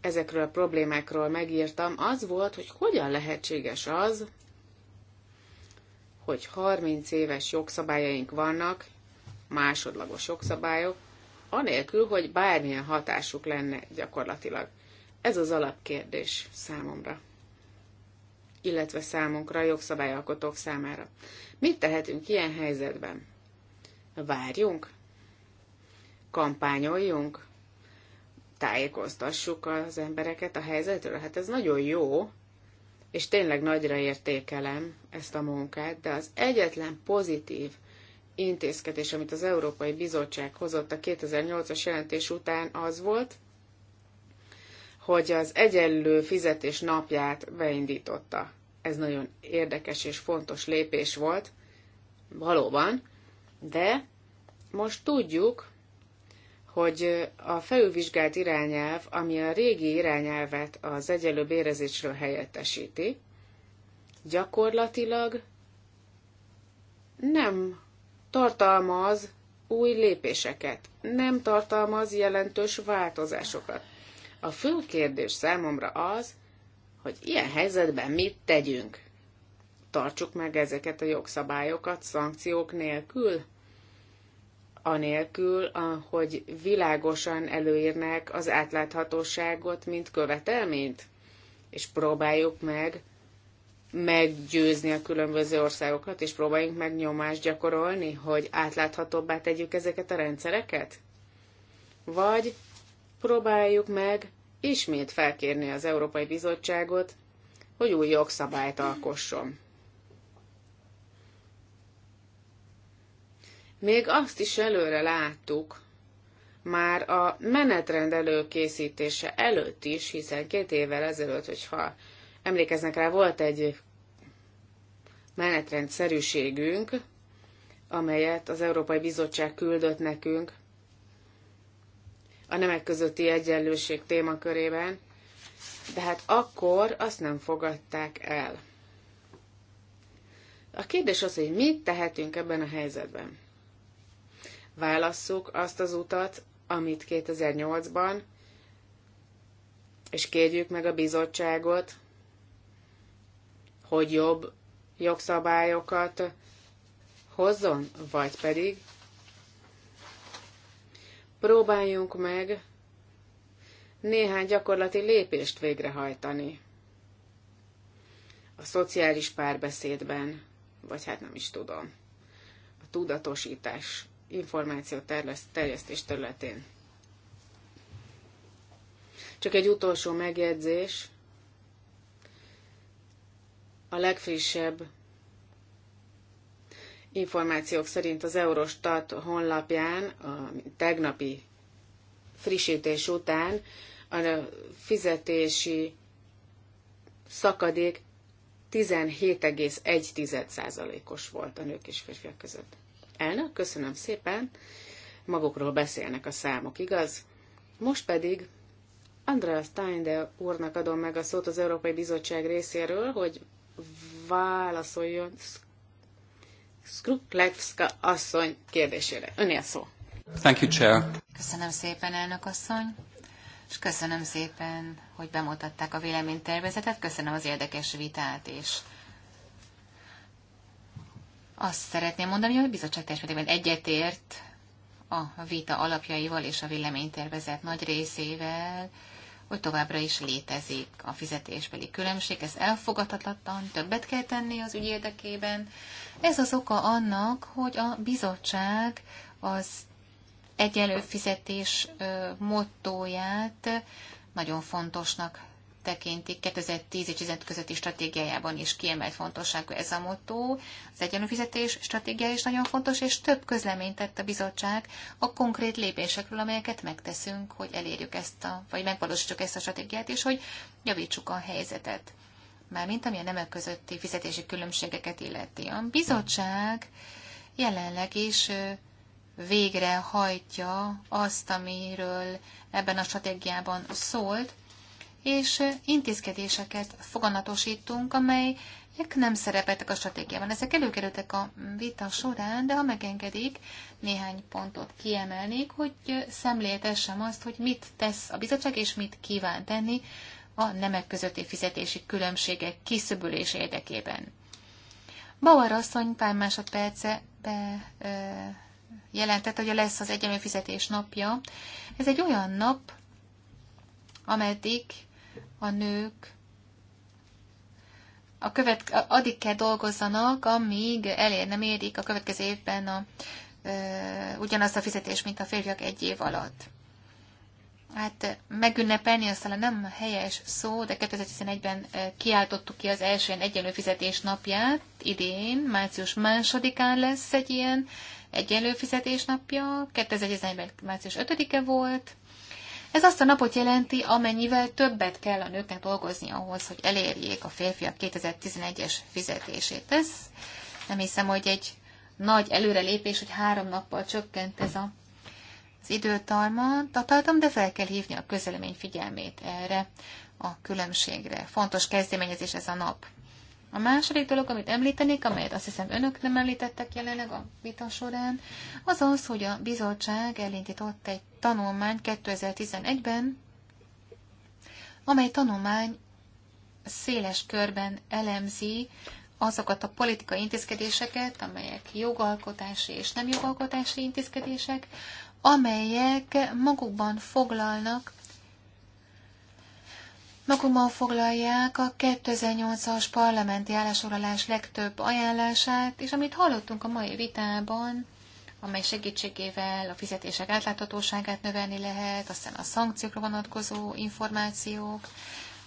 Speaker 1: ezekről a problémákról megírtam, az volt, hogy hogyan lehetséges az, hogy 30 éves jogszabályaink vannak, másodlagos jogszabályok, anélkül, hogy bármilyen hatásuk lenne gyakorlatilag. Ez az alapkérdés számomra, illetve számunkra, a jogszabályalkotók számára. Mit tehetünk ilyen helyzetben? Várjunk? Kampányoljunk? Tájékoztassuk az embereket a helyzetről? Hát ez nagyon jó, és tényleg nagyra értékelem ezt a munkát, de az egyetlen pozitív intézkedés, amit az Európai Bizottság hozott a 2008-as jelentés után, az volt, hogy az egyenlő fizetés napját beindította. Ez nagyon érdekes és fontos lépés volt, valóban, de most tudjuk, hogy a felülvizsgált irányelv, ami a régi irányelvet az egyenlő bérezésről helyettesíti, gyakorlatilag nem tartalmaz új lépéseket, nem tartalmaz jelentős változásokat. A fő kérdés számomra az, hogy ilyen helyzetben mit tegyünk. Tartsuk meg ezeket a jogszabályokat szankciók nélkül, anélkül, hogy világosan előírnák az átláthatóságot, mint követelményt, és próbáljuk meg meggyőzni a különböző országokat, és próbáljunk meg nyomást gyakorolni, hogy átláthatóbbá tegyük ezeket a rendszereket? Vagy próbáljuk meg ismét felkérni az Európai Bizottságot, hogy új jogszabályt alkosson. Még azt is előre láttuk, már a menetrend előkészítése előtt is, hiszen két évvel ezelőtt, hogyha emlékeznek rá, volt egy menetrendszerűségünk, amelyet az Európai Bizottság küldött nekünk, a nemek közötti egyenlőség témakörében, de hát akkor azt nem fogadták el. A kérdés az, hogy mit tehetünk ebben a helyzetben. Válasszuk azt az utat, amit 2008-ban, és kérjük meg a bizottságot, hogy jobb jogszabályokat hozzon, vagy pedig próbáljunk meg néhány gyakorlati lépést végrehajtani a szociális párbeszédben, vagy hát nem is tudom, a tudatosítás, információ terjesztés területén. Csak egy utolsó megjegyzés. A legfrissebb információk szerint az Eurostat honlapján a tegnapi frissítés után a fizetési szakadék 17,1%-os volt a nők és férfiak között. Elnök, köszönöm szépen, magukról beszélnek a számok, igaz? Most pedig Andrea Steinde úrnak adom meg a szót az Európai Bizottság részéről, hogy válaszoljon Skruklevska asszony kérdésére. Önél szó. Thank you, Chair.
Speaker 3: Köszönöm szépen, elnök asszony, és köszönöm szépen, hogy bemutatták a véleménytervezetet, köszönöm az érdekes vitát, és azt szeretném mondani, hogy a bizottság teljes egyetért a vita alapjaival és a véleménytervezet nagy részével, hogy továbbra is létezik a fizetésbeli különbség. Ez elfogadhatatlan, többet kell tenni az ügy érdekében. Ez az oka annak, hogy a bizottság az egyenlő fizetés mottóját nagyon fontosnak tekintik 2010 és 15 közötti stratégiájában is kiemelt fontosságú ez a motó. Az egyenlőfizetés stratégia is nagyon fontos, és több közleményt tett a bizottság a konkrét lépésekről, amelyeket megteszünk, hogy elérjük ezt a, vagy megvalósítsuk ezt a stratégiát, és hogy javítsuk a helyzetet. Mármint ami a nemek közötti fizetési különbségeket illeti. A bizottság jelenleg is végrehajtja azt, amiről ebben a stratégiában szólt, és intézkedéseket foganatosítunk, amelyek nem szerepeltek a stratégiában. Ezek előkerültek a vita során, de ha megengedik, néhány pontot kiemelnék, hogy szemléltessem azt, hogy mit tesz a bizottság, és mit kíván tenni a nemek közötti fizetési különbségek kiszöbülése érdekében. Bauer asszony pár másodperce be, ö, jelentett, hogy lesz az egyenlő fizetés napja. Ez egy olyan nap, ameddig a nők a követ, addig kell dolgozzanak, amíg elér, nem érik a következő évben a, ö, ugyanazt a fizetés, mint a férfiak egy év alatt. Hát megünnepelni aztán nem helyes szó, de 2011-ben kiáltottuk ki az első ilyen egyenlő fizetés napját, idén, március másodikán lesz egy ilyen egyenlő fizetés napja, 2011-ben március 5-e volt, ez azt a napot jelenti, amennyivel többet kell a nőknek dolgozni ahhoz, hogy elérjék a férfiak 2011-es fizetését. Ez nem hiszem, hogy egy nagy előrelépés, hogy három nappal csökkent ez a, az időtartam, de fel kell hívni a közelemény figyelmét erre a különbségre. Fontos kezdeményezés ez a nap. A második dolog, amit említenék, amelyet azt hiszem önök nem említettek jelenleg a vita során, az az, hogy a bizottság elindított egy tanulmány 2011-ben, amely tanulmány széles körben elemzi azokat a politikai intézkedéseket, amelyek jogalkotási és nem jogalkotási intézkedések, amelyek magukban foglalnak Nakuma foglalják a 2008-as parlamenti állásfoglalás legtöbb ajánlását, és amit hallottunk a mai vitában, amely segítségével a fizetések átláthatóságát növelni lehet, aztán a szankciókra vonatkozó információk,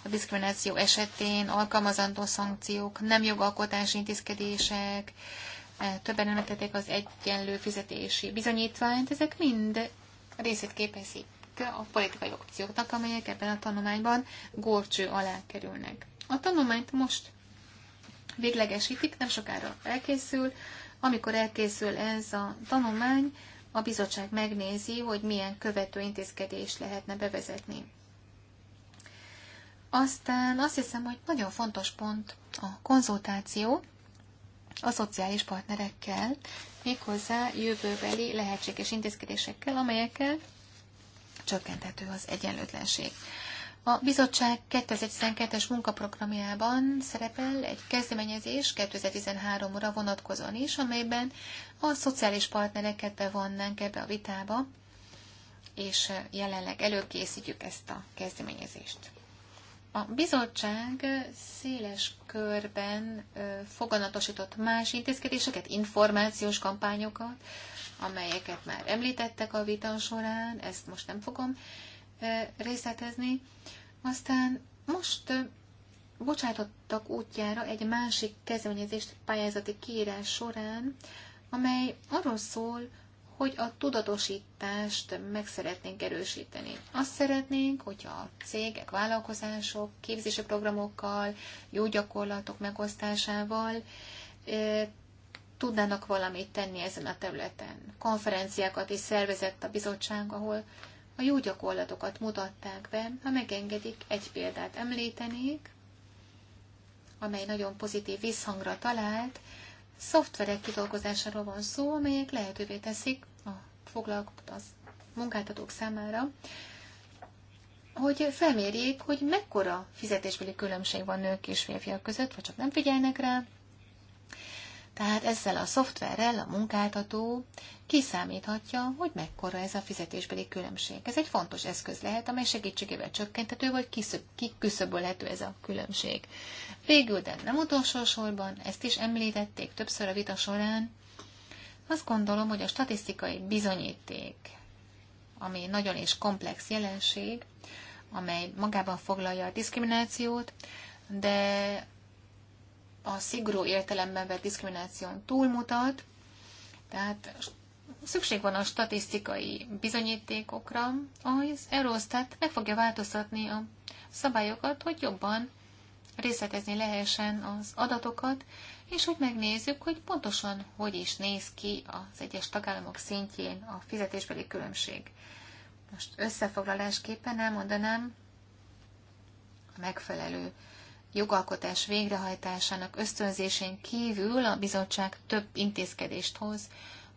Speaker 3: a diszkrimináció esetén alkalmazandó szankciók, nem jogalkotási intézkedések, e, többen említették az egyenlő fizetési bizonyítványt, ezek mind részét képezik a politikai opcióknak, amelyek ebben a tanulmányban górcső alá kerülnek. A tanulmányt most véglegesítik, nem sokára elkészül. Amikor elkészül ez a tanulmány, a bizottság megnézi, hogy milyen követő intézkedés lehetne bevezetni. Aztán azt hiszem, hogy nagyon fontos pont a konzultáció a szociális partnerekkel, méghozzá jövőbeli lehetséges intézkedésekkel, amelyekkel csökkenthető az egyenlőtlenség. A bizottság 2012-es munkaprogramjában szerepel egy kezdeményezés 2013-ra vonatkozóan is, amelyben a szociális partnereket bevonnánk ebbe a vitába, és jelenleg előkészítjük ezt a kezdeményezést. A bizottság széles körben foganatosított más intézkedéseket, információs kampányokat, amelyeket már említettek a vita során, ezt most nem fogom részletezni. Aztán most bocsátottak útjára egy másik kezdeményezést pályázati kiírás során, amely arról szól, hogy a tudatosítást meg szeretnénk erősíteni. Azt szeretnénk, hogyha a cégek, vállalkozások, képzési programokkal, jó gyakorlatok megosztásával tudnának valamit tenni ezen a területen. Konferenciákat is szervezett a bizottság, ahol a jó gyakorlatokat mutatták be. Ha megengedik, egy példát említenék, amely nagyon pozitív visszhangra talált. Szoftverek kidolgozásáról van szó, amelyek lehetővé teszik a az munkáltatók számára, hogy felmérjék, hogy mekkora fizetésbeli különbség van nők és férfiak között, vagy csak nem figyelnek rá, tehát ezzel a szoftverrel a munkáltató kiszámíthatja, hogy mekkora ez a fizetésbeli különbség. Ez egy fontos eszköz lehet, amely segítségével csökkentető vagy kiküszöbölhető ez a különbség. Végül, de nem utolsó sorban, ezt is említették többször a vita során, azt gondolom, hogy a statisztikai bizonyíték, ami nagyon és komplex jelenség, amely magában foglalja a diszkriminációt, de a szigorú értelemben vett diszkrimináción túlmutat, tehát szükség van a statisztikai bizonyítékokra, az Eurostat meg fogja változtatni a szabályokat, hogy jobban részletezni lehessen az adatokat, és hogy megnézzük, hogy pontosan hogy is néz ki az egyes tagállamok szintjén a fizetésbeli különbség. Most összefoglalásképpen elmondanám a megfelelő jogalkotás végrehajtásának ösztönzésén kívül a bizottság több intézkedést hoz,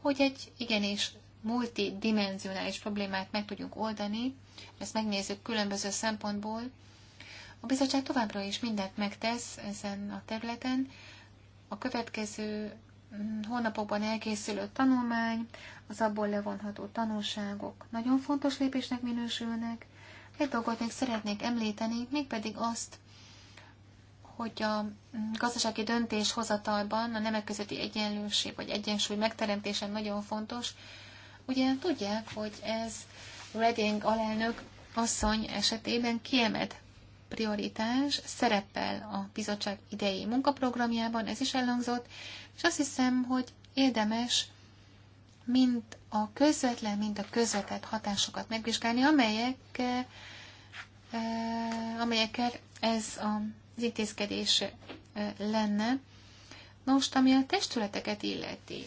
Speaker 3: hogy egy igenis multidimenzionális problémát meg tudjunk oldani, ezt megnézzük különböző szempontból. A bizottság továbbra is mindent megtesz ezen a területen. A következő mm, hónapokban elkészülő tanulmány, az abból levonható tanulságok nagyon fontos lépésnek minősülnek. Egy dolgot még szeretnék említeni, mégpedig azt, hogy a mm, gazdasági döntéshozatalban a nemek közötti egyenlőség vagy egyensúly megteremtése nagyon fontos. Ugye tudják, hogy ez Reding alelnök asszony esetében kiemelt prioritás szerepel a bizottság idei munkaprogramjában, ez is elhangzott, és azt hiszem, hogy érdemes mind a közvetlen, mind a közvetett hatásokat megvizsgálni, amelyek, eh, eh, amelyekkel ez a az intézkedés lenne. Most, ami a testületeket illeti,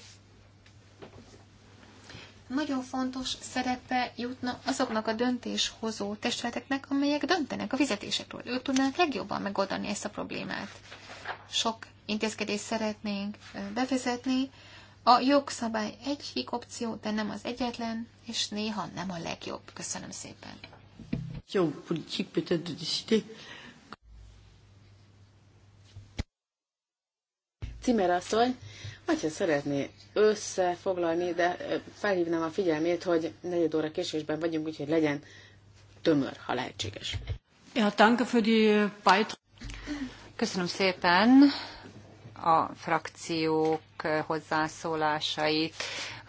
Speaker 3: nagyon fontos szerepe jutna azoknak a döntéshozó testületeknek, amelyek döntenek a fizetésekről. Ők tudnák legjobban megoldani ezt a problémát. Sok intézkedést szeretnénk bevezetni. A jogszabály egyik opció, de nem az egyetlen, és néha nem a legjobb. Köszönöm szépen.
Speaker 1: Cimerasszony, hogyha szeretné összefoglalni, de felhívnám a figyelmét, hogy negyed óra késésben vagyunk, úgyhogy legyen tömör, ha lehetséges.
Speaker 2: Ja, danke für die Köszönöm szépen a frakciók hozzászólásait.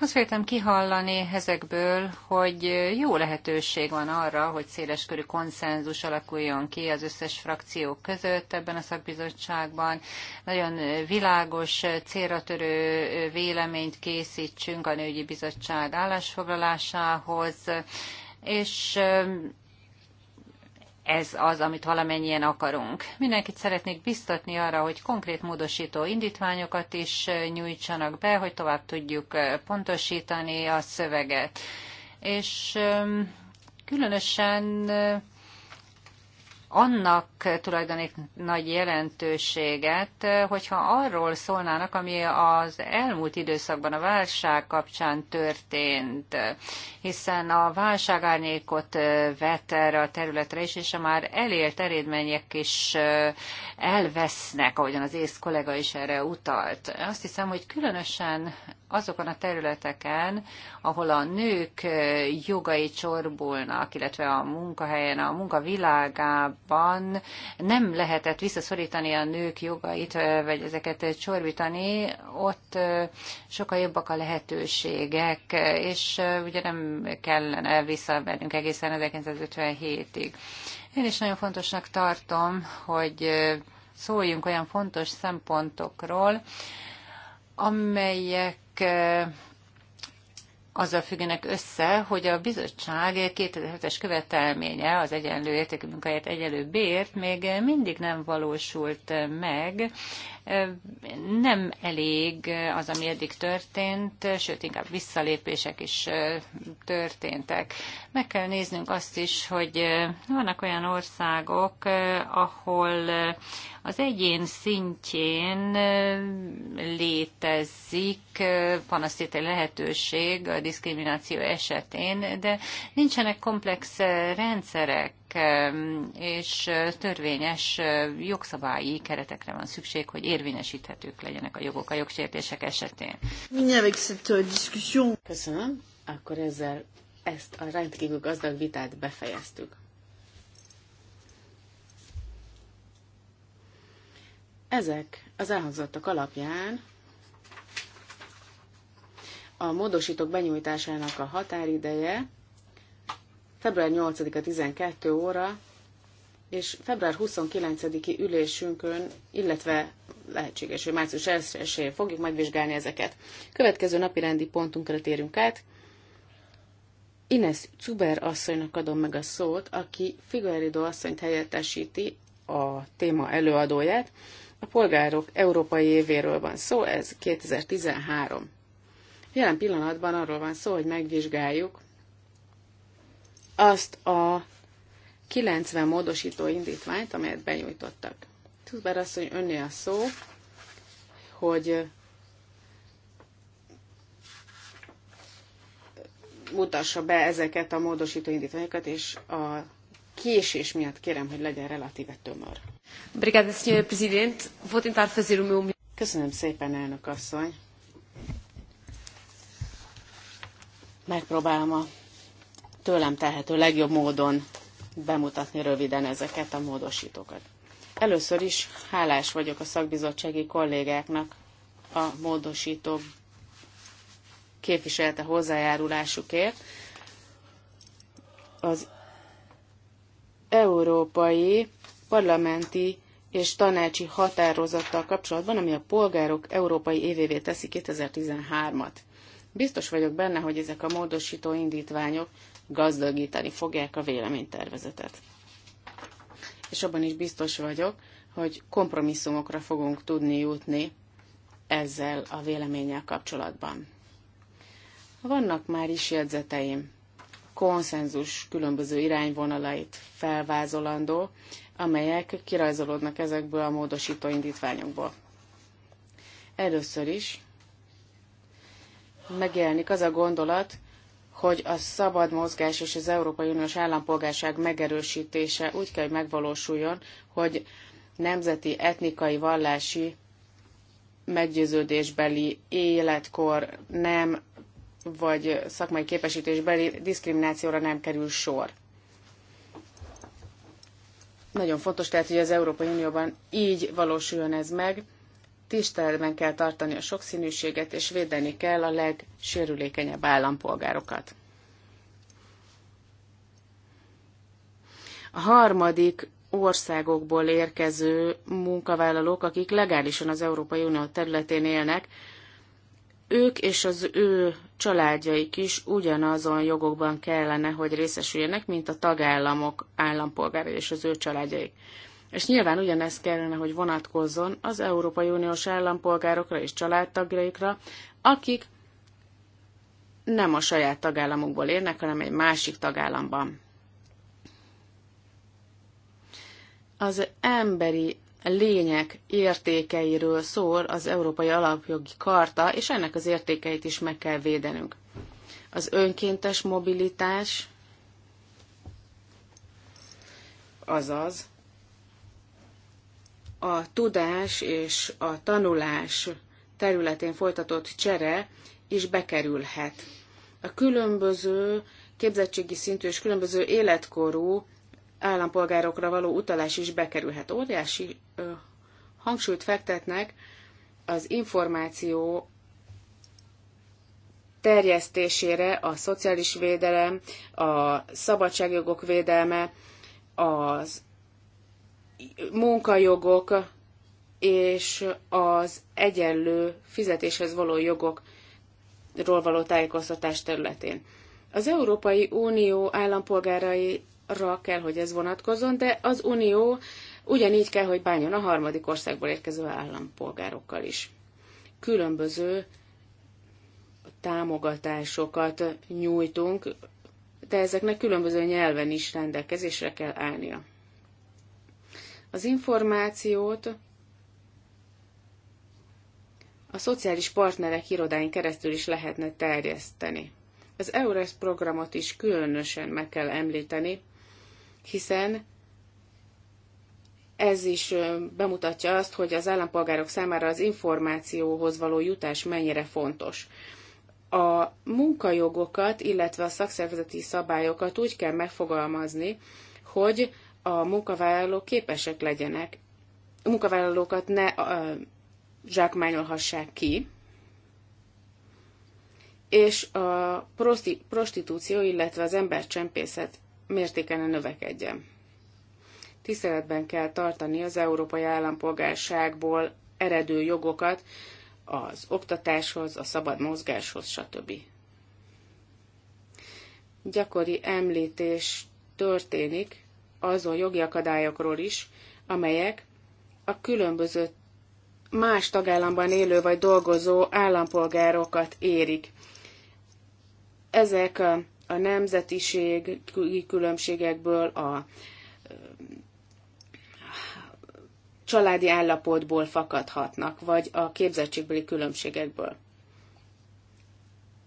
Speaker 2: Azt féltem kihallani ezekből, hogy jó lehetőség van arra, hogy széleskörű konszenzus alakuljon ki az összes frakciók között ebben a szakbizottságban. Nagyon világos, célra törő véleményt készítsünk a Nőgyi Bizottság állásfoglalásához, és ez az, amit valamennyien akarunk. Mindenkit szeretnék biztatni arra, hogy konkrét módosító indítványokat is nyújtsanak be, hogy tovább tudjuk pontosítani a szöveget. És különösen annak tulajdonik nagy jelentőséget, hogyha arról szólnának, ami az elmúlt időszakban a válság kapcsán történt, hiszen a válság árnyékot vet erre a területre is, és a már elért eredmények is elvesznek, ahogyan az ész kollega is erre utalt. Azt hiszem, hogy különösen azokon a területeken, ahol a nők jogai csorbulnak, illetve a munkahelyen, a munkavilágában nem lehetett visszaszorítani a nők jogait, vagy ezeket csorbítani, ott sokkal jobbak a lehetőségek, és ugye nem kellene visszavennünk egészen 1957-ig. Én is nagyon fontosnak tartom, hogy szóljunk olyan fontos szempontokról, amelyek Eh, azzal függenek össze, hogy a bizottság 2007-es követelménye az egyenlő értékű munkáját egyenlő bért még mindig nem valósult meg, nem elég az, ami eddig történt, sőt, inkább visszalépések is történtek. Meg kell néznünk azt is, hogy vannak olyan országok, ahol az egyén szintjén létezik panasztételi lehetőség a diszkrimináció esetén, de nincsenek komplex rendszerek, és törvényes jogszabályi keretekre van szükség, hogy érvényesíthetők legyenek a jogok a jogsértések esetén.
Speaker 1: Köszönöm. Akkor ezzel ezt a rendkívül gazdag vitát befejeztük. Ezek az elhangzottak alapján a módosítók benyújtásának a határideje február 8-a 12 óra, és február 29-i ülésünkön, illetve lehetséges, hogy március 1 fogjuk megvizsgálni ezeket. Következő napi rendi pontunkra térünk át. Ines Cuber asszonynak adom meg a szót, aki Figueredo asszonyt helyettesíti a téma előadóját. A polgárok európai évéről van szó, ez 2013. Jelen pillanatban arról van szó, hogy megvizsgáljuk azt a 90 módosító indítványt, amelyet benyújtottak. Tudbár azt, hogy önné a szó, hogy mutassa be ezeket a módosító indítványokat, és a késés miatt kérem, hogy legyen relatíve tömör. Obrigada, Presidente. Vou tentar fazer o meu... Köszönöm szépen, elnök asszony. Megpróbálom a tőlem telhető legjobb módon bemutatni röviden ezeket a módosítókat. Először is hálás vagyok a szakbizottsági kollégáknak a módosító képviselte hozzájárulásukért. Az európai parlamenti és tanácsi határozattal kapcsolatban, ami a polgárok európai évévé teszi 2013-at. Biztos vagyok benne, hogy ezek a módosító indítványok gazdagítani fogják a véleménytervezetet. És abban is biztos vagyok, hogy kompromisszumokra fogunk tudni jutni ezzel a véleménnyel kapcsolatban. Vannak már is jegyzeteim, konszenzus különböző irányvonalait felvázolandó, amelyek kirajzolódnak ezekből a módosító indítványokból. Először is megjelenik az a gondolat, hogy a szabad mozgás és az Európai Uniós állampolgárság megerősítése úgy kell, hogy megvalósuljon, hogy nemzeti, etnikai, vallási meggyőződésbeli életkor nem, vagy szakmai képesítésbeli diszkriminációra nem kerül sor. Nagyon fontos tehát, hogy az Európai Unióban így valósuljon ez meg, tiszteletben kell tartani a sokszínűséget, és védeni kell a legsérülékenyebb állampolgárokat. A harmadik országokból érkező munkavállalók, akik legálisan az Európai Unió területén élnek, ők és az ő családjaik is ugyanazon jogokban kellene, hogy részesüljenek, mint a tagállamok állampolgárai és az ő családjaik és nyilván ugyanez kellene, hogy vonatkozzon az Európai Uniós állampolgárokra és családtagjaikra, akik nem a saját tagállamukból érnek, hanem egy másik tagállamban. Az emberi lények értékeiről szól az Európai Alapjogi Karta, és ennek az értékeit is meg kell védenünk. Az önkéntes mobilitás, azaz a tudás és a tanulás területén folytatott csere is bekerülhet. A különböző képzettségi szintű és különböző életkorú állampolgárokra való utalás is bekerülhet. Óriási ö, hangsúlyt fektetnek az információ terjesztésére, a szociális védelem, a szabadságjogok védelme, az munkajogok és az egyenlő fizetéshez való jogokról való tájékoztatás területén. Az Európai Unió állampolgáraira kell, hogy ez vonatkozzon, de az Unió ugyanígy kell, hogy bánjon a harmadik országból érkező állampolgárokkal is. Különböző támogatásokat nyújtunk, de ezeknek különböző nyelven is rendelkezésre kell állnia az információt a szociális partnerek irodáin keresztül is lehetne terjeszteni. Az EURES programot is különösen meg kell említeni, hiszen ez is bemutatja azt, hogy az állampolgárok számára az információhoz való jutás mennyire fontos. A munkajogokat, illetve a szakszervezeti szabályokat úgy kell megfogalmazni, hogy a munkavállalók képesek legyenek, a munkavállalókat ne a, zsákmányolhassák ki, és a prosti, prostitúció, illetve az embercsempészet mértéken ne növekedjen. Tiszteletben kell tartani az európai állampolgárságból eredő jogokat az oktatáshoz, a szabad mozgáshoz, stb. Gyakori említés történik azon jogi akadályokról is, amelyek a különböző más tagállamban élő vagy dolgozó állampolgárokat érik. Ezek a, a nemzetiség különbségekből, a családi állapotból fakadhatnak, vagy a képzettségbeli különbségekből.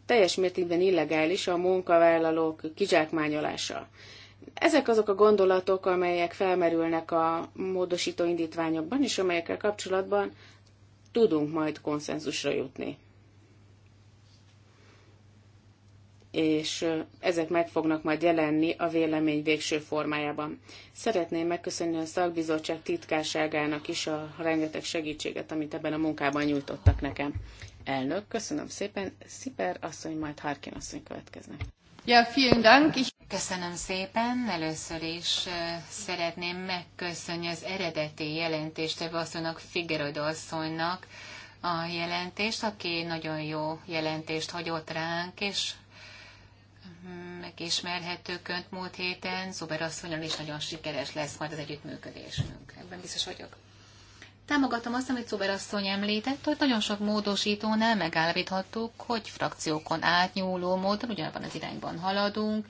Speaker 1: Teljes mértékben illegális a munkavállalók kizsákmányolása. Ezek azok a gondolatok, amelyek felmerülnek a módosító indítványokban, és amelyekkel kapcsolatban tudunk majd konszenzusra jutni. és ezek meg fognak majd jelenni a vélemény végső formájában. Szeretném megköszönni a szakbizottság titkárságának is a rengeteg segítséget, amit ebben a munkában nyújtottak nekem. Elnök, köszönöm szépen. Sziper asszony, majd Harkin asszony következnek.
Speaker 3: Ja, vielen Dank. Ich... Köszönöm szépen. Először is szeretném megköszönni az eredeti jelentést asszonynak, Figueroa asszonynak a jelentést, aki nagyon jó jelentést hagyott ránk, és mm, megismerhetők önt múlt héten. Zuber asszonyon is nagyon sikeres lesz majd az együttműködésünk. Ebben biztos vagyok. Támogatom azt, amit Szuber asszony említett, hogy nagyon sok módosítónál megállapíthattuk, hogy frakciókon átnyúló módon ugyanabban az irányban haladunk,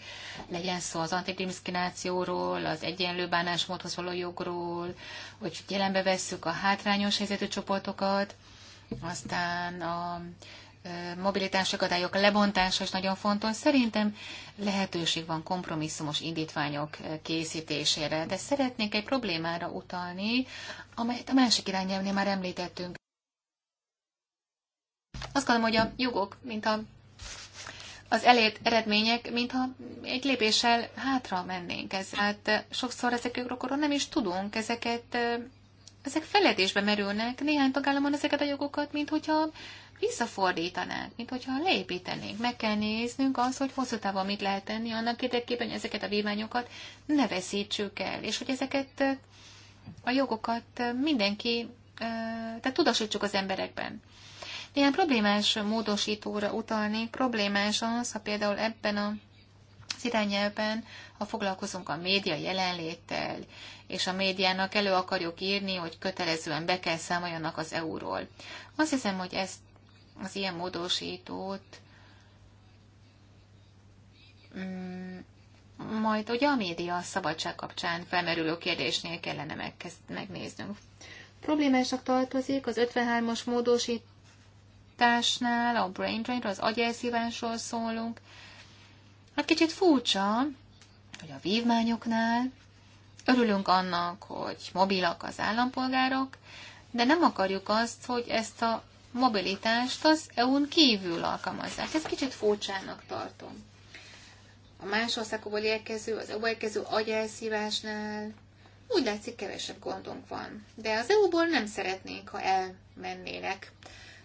Speaker 3: legyen szó az antidiskriminációról, az egyenlő bánásmódhoz való jogról, hogy jelenbe vesszük a hátrányos helyzetű csoportokat, aztán a mobilitási akadályok lebontása is nagyon fontos. Szerintem lehetőség van kompromisszumos indítványok készítésére, de szeretnék egy problémára utalni, amelyet a másik irányelvnél már említettünk. Azt gondolom, hogy a jogok, mint a az elért eredmények, mintha egy lépéssel hátra mennénk. Ez, hát sokszor ezekről nem is tudunk, ezeket ezek feledésbe merülnek. Néhány tagállamon ezeket a jogokat, mint hogyha visszafordítanánk, mint hogyha leépítenénk. Meg kell néznünk azt, hogy hosszú távon mit lehet tenni annak érdekében, hogy ezeket a vívmányokat ne veszítsük el, és hogy ezeket eh, a jogokat eh, mindenki, eh, tehát tudasítsuk az emberekben. Ilyen problémás módosítóra utalnék, problémás az, ha például ebben a az irányelben, ha foglalkozunk a média jelenléttel, és a médiának elő akarjuk írni, hogy kötelezően be kell számoljanak az euról. Azt hiszem, hogy ezt az ilyen módosítót mm, majd ugye a média szabadság kapcsán felmerülő kérdésnél kellene megkezd, megnéznünk. Problémásnak tartozik az 53-as módosításnál, a brain drain az agyelszívásról szólunk. Hát kicsit furcsa, hogy a vívmányoknál örülünk annak, hogy mobilak az állampolgárok, de nem akarjuk azt, hogy ezt a mobilitást az EU-n kívül alkalmazzák. Ezt kicsit furcsának tartom. A más országokból érkező, az EU-ból érkező agyelszívásnál úgy látszik kevesebb gondunk van. De az EU-ból nem szeretnénk, ha elmennének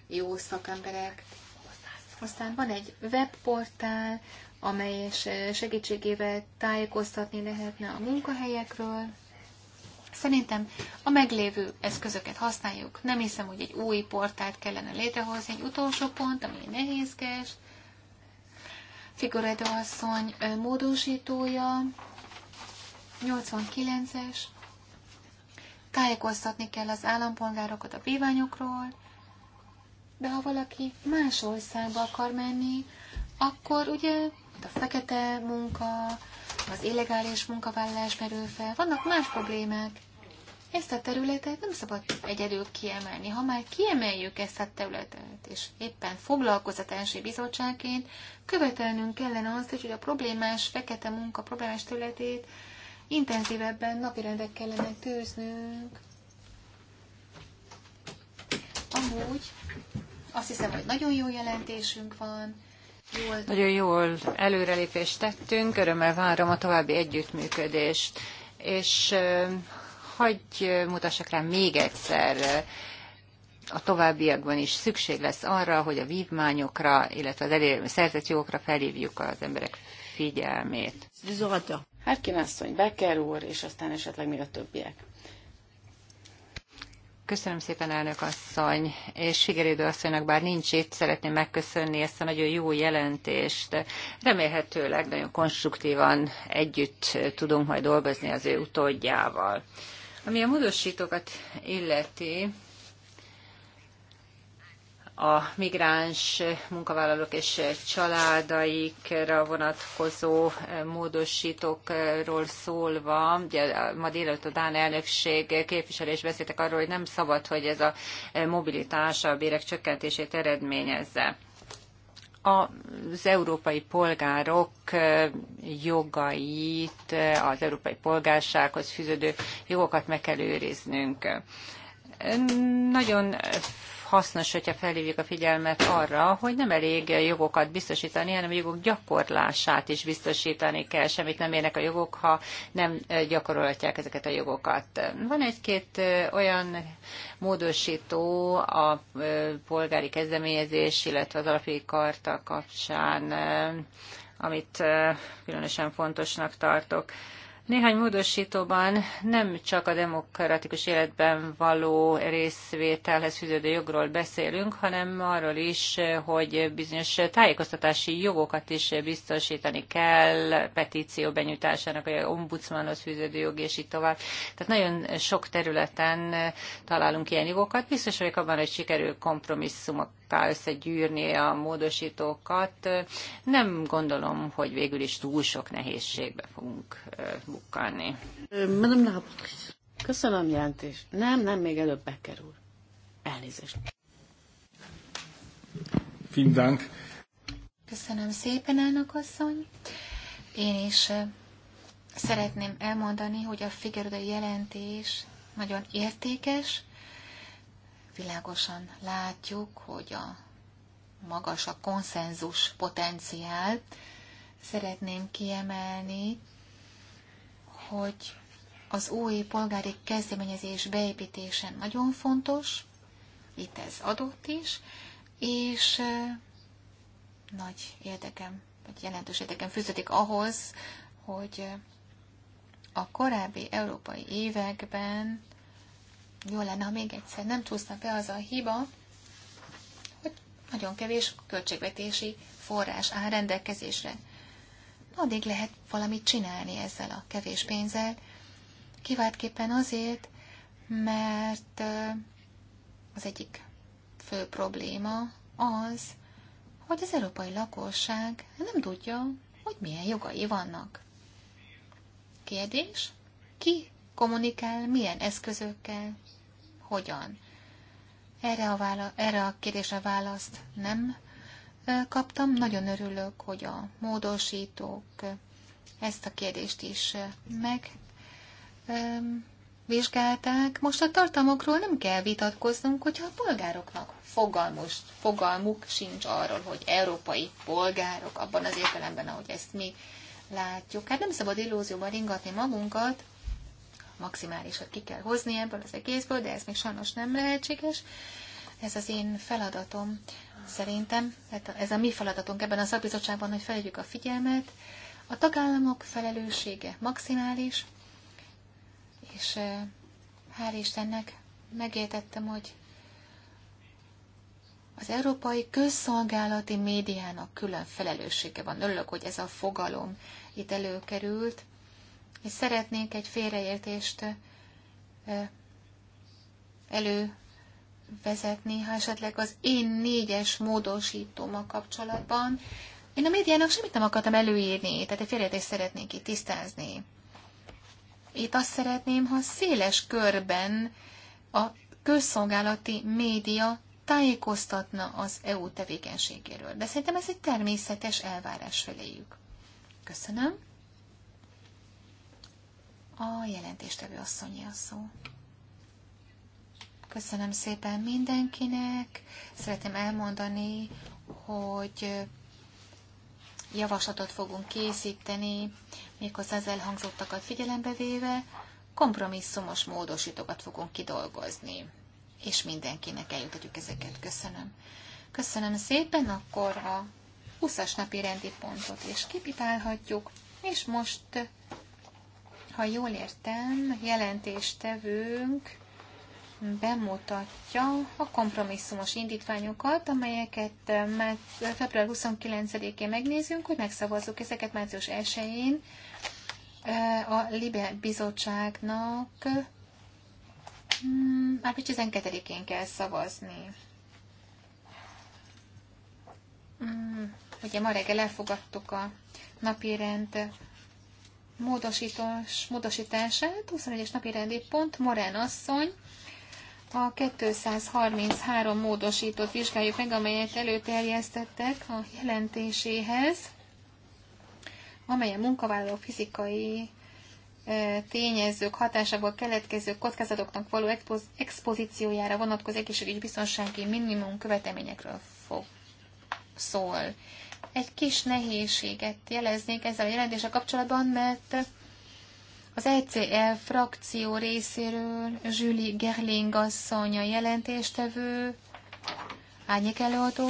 Speaker 3: jó szakemberek. Aztán van egy webportál, amely segítségével tájékoztatni lehetne a munkahelyekről, Szerintem a meglévő eszközöket használjuk. Nem hiszem, hogy egy új portált kellene létrehozni. Egy utolsó pont, ami nehézkes. Figuredo asszony módosítója, 89-es. Tájékoztatni kell az állampolgárokat a bíványokról. de ha valaki más országba akar menni, akkor ugye a fekete munka, az illegális munkavállalás merül fel, vannak más problémák. Ezt a területet nem szabad egyedül kiemelni. Ha már kiemeljük ezt a területet, és éppen foglalkozatási bizottságként követelnünk kellene azt, hogy a problémás fekete munka problémás területét intenzívebben napirendek kellene tűznünk. Amúgy azt hiszem, hogy nagyon jó jelentésünk van. Jól.
Speaker 2: Nagyon jól előrelépést tettünk, örömmel várom a további együttműködést. És hagyj mutassak rá még egyszer, a továbbiakban is szükség lesz arra, hogy a vívmányokra, illetve az elérő szerzett jogokra felhívjuk az emberek figyelmét.
Speaker 1: Harkin asszony, Becker úr, és aztán esetleg még a többiek.
Speaker 2: Köszönöm szépen, elnök asszony, és Sigerédő asszonynak bár nincs itt, szeretném megköszönni ezt a nagyon jó jelentést. Remélhetőleg nagyon konstruktívan együtt tudunk majd dolgozni az ő utódjával. Ami a módosítókat illeti, a migráns munkavállalók és családaikra vonatkozó módosítókról szólva, ugye ma délelőtt a Dán elnökség képviselő is beszéltek arról, hogy nem szabad, hogy ez a mobilitás a bérek csökkentését eredményezze az európai polgárok jogait, az európai polgársághoz fűződő jogokat meg kell őriznünk. Nagyon hasznos, hogyha felhívjuk a figyelmet arra, hogy nem elég jogokat biztosítani, hanem a jogok gyakorlását is biztosítani kell. Semmit nem érnek a jogok, ha nem gyakorolhatják ezeket a jogokat. Van egy-két olyan módosító a polgári kezdeményezés, illetve az alapjogi karta kapcsán, amit különösen fontosnak tartok. Néhány módosítóban nem csak a demokratikus életben való részvételhez fűződő jogról beszélünk, hanem arról is, hogy bizonyos tájékoztatási jogokat is biztosítani kell, petíció benyújtásának, vagy ombudsmanhoz fűződő jog, és így tovább. Tehát nagyon sok területen találunk ilyen jogokat. Biztos vagyok abban, hogy sikerül kompromisszumok szokta összegyűrni a módosítókat. Nem gondolom, hogy végül is túl sok nehézségbe fogunk bukkanni.
Speaker 1: Köszönöm, jelentés. Nem, nem, még előbb bekerül. Elnézést. Fintánk.
Speaker 3: Köszönöm szépen, elnök asszony. Én is szeretném elmondani, hogy a Figueroa jelentés nagyon értékes, Világosan látjuk, hogy a magas a konszenzus potenciál. Szeretném kiemelni, hogy az új polgári kezdeményezés beépítése nagyon fontos, itt ez adott is, és nagy érdekem, vagy jelentős érdekem fűződik ahhoz, hogy a korábbi európai években jó lenne, ha még egyszer nem csúszna be az a hiba, hogy nagyon kevés költségvetési forrás áll rendelkezésre. Addig lehet valamit csinálni ezzel a kevés pénzzel, kiváltképpen azért, mert az egyik fő probléma az, hogy az európai lakosság nem tudja, hogy milyen jogai vannak. Kérdés? Ki kommunikál, milyen eszközökkel, hogyan. Erre a, vála- erre a kérdésre választ nem kaptam. Nagyon örülök, hogy a módosítók ezt a kérdést is megvizsgálták. Most a tartalmakról nem kell vitatkoznunk, hogyha a polgároknak fogalmus, fogalmuk sincs arról, hogy európai polgárok abban az értelemben, ahogy ezt mi látjuk. Hát nem szabad illúzióban ringatni magunkat, maximálisat ki kell hozni ebből az egészből, de ez még sajnos nem lehetséges. Ez az én feladatom szerintem, hát ez a mi feladatunk ebben a szakbizottságban, hogy felhívjuk a figyelmet. A tagállamok felelőssége maximális, és hál' Istennek megértettem, hogy az európai közszolgálati médiának külön felelőssége van. Örülök, hogy ez a fogalom itt előkerült és szeretnék egy félreértést elővezetni, ha esetleg az én négyes módosítóma kapcsolatban. Én a médiának semmit nem akartam előírni, tehát egy félreértést szeretnék itt tisztázni. Itt azt szeretném, ha széles körben a közszolgálati média tájékoztatna az EU tevékenységéről. De szerintem ez egy természetes elvárás feléjük. Köszönöm. A jelentéstevő asszonyi a szó. Köszönöm szépen mindenkinek. Szeretném elmondani, hogy javaslatot fogunk készíteni, méghozzá az elhangzottakat figyelembe véve, kompromisszumos módosítókat fogunk kidolgozni, és mindenkinek eljutatjuk ezeket. Köszönöm. Köszönöm szépen, akkor a 20-as napi rendi pontot is kipipálhatjuk, és most ha jól értem, jelentéstevőnk bemutatja a kompromisszumos indítványokat, amelyeket eh, már február 29-én megnézünk, hogy megszavazzuk ezeket március 1-én eh, a Libe Bizottságnak hmm, már 12-én kell szavazni. Hmm, ugye ma reggel elfogadtuk a rend módosítás, módosítását, 21-es napi rendi pont, Morán asszony, a 233 módosítót vizsgáljuk meg, amelyet előterjesztettek a jelentéséhez, amely a munkavállaló fizikai e, tényezők hatásából keletkező kockázatoknak való expozíciójára vonatkozik, vonatkozó egy biztonsági minimum követelményekről fog szól egy kis nehézséget jeleznék ezzel a jelentéssel kapcsolatban, mert az ECL frakció részéről Julie Gerling asszony a jelentéstevő, árnyék előadó,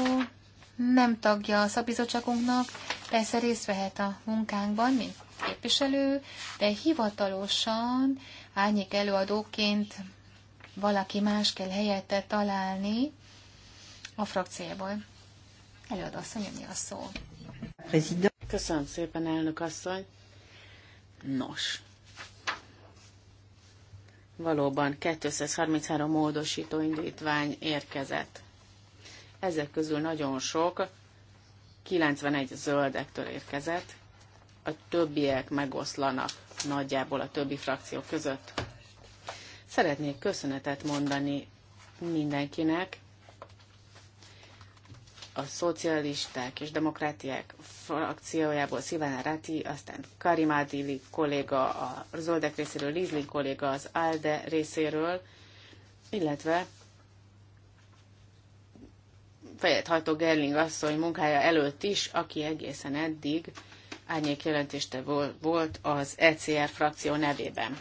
Speaker 3: nem tagja a szabizottságunknak, persze részt vehet a munkánkban, mint képviselő, de hivatalosan árnyék előadóként valaki más kell helyette találni a frakcióból. Előadó asszony, ami a szó.
Speaker 1: Köszönöm szépen, elnök asszony. Nos, valóban 233 módosító indítvány érkezett. Ezek közül nagyon sok, 91 zöldektől érkezett, a többiek megoszlanak nagyjából a többi frakció között. Szeretnék köszönetet mondani mindenkinek, a szocialisták és demokrátiák frakciójából Szilván Ráti, aztán Karim Adili kolléga a Zoldek részéről, Lizlin kolléga az ALDE részéről, illetve fejet hajtó Gerling asszony munkája előtt is, aki egészen eddig árnyék jelentéste volt az ECR frakció nevében.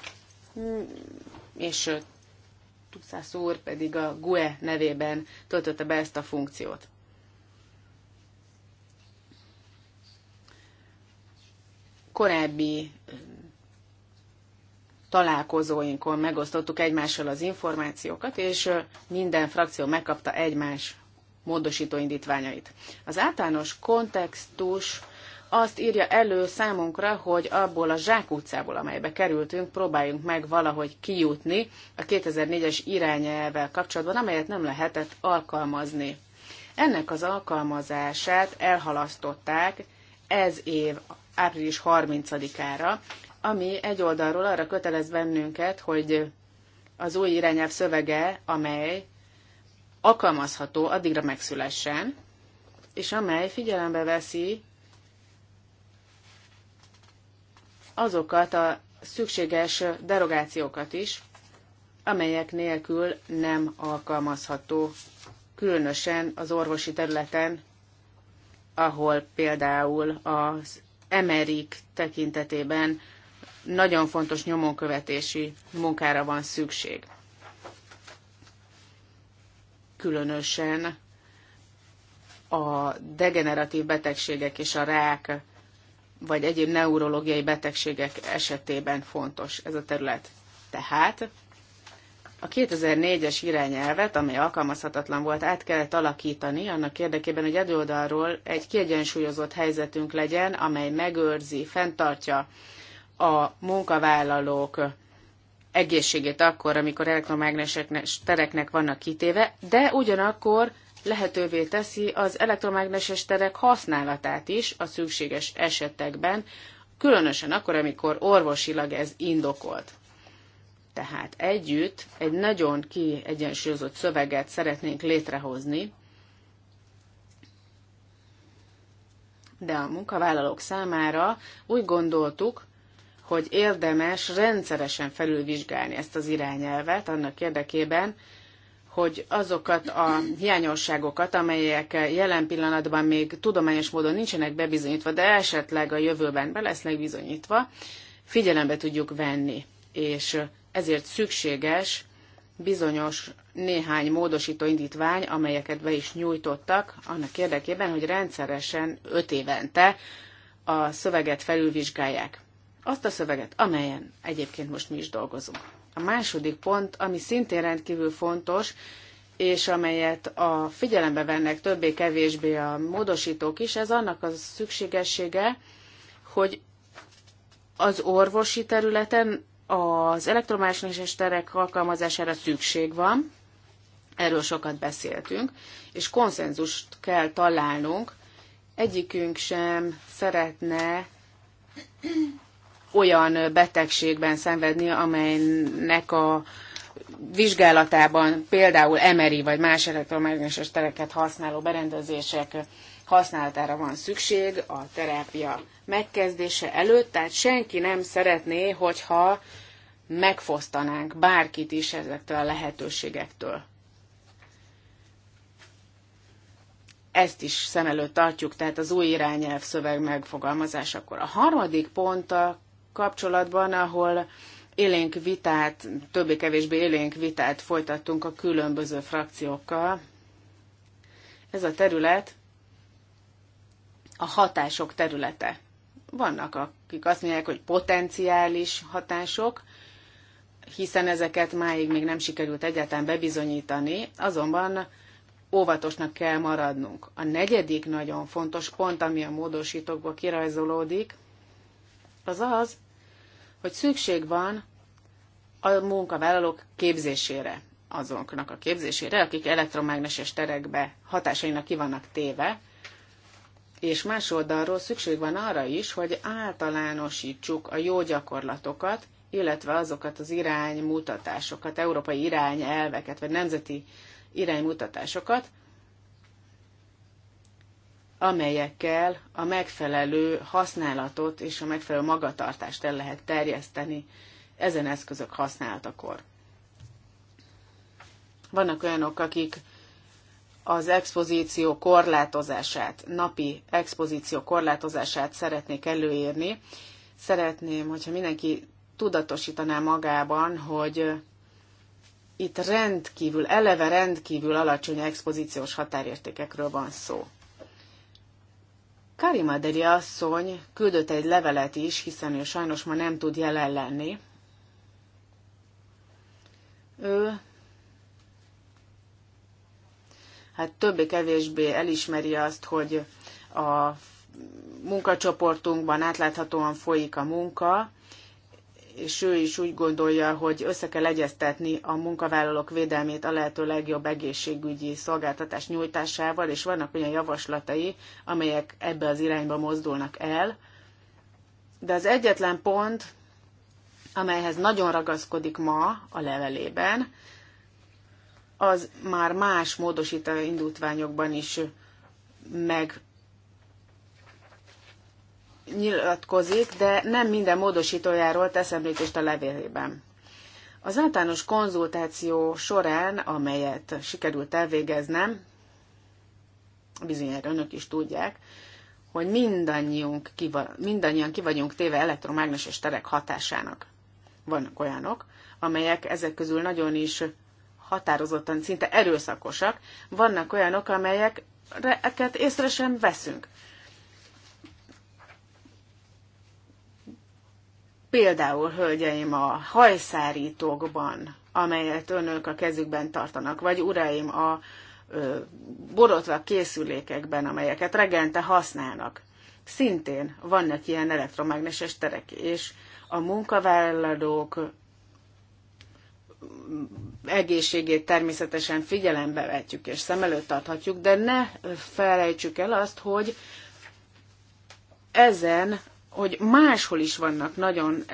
Speaker 1: Hmm, és Tuxász úr pedig a GUE nevében töltötte be ezt a funkciót. korábbi találkozóinkon megosztottuk egymással az információkat, és minden frakció megkapta egymás módosító indítványait. Az általános kontextus azt írja elő számunkra, hogy abból a zsákutcából, amelybe kerültünk, próbáljunk meg valahogy kijutni a 2004-es irányelvel kapcsolatban, amelyet nem lehetett alkalmazni. Ennek az alkalmazását elhalasztották ez év április 30-ára, ami egy oldalról arra kötelez bennünket, hogy az új irányelv szövege, amely alkalmazható, addigra megszülessen, és amely figyelembe veszi azokat a szükséges derogációkat is, amelyek nélkül nem alkalmazható, különösen az orvosi területen, ahol például az Emerik tekintetében nagyon fontos nyomonkövetési munkára van szükség. Különösen a degeneratív betegségek és a rák vagy egyéb neurológiai betegségek esetében fontos ez a terület. Tehát a 2004-es irányelvet, amely alkalmazhatatlan volt, át kellett alakítani annak érdekében, hogy egy egy kiegyensúlyozott helyzetünk legyen, amely megőrzi, fenntartja a munkavállalók egészségét akkor, amikor elektromágneses tereknek vannak kitéve, de ugyanakkor lehetővé teszi az elektromágneses terek használatát is a szükséges esetekben, különösen akkor, amikor orvosilag ez indokolt. Tehát együtt egy nagyon kiegyensúlyozott szöveget szeretnénk létrehozni, de a munkavállalók számára úgy gondoltuk, hogy érdemes rendszeresen felülvizsgálni ezt az irányelvet annak érdekében, hogy azokat a hiányosságokat, amelyek jelen pillanatban még tudományos módon nincsenek bebizonyítva, de esetleg a jövőben be lesznek bizonyítva, figyelembe tudjuk venni, és ezért szükséges bizonyos néhány módosító indítvány, amelyeket be is nyújtottak, annak érdekében, hogy rendszeresen öt évente a szöveget felülvizsgálják. Azt a szöveget, amelyen egyébként most mi is dolgozunk. A második pont, ami szintén rendkívül fontos, és amelyet a figyelembe vennek többé-kevésbé a módosítók is, ez annak a szükségessége, hogy az orvosi területen az elektromágneses terek alkalmazására szükség van, erről sokat beszéltünk, és konszenzust kell találnunk. Egyikünk sem szeretne olyan betegségben szenvedni, amelynek a vizsgálatában például emeri vagy más elektromágneses tereket használó berendezések használatára van szükség a terápia megkezdése előtt, tehát senki nem szeretné, hogyha megfosztanánk bárkit is ezektől a lehetőségektől. Ezt is szem előtt tartjuk, tehát az új irányelv szöveg megfogalmazásakor. A harmadik pont a kapcsolatban, ahol élénk vitát, többé-kevésbé élénk vitát folytattunk a különböző frakciókkal. Ez a terület a hatások területe. Vannak, akik azt mondják, hogy potenciális hatások, hiszen ezeket máig még nem sikerült egyáltalán bebizonyítani, azonban óvatosnak kell maradnunk. A negyedik nagyon fontos pont, ami a módosítókból kirajzolódik, az az, hogy szükség van a munkavállalók képzésére, azoknak a képzésére, akik elektromágneses terekbe hatásainak ki vannak téve, és más oldalról szükség van arra is, hogy általánosítsuk a jó gyakorlatokat, illetve azokat az iránymutatásokat, európai irányelveket, vagy nemzeti iránymutatásokat, amelyekkel a megfelelő használatot és a megfelelő magatartást el lehet terjeszteni ezen eszközök használatakor. Vannak olyanok, akik az expozíció korlátozását, napi expozíció korlátozását szeretnék előírni. Szeretném, hogyha mindenki tudatosítaná magában, hogy itt rendkívül, eleve rendkívül alacsony expozíciós határértékekről van szó. Karima Deli asszony küldött egy levelet is, hiszen ő sajnos ma nem tud jelen lenni. Ő hát többé-kevésbé elismeri azt, hogy a munkacsoportunkban átláthatóan folyik a munka, és ő is úgy gondolja, hogy össze kell egyeztetni a munkavállalók védelmét a lehető legjobb egészségügyi szolgáltatás nyújtásával, és vannak olyan javaslatai, amelyek ebbe az irányba mozdulnak el. De az egyetlen pont, amelyhez nagyon ragaszkodik ma a levelében, az már más módosító indultványokban is meg nyilatkozik, de nem minden módosítójáról tesz említést a levélében. Az általános konzultáció során, amelyet sikerült elvégeznem, bizonyára önök is tudják, hogy mindannyiunk kiva, mindannyian ki vagyunk téve elektromágneses terek hatásának. Vannak olyanok, amelyek ezek közül nagyon is határozottan, szinte erőszakosak, vannak olyanok, amelyeket észre sem veszünk. Például, hölgyeim, a hajszárítókban, amelyet önök a kezükben tartanak, vagy uraim, a borotva készülékekben, amelyeket reggelente használnak. Szintén vannak ilyen elektromágneses terek, és a munkavállalók egészségét természetesen figyelembe vetjük és szem előtt tarthatjuk, de ne felejtsük el azt, hogy ezen, hogy máshol is vannak nagyon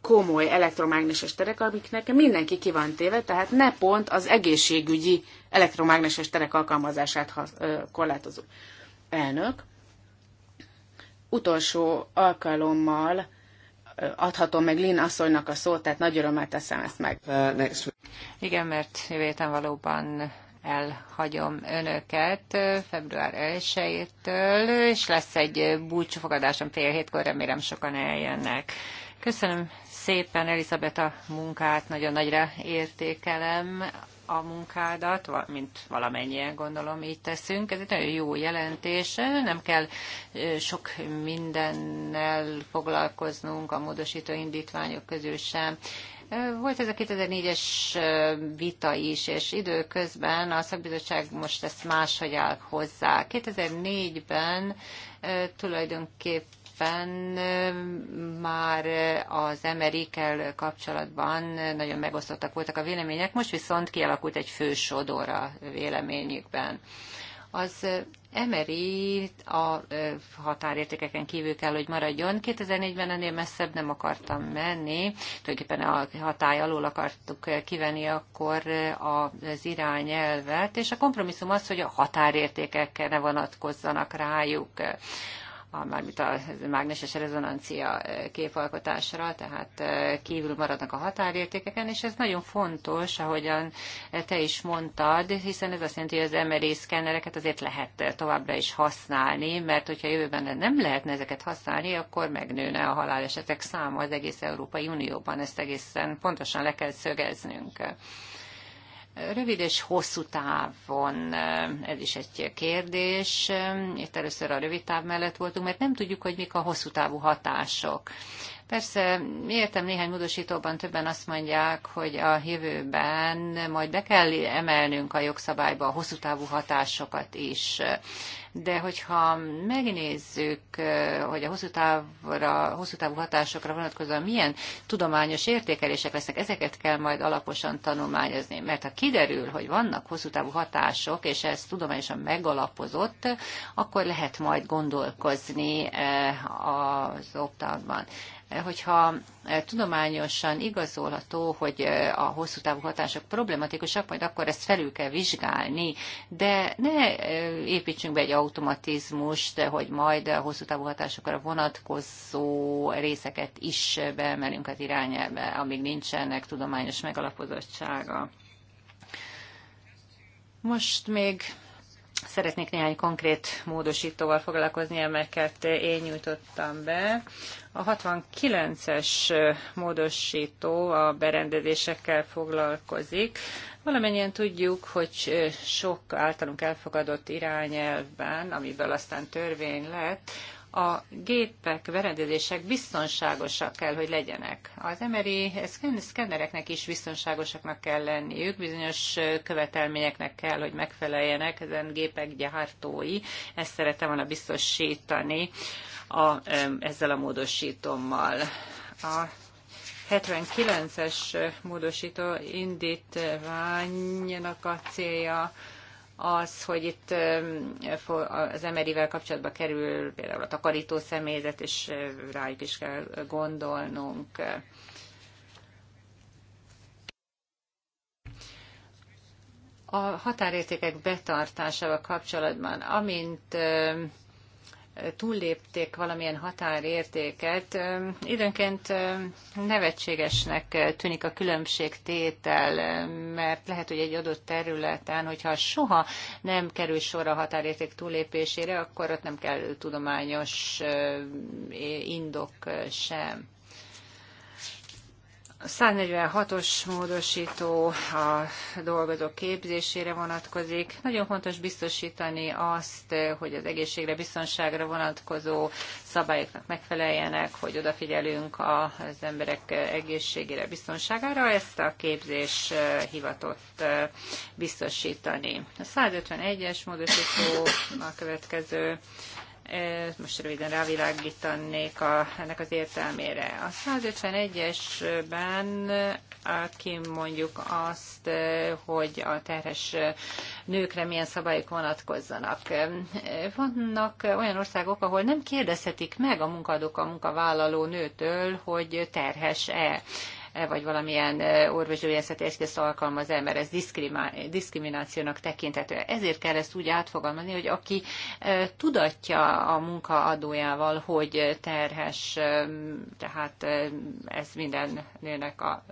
Speaker 1: komoly elektromágneses terek, amiknek mindenki ki van téve, tehát ne pont az egészségügyi elektromágneses terek alkalmazását korlátozunk. Elnök, utolsó alkalommal adhatom meg Lin asszonynak a szót, tehát nagy örömmel teszem ezt meg. Uh,
Speaker 2: Igen, mert jövő héten valóban elhagyom önöket február 1-től, és lesz egy búcsúfogadásom fél hétkor, remélem sokan eljönnek. Köszönöm szépen Elizabeth a munkát, nagyon nagyra értékelem a munkádat, mint valamennyien gondolom így teszünk. Ez egy nagyon jó jelentés, nem kell sok mindennel foglalkoznunk a módosító indítványok közül sem. Volt ez a 2004-es vita is, és időközben a szakbizottság most ezt máshogy áll hozzá. 2004-ben tulajdonképpen fenn, már az emerékkel kapcsolatban nagyon megosztottak voltak a vélemények, most viszont kialakult egy fő sodor a véleményükben. Az Emery a határértékeken kívül kell, hogy maradjon. 2004-ben ennél messzebb nem akartam menni, tulajdonképpen a hatály alól akartuk kivenni akkor az irányelvet, és a kompromisszum az, hogy a ne vonatkozzanak rájuk a, mármint a mágneses rezonancia e, képalkotásra, tehát e, kívül maradnak a határértékeken, és ez nagyon fontos, ahogyan e, te is mondtad, hiszen ez azt jelenti, hogy az MRI szkennereket azért lehet továbbra is használni, mert hogyha jövőben nem lehetne ezeket használni, akkor megnőne a halálesetek száma az egész Európai Unióban, ezt egészen pontosan le kell szögeznünk. Rövid és hosszú távon eh, ez is egy kérdés. Itt először a rövid táv mellett voltunk, mert nem tudjuk, hogy mik a hosszú távú hatások. Persze értem néhány módosítóban többen azt mondják, hogy a jövőben majd be kell emelnünk a jogszabályba a hosszú távú hatásokat is. De hogyha megnézzük, hogy a hosszú, távra, hosszú távú hatásokra vonatkozóan milyen tudományos értékelések lesznek, ezeket kell majd alaposan tanulmányozni. Mert ha kiderül, hogy vannak hosszú távú hatások, és ez tudományosan megalapozott, akkor lehet majd gondolkozni eh, az optálban hogyha eh, tudományosan igazolható, hogy eh, a hosszú távú hatások problematikusak, majd akkor ezt felül kell vizsgálni, de ne eh, építsünk be egy automatizmust, hogy majd a hosszú távú hatásokra vonatkozó részeket is beemelünk az irányelbe, amíg nincsenek tudományos megalapozottsága. Most még Szeretnék néhány konkrét módosítóval foglalkozni, amelyeket én nyújtottam be. A 69-es módosító a berendezésekkel foglalkozik. Valamennyien tudjuk, hogy sok általunk elfogadott irányelvben, amiből aztán törvény lett, a gépek, berendezések biztonságosak kell, hogy legyenek. Az emeri szkennereknek is biztonságosaknak kell lenniük, bizonyos követelményeknek kell, hogy megfeleljenek ezen gépek gyártói. Ezt szeretem volna biztosítani a, ezzel a módosítommal. A 79-es módosító indítványnak a célja az, hogy itt az emerivel kapcsolatba kerül például a takarító személyzet, és rájuk is kell gondolnunk. A határértékek betartásával kapcsolatban, amint túllépték valamilyen határértéket, időnként eh, nevetségesnek eh, tűnik a különbségtétel, eh, mert lehet, hogy egy adott területen, hogyha soha nem kerül sor a határérték túllépésére, akkor ott nem kell tudományos indok sem. 146-os módosító a dolgozók képzésére vonatkozik. Nagyon fontos biztosítani azt, hogy az egészségre, biztonságra vonatkozó szabályoknak megfeleljenek, hogy odafigyelünk az emberek egészségére, biztonságára. Ezt a képzés hivatott biztosítani. A 151-es módosító a következő most röviden rávilágítanék a, ennek az értelmére. A 151-esben kimondjuk azt, hogy a terhes nőkre milyen szabályok vonatkozzanak. Vannak olyan országok, ahol nem kérdezhetik meg a munkadók a munkavállaló nőtől, hogy terhes-e E, vagy valamilyen e, orvosgyógyászati eszközt alkalmaz el, mert ez diszkriminációnak tekinthető. Ezért kell ezt úgy átfogalmazni, hogy aki e, tudatja a munkaadójával, hogy terhes, tehát ez minden nőnek a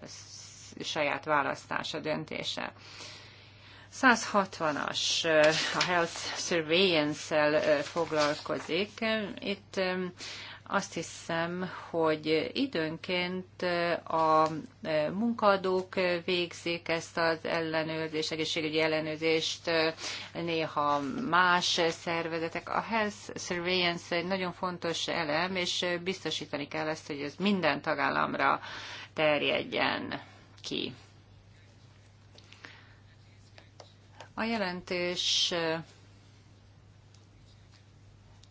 Speaker 2: saját választása, döntése. 160-as a Health Surveillance-el foglalkozik. Itt azt hiszem, hogy időnként a e, munkadók végzik ezt az ellenőrzés, egészségügyi ellenőrzést, e, néha más szervezetek. A health surveillance egy nagyon fontos elem, és biztosítani kell ezt, hogy ez minden tagállamra terjedjen ki. A jelentés e,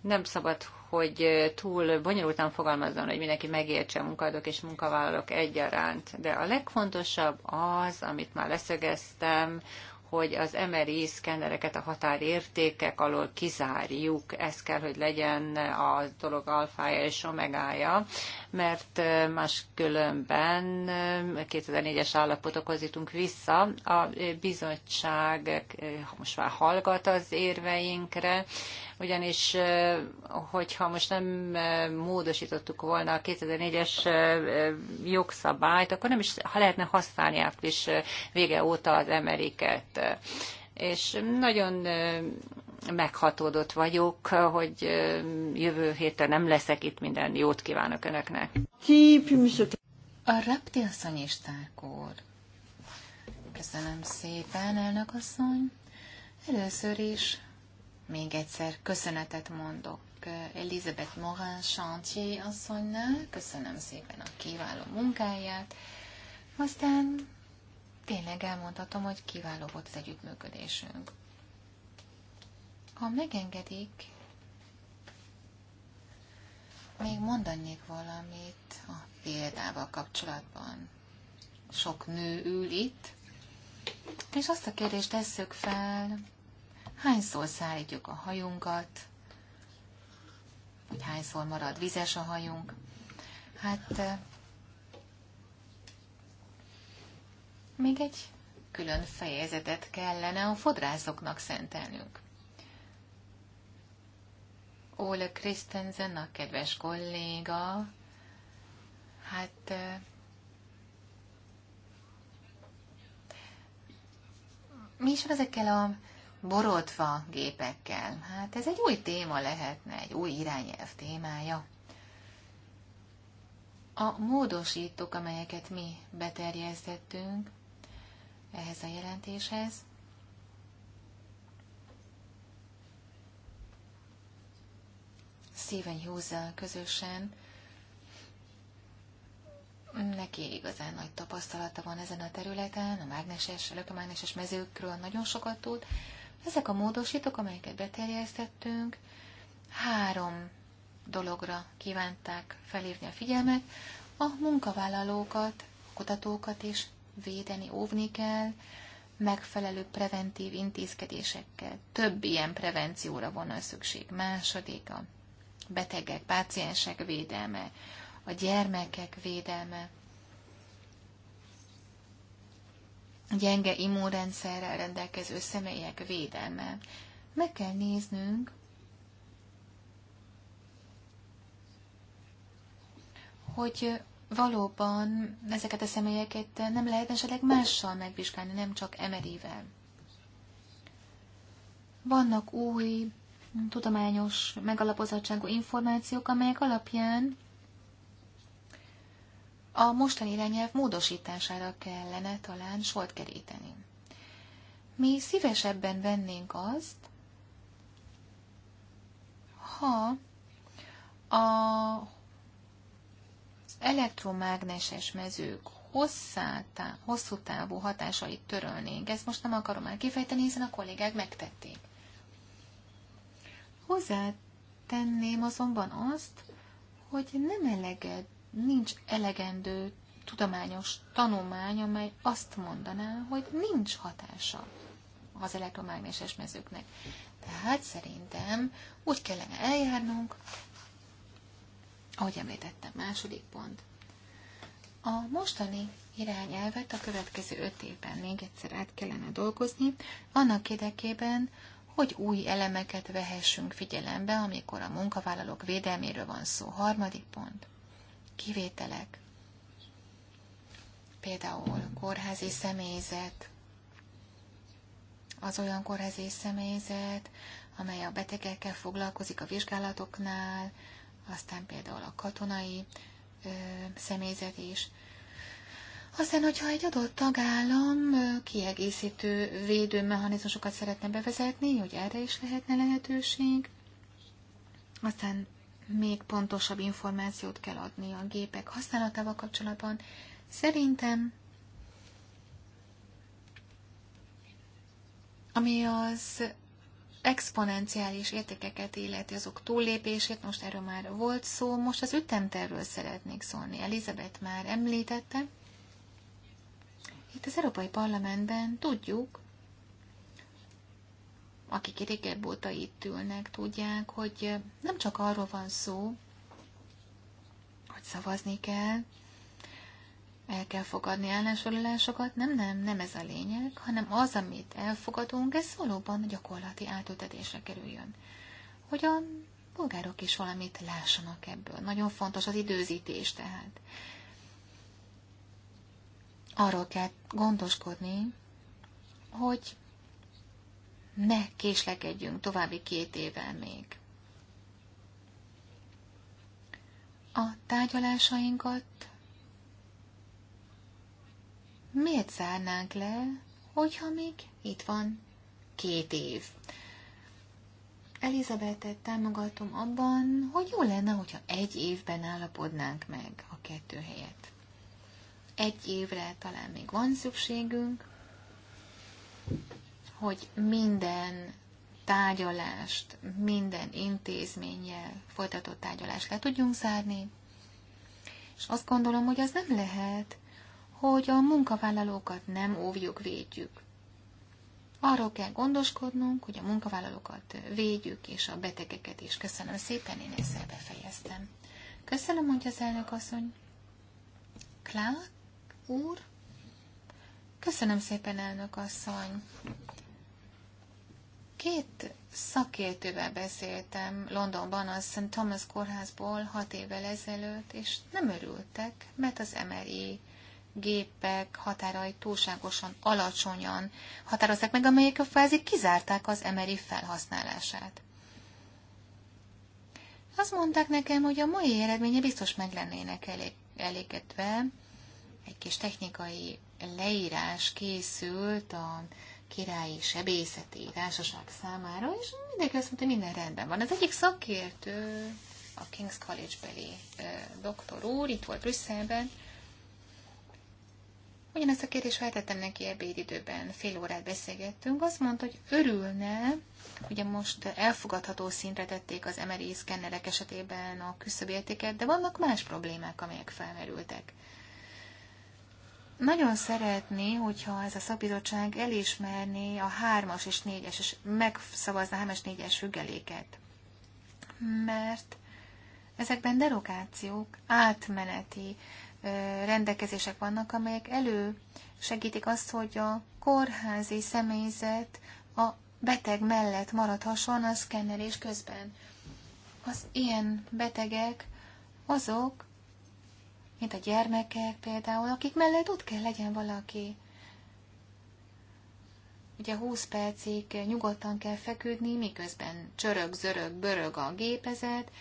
Speaker 2: nem szabad, hogy túl bonyolultan fogalmazzon, hogy mindenki megértse munkadók és munkavállalók egyaránt. De a legfontosabb az, amit már leszögeztem, hogy az MRI szkennereket a határértékek alól kizárjuk. Ez kell, hogy legyen a dolog alfája és omegája, mert máskülönben 2004-es állapotokhoz jutunk vissza. A bizottság most már hallgat az érveinkre, ugyanis hogyha most nem módosítottuk volna a 2004-es jogszabályt, akkor nem is ha lehetne használni április vége óta az emeriket. És nagyon meghatódott vagyok, hogy jövő héten nem leszek itt, minden jót kívánok Önöknek.
Speaker 3: A reptilszony és tákor. Köszönöm szépen, elnök asszony. Először is még egyszer köszönetet mondok eh, Elizabeth Morin Chantier asszonynál, köszönöm szépen a kiváló munkáját. Aztán tényleg elmondhatom, hogy kiváló volt az együttműködésünk. Ha megengedik, még mondanék valamit a példával kapcsolatban. Sok nő ül itt, és azt a kérdést tesszük fel, hányszor szállítjuk a hajunkat, hogy hányszor marad vizes a hajunk. Hát még egy külön fejezetet kellene a fodrászoknak szentelnünk. Ole Christensen, a kedves kolléga, hát mi is ezekkel a borotva gépekkel. Hát ez egy új téma lehetne, egy új irányelv témája. A módosítók, amelyeket mi beterjesztettünk ehhez a jelentéshez, Stephen hughes közösen, neki igazán nagy tapasztalata van ezen a területen, a mágneses, lökemágneses mezőkről nagyon sokat tud, ezek a módosítók, amelyeket beterjesztettünk, három dologra kívánták felírni a figyelmet. A munkavállalókat, kutatókat is védeni, óvni kell, megfelelő preventív intézkedésekkel. Több ilyen prevencióra van szükség. Második a betegek, páciensek védelme, a gyermekek védelme. gyenge immunrendszerrel rendelkező személyek védelme. Meg kell néznünk, hogy valóban ezeket a személyeket nem lehet esetleg mással megvizsgálni, nem csak emerivel. Vannak új tudományos megalapozottságú információk, amelyek alapján a mostani irányelv módosítására kellene talán sort keríteni. Mi szívesebben vennénk azt, ha a elektromágneses mezők hosszátá, hosszú távú hatásait törölnénk. Ezt most nem akarom már kifejteni, hiszen a kollégák megtették. Hozzátenném azonban azt, hogy nem eleget nincs elegendő tudományos tanulmány, amely azt mondaná, hogy nincs hatása az elektromágneses mezőknek. Tehát szerintem úgy kellene eljárnunk, ahogy említettem, második pont. A mostani irányelvet a következő öt évben még egyszer át kellene dolgozni, annak érdekében, hogy új elemeket vehessünk figyelembe, amikor a munkavállalók védelméről van szó. Harmadik pont kivételek, például kórházi személyzet, az olyan kórházi személyzet, amely a betegekkel foglalkozik a vizsgálatoknál, aztán például a katonai ö, személyzet is. Aztán, hogyha egy adott tagállam kiegészítő védőmechanizmusokat szeretne bevezetni, hogy erre is lehetne lehetőség, aztán még pontosabb információt kell adni a gépek használatával kapcsolatban. Szerintem, ami az exponenciális értékeket illeti azok túllépését, most erről már volt szó, most az ütemtervről szeretnék szólni. Elizabeth már említette. Itt az Európai Parlamentben tudjuk, akik régebb óta itt ülnek, tudják, hogy nem csak arról van szó, hogy szavazni kell, el kell fogadni állásfoglalásokat, nem, nem, nem ez a lényeg, hanem az, amit elfogadunk, ez valóban gyakorlati átültetésre kerüljön. Hogy a polgárok is valamit lássanak ebből. Nagyon fontos az időzítés tehát. Arról kell gondoskodni, hogy ne késlekedjünk további két évvel még. A tárgyalásainkat miért zárnánk le, hogyha még itt van két év? Elizabetet támogatom abban, hogy jó lenne, hogyha egy évben állapodnánk meg a kettő helyet. Egy évre talán még van szükségünk, hogy minden tárgyalást, minden intézménnyel folytatott tárgyalást le tudjunk zárni, és azt gondolom, hogy az nem lehet, hogy a munkavállalókat nem óvjuk, védjük. Arról kell gondoskodnunk, hogy a munkavállalókat védjük, és a betegeket is. Köszönöm szépen, én ezzel befejeztem. Köszönöm, mondja az elnök asszony. Klák úr? Köszönöm szépen, elnök asszony. Két szakértővel beszéltem Londonban a St. Thomas kórházból hat évvel ezelőtt, és nem örültek, mert az MRI gépek határai túlságosan alacsonyan határozták meg, amelyek a fázi kizárták az MRI felhasználását. Azt mondták nekem, hogy a mai eredménye biztos meg lennének elég, elégedve. Egy kis technikai leírás készült a királyi sebészeti társaság számára, és mindenki azt mondta, minden rendben van. Az egyik szakértő, a King's College-beli doktor úr, itt volt Brüsszelben, Ugyanezt a kérdést feltettem neki ebédidőben, fél órát beszélgettünk, azt mondta, hogy örülne, ugye most elfogadható szintre tették az MRI szkennerek esetében a küszöbértéket, de vannak más problémák, amelyek felmerültek. Nagyon szeretné, hogyha ez a szakbizottság elismerné a hármas és négyes, és megszavazná a hármas négyes függeléket. Mert ezekben derogációk, átmeneti rendelkezések vannak, amelyek elő segítik azt, hogy a kórházi személyzet a beteg mellett maradhasson a szkennelés közben. Az ilyen betegek azok, mint a gyermekek például, akik mellett ott kell legyen valaki. Ugye 20 percig nyugodtan kell feküdni, miközben csörög, zörög, börög a gépezet.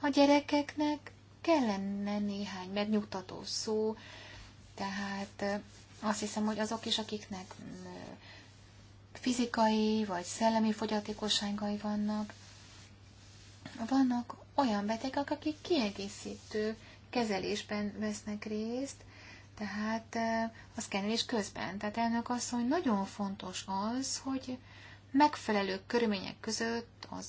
Speaker 3: A gyerekeknek kellene néhány megnyugtató szó, tehát azt hiszem, hogy azok is, akiknek fizikai vagy szellemi fogyatékosságai vannak, vannak olyan betegek, akik kiegészítő kezelésben vesznek részt, tehát az kenelés közben. Tehát elnök azt mondja, hogy nagyon fontos az, hogy megfelelő körülmények között az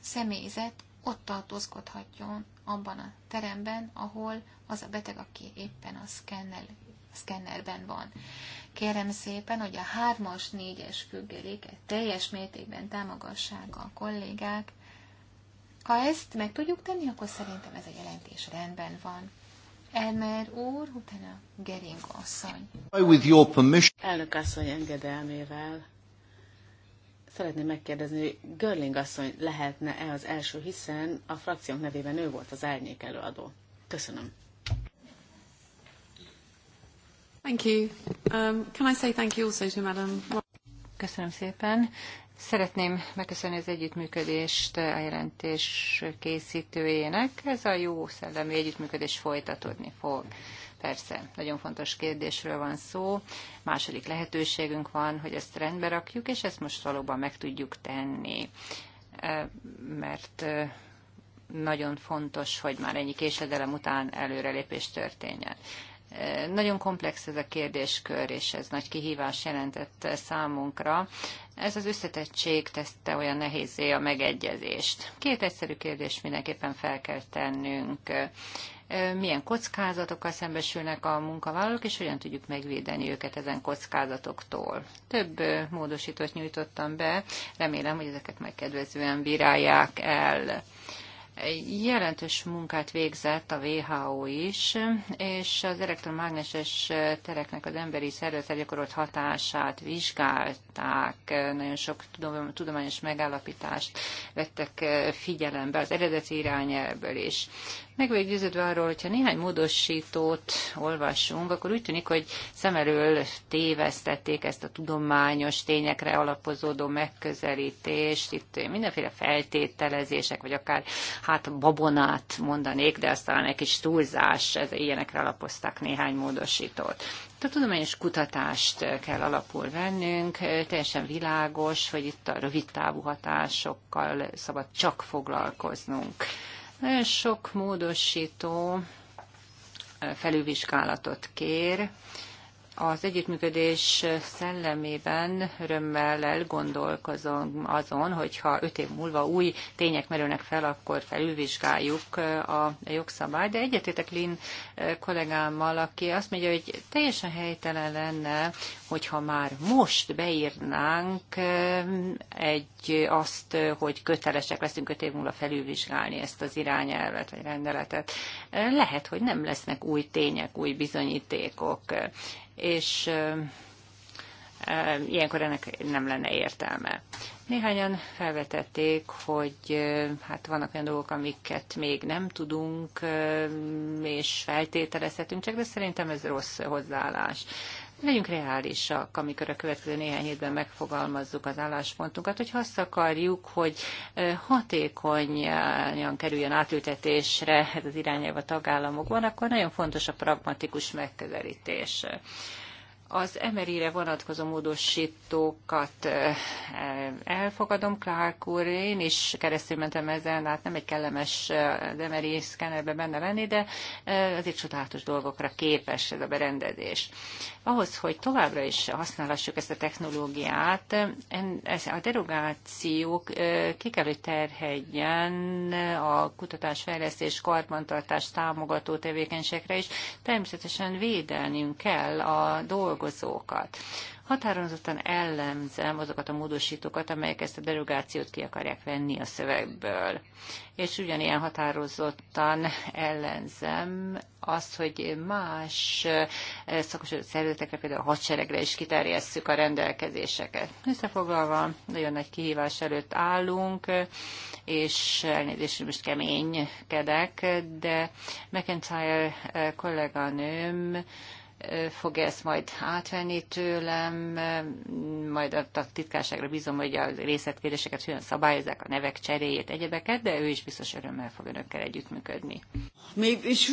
Speaker 3: személyzet ott tartózkodhatjon abban a teremben, ahol az a beteg, aki éppen a, szkennel, a szkennerben van. Kérem szépen, hogy a 3-as, 4-es függeléket teljes mértékben támogassák a kollégák, ha ezt meg tudjuk tenni, akkor szerintem ez a jelentés rendben van. Elmer úr, utána Gering
Speaker 1: asszony.
Speaker 2: With your permission.
Speaker 1: Elnök asszony engedelmével szeretném megkérdezni, hogy Görling asszony lehetne-e az első, hiszen a frakciónk nevében ő volt az árnyék előadó. Köszönöm.
Speaker 2: Thank you. Um, can I say thank you also to Madam Köszönöm szépen. Szeretném megköszönni az együttműködést a jelentés készítőjének. Ez a jó szellemi együttműködés folytatódni fog. Persze, nagyon fontos kérdésről van szó. Második lehetőségünk van, hogy ezt rendbe rakjuk, és ezt most valóban meg tudjuk tenni. Mert nagyon fontos, hogy már ennyi késedelem után előrelépés történjen. Nagyon komplex ez a kérdéskör, és ez nagy kihívás jelentett számunkra. Ez az összetettség tette olyan nehézé a megegyezést. Két egyszerű kérdést mindenképpen fel kell tennünk. Milyen kockázatokkal szembesülnek a munkavállalók, és hogyan tudjuk megvédeni őket ezen kockázatoktól. Több módosítót nyújtottam be, remélem, hogy ezeket majd kedvezően bírálják el. Jelentős munkát végzett a WHO is, és az elektromágneses tereknek az emberi szervezetre gyakorolt hatását vizsgálták, nagyon sok tudományos megállapítást vettek eh, figyelembe az eredeti irányelvből is. Meg vagyok győződve arról, hogyha néhány módosítót olvasunk, akkor úgy tűnik, hogy szem elől tévesztették ezt a tudományos tényekre alapozódó megközelítést. Itt mindenféle feltételezések, vagy akár hát babonát mondanék, de aztán egy kis túlzás, ez, ilyenekre alapoztak néhány módosítót. A tudományos kutatást kell alapul vennünk, teljesen világos, hogy itt a rövid távú hatásokkal szabad csak foglalkoznunk. Nagyon sok módosító felülvizsgálatot kér, az együttműködés szellemében örömmel elgondolkozom azon, hogyha öt év múlva új tények merülnek fel, akkor felülvizsgáljuk a jogszabályt. De egyetétek Lin kollégámmal, aki azt mondja, hogy teljesen helytelen lenne, hogyha már most beírnánk egy azt, hogy kötelesek leszünk öt év múlva felülvizsgálni ezt az irányelvet vagy rendeletet. Lehet, hogy nem lesznek új tények, új bizonyítékok és ilyenkor ennek nem lenne értelme. Néhányan felvetették, hogy hát vannak olyan dolgok, amiket még nem tudunk, és feltételezhetünk, csak de szerintem ez rossz hozzáállás legyünk reálisak, amikor a következő néhány hétben megfogalmazzuk az álláspontunkat, hogy azt akarjuk, hogy hatékonyan kerüljön átültetésre ez az irányelv a tagállamokban, akkor nagyon fontos a pragmatikus megközelítés. Az emerire vonatkozó módosítókat elfogadom, Clark úr, én is keresztül mentem ezen, hát nem egy kellemes az emeri szkennerbe benne lenni, de azért csodálatos dolgokra képes ez a berendezés. Ahhoz, hogy továbbra is használhassuk ezt a technológiát, a derogációk ki kell, hogy terhedjen a kutatás, fejlesztés, karbantartás támogató tevékenységre is. Természetesen védelnünk kell a dolgokat, dolgozókat. Határozottan ellenzem azokat a módosítókat, amelyek ezt a derogációt ki akarják venni a szövegből. És ugyanilyen határozottan ellenzem azt, hogy más eh, szakos szervezetekre, például a hadseregre is kiterjesszük a rendelkezéseket. Összefoglalva, nagyon nagy kihívás előtt állunk, és elnézést, most keménykedek, de McIntyre eh, kolléganőm fogja ezt majd átvenni tőlem, majd a titkárságra bízom, hogy a részletkérdéseket hogyan szabályozzák, a nevek cseréjét, egyebeket, de ő is biztos örömmel fog önökkel
Speaker 1: együttműködni. Még, és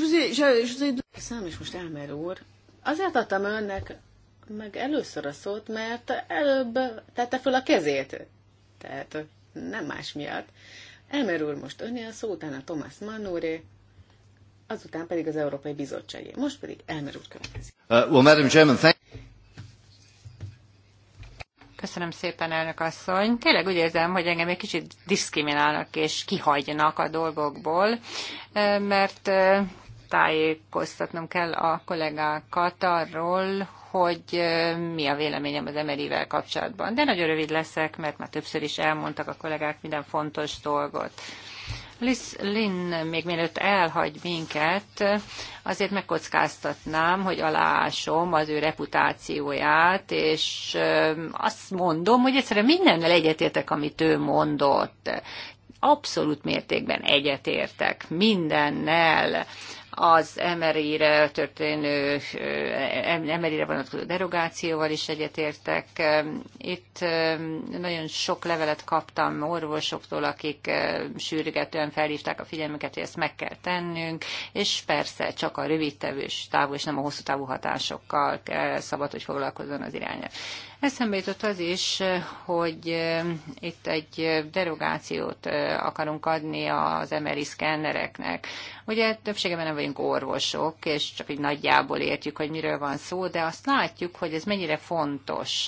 Speaker 1: Szám is most elmer úr. Azért adtam önnek meg először a szót, mert előbb tette föl a kezét. Tehát nem más miatt. Elmer úr most öné a szó, utána Thomas Manuré, azután pedig az Európai Bizottságé. Most pedig Elmer úr következik.
Speaker 2: Uh, well,
Speaker 3: Madam Chairman, thank
Speaker 2: Köszönöm szépen, elnök asszony. Tényleg úgy érzem, hogy engem egy kicsit diszkriminálnak és kihagynak a dolgokból, eh, mert eh, tájékoztatnom kell a kollégákat arról, hogy eh, mi a véleményem az emerivel kapcsolatban. De nagyon rövid leszek, mert már többször is elmondtak a kollégák minden fontos dolgot. Liz Lynn még mielőtt elhagy minket, azért megkockáztatnám, hogy aláásom az ő reputációját, és azt mondom, hogy egyszerűen mindennel egyetértek, amit ő mondott abszolút mértékben egyetértek mindennel, az emerire történő, emerire vonatkozó derogációval is egyetértek. Itt nagyon sok levelet kaptam orvosoktól, akik sürgetően felhívták a figyelmüket, hogy ezt meg kell tennünk, és persze csak a rövidtevős távú és nem a hosszú távú hatásokkal szabad, hogy foglalkozzon az irányát. Eszembe jutott az is, hogy itt egy derogációt akarunk adni az MRI szkennereknek. Ugye többségeben nem vagyunk orvosok, és csak így nagyjából értjük, hogy miről van szó, de azt látjuk, hogy ez mennyire fontos.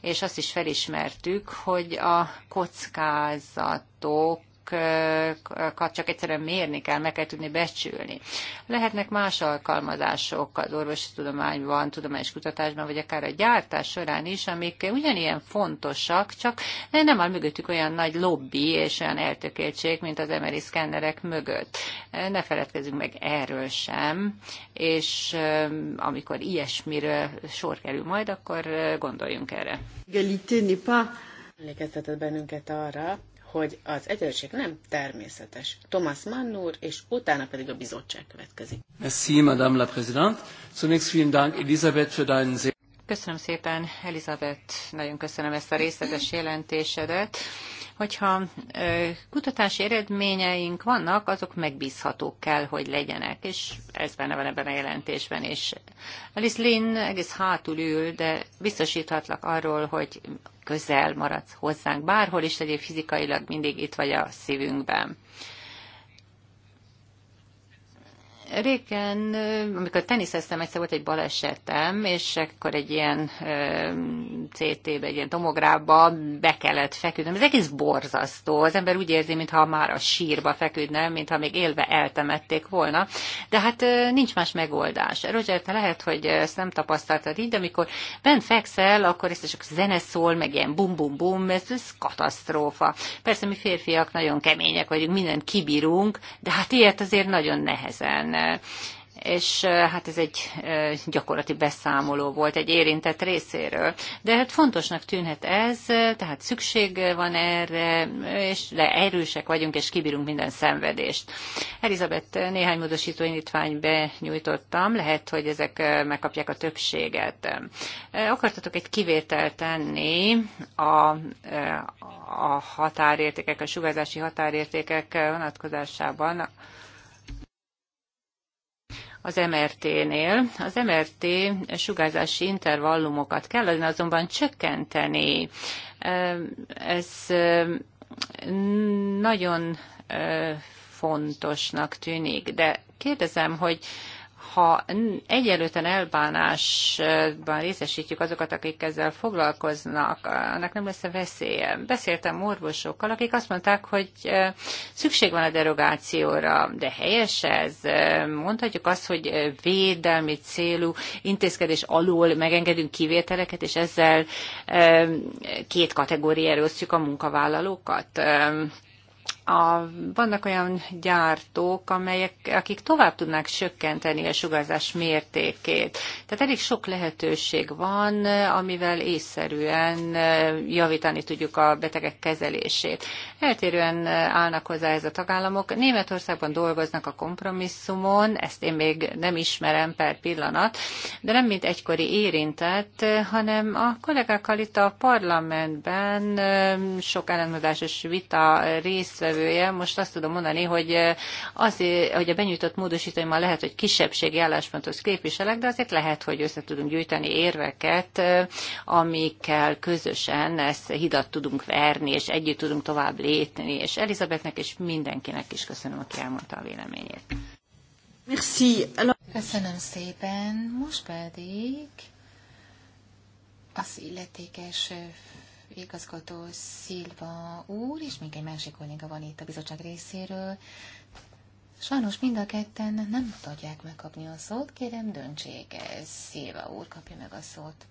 Speaker 2: És azt is felismertük, hogy a kockázatok hatásokat csak egyszerűen mérni kell, meg kell tudni becsülni. Lehetnek más alkalmazások az tudományban, tudományos kutatásban, vagy akár a gyártás során is, amik ugyanilyen fontosak, csak nem áll mögöttük olyan nagy lobby és olyan eltökéltség, mint az MRI szkennerek mögött. Ne feledkezzünk meg erről sem, és amikor ilyesmiről sor kerül majd, akkor gondoljunk erre.
Speaker 1: Emlékeztetett bennünket arra, hogy az egyenlőség nem természetes. Thomas Mann úr, és utána pedig a bizottság következik.
Speaker 2: Merci, Madame la Présidente. Zunächst vielen Dank, Elisabeth, für deinen sehr Köszönöm szépen, Elizabeth, nagyon köszönöm ezt a részletes jelentésedet. Hogyha kutatási eredményeink vannak, azok megbízhatók kell, hogy legyenek, és ez benne van ebben a jelentésben is. Alice Lynn egész hátul ül, de biztosíthatlak arról, hogy közel maradsz hozzánk, bárhol is legyél fizikailag, mindig itt vagy a szívünkben. Régen, amikor teniszeztem, egyszer volt egy balesetem, és akkor egy ilyen CT-be, egy ilyen tomográba be kellett feküdnöm. Ez egész borzasztó. Az ember úgy érzi, mintha már a sírba feküdne, mintha még élve eltemették volna. De hát nincs más megoldás. Roger, te lehet, hogy ezt nem tapasztaltad így, de amikor bent fekszel, akkor ezt csak zene szól, meg ilyen bum-bum-bum, ez, ez katasztrófa. Persze mi férfiak nagyon kemények vagyunk, mindent kibírunk, de hát ilyet azért nagyon nehezen és hát ez egy gyakorlati beszámoló volt egy érintett részéről. De hát fontosnak tűnhet ez, tehát szükség van erre, és le erősek vagyunk, és kibírunk minden szenvedést. Elizabeth, néhány módosító indítvány benyújtottam, lehet, hogy ezek megkapják a többséget. Akartatok egy kivételt tenni a, a határértékek, a sugárzási határértékek vonatkozásában, az MRT-nél. Az MRT sugárzási intervallumokat kell azonban csökkenteni. Ez nagyon fontosnak tűnik, de kérdezem, hogy ha egyenlőten elbánásban részesítjük azokat, akik ezzel foglalkoznak, annak nem lesz a veszélye. Beszéltem orvosokkal, akik azt mondták, hogy szükség van a derogációra, de helyes ez. Mondhatjuk azt, hogy védelmi célú intézkedés alól megengedünk kivételeket, és ezzel két kategóriára osztjuk a munkavállalókat a, vannak olyan gyártók, amelyek, akik tovább tudnák sökkenteni a sugárzás mértékét. Tehát elég sok lehetőség van, amivel észszerűen javítani tudjuk a betegek kezelését. Eltérően állnak hozzá ez a tagállamok. Németországban dolgoznak a kompromisszumon, ezt én még nem ismerem per pillanat, de nem mint egykori érintett, hanem a kollégákkal itt a parlamentben sok ellenmondásos vita résztvevő jövője. most azt tudom mondani, hogy eh, azért, eh, hogy a benyújtott már lehet, hogy kisebbségi álláspontot képviselek, de azért lehet, hogy össze tudunk gyűjteni érveket, eh, amikkel közösen ezt hidat tudunk verni, és együtt tudunk tovább lépni. És Elizabethnek és mindenkinek is köszönöm, aki elmondta a véleményét.
Speaker 3: Merci. Köszönöm szépen. Most pedig az illetékes igazgató Szilva úr, és még egy másik kolléga van itt a bizottság részéről. Sajnos mind a ketten nem tudják megkapni a szót, kérem döntsék, Szilva úr kapja meg a szót.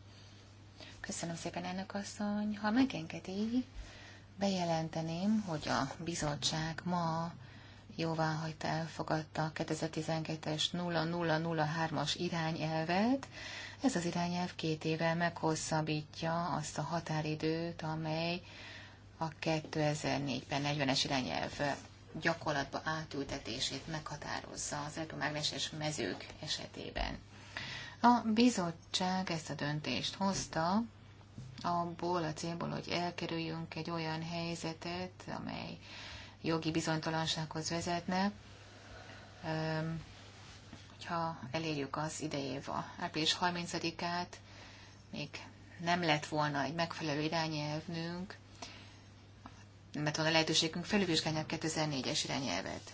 Speaker 3: Köszönöm szépen, elnök asszony. Ha megengedi, bejelenteném, hogy a bizottság ma jóvá hagyta, elfogadta a 2012-es 0003-as irányelvet, ez az irányelv két évvel meghosszabbítja azt a határidőt, amely a 2004-ben 40-es irányelv gyakorlatba átültetését meghatározza az elektromágneses mezők esetében. A bizottság ezt a döntést hozta, abból a célból, hogy elkerüljünk egy olyan helyzetet, amely jogi bizonytalansághoz vezetne, hogyha elérjük az idejév a április 30-át, még nem lett volna egy megfelelő irányelvnünk, nem lett volna lehetőségünk felülvizsgálni a 2004-es irányelvet.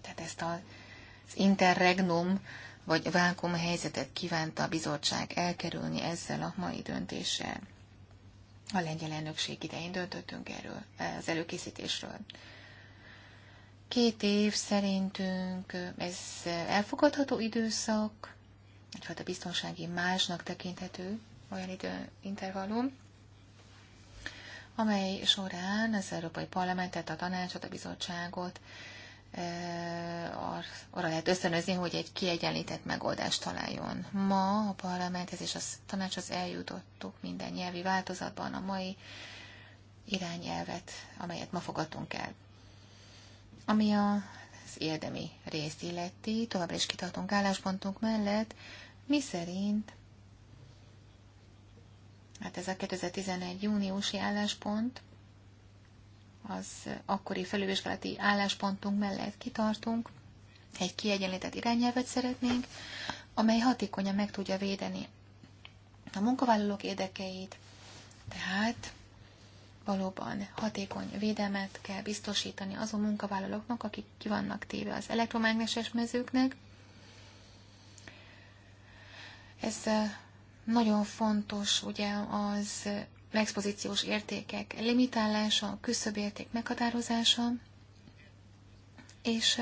Speaker 3: Tehát ezt a, az interregnum vagy vákum helyzetet kívánta a bizottság elkerülni ezzel a mai döntéssel. A lengyel elnökség idején döntöttünk erről, az előkészítésről. Két év szerintünk ez elfogadható időszak, egyfajta biztonsági másnak tekinthető olyan időintervallum, amely során az Európai Parlamentet, a tanácsot, a bizottságot e, arra lehet összenőzni, hogy egy kiegyenlített megoldást találjon. Ma a parlamenthez és a tanácshoz eljutottuk minden nyelvi változatban a mai irányelvet, amelyet ma fogadtunk el. Ami az érdemi részt illeti, továbbra is kitartunk álláspontunk mellett, mi szerint Hát ez a 2011 júniusi álláspont, az akkori felülvizsgálati álláspontunk mellett kitartunk, egy kiegyenlített irányelvet szeretnénk, amely hatékonyan meg tudja védeni a munkavállalók érdekeit, tehát valóban hatékony védelmet kell biztosítani azon munkavállalóknak, akik ki vannak téve az elektromágneses mezőknek. Ez nagyon fontos ugye az expozíciós értékek limitálása, a küszöbérték meghatározása, és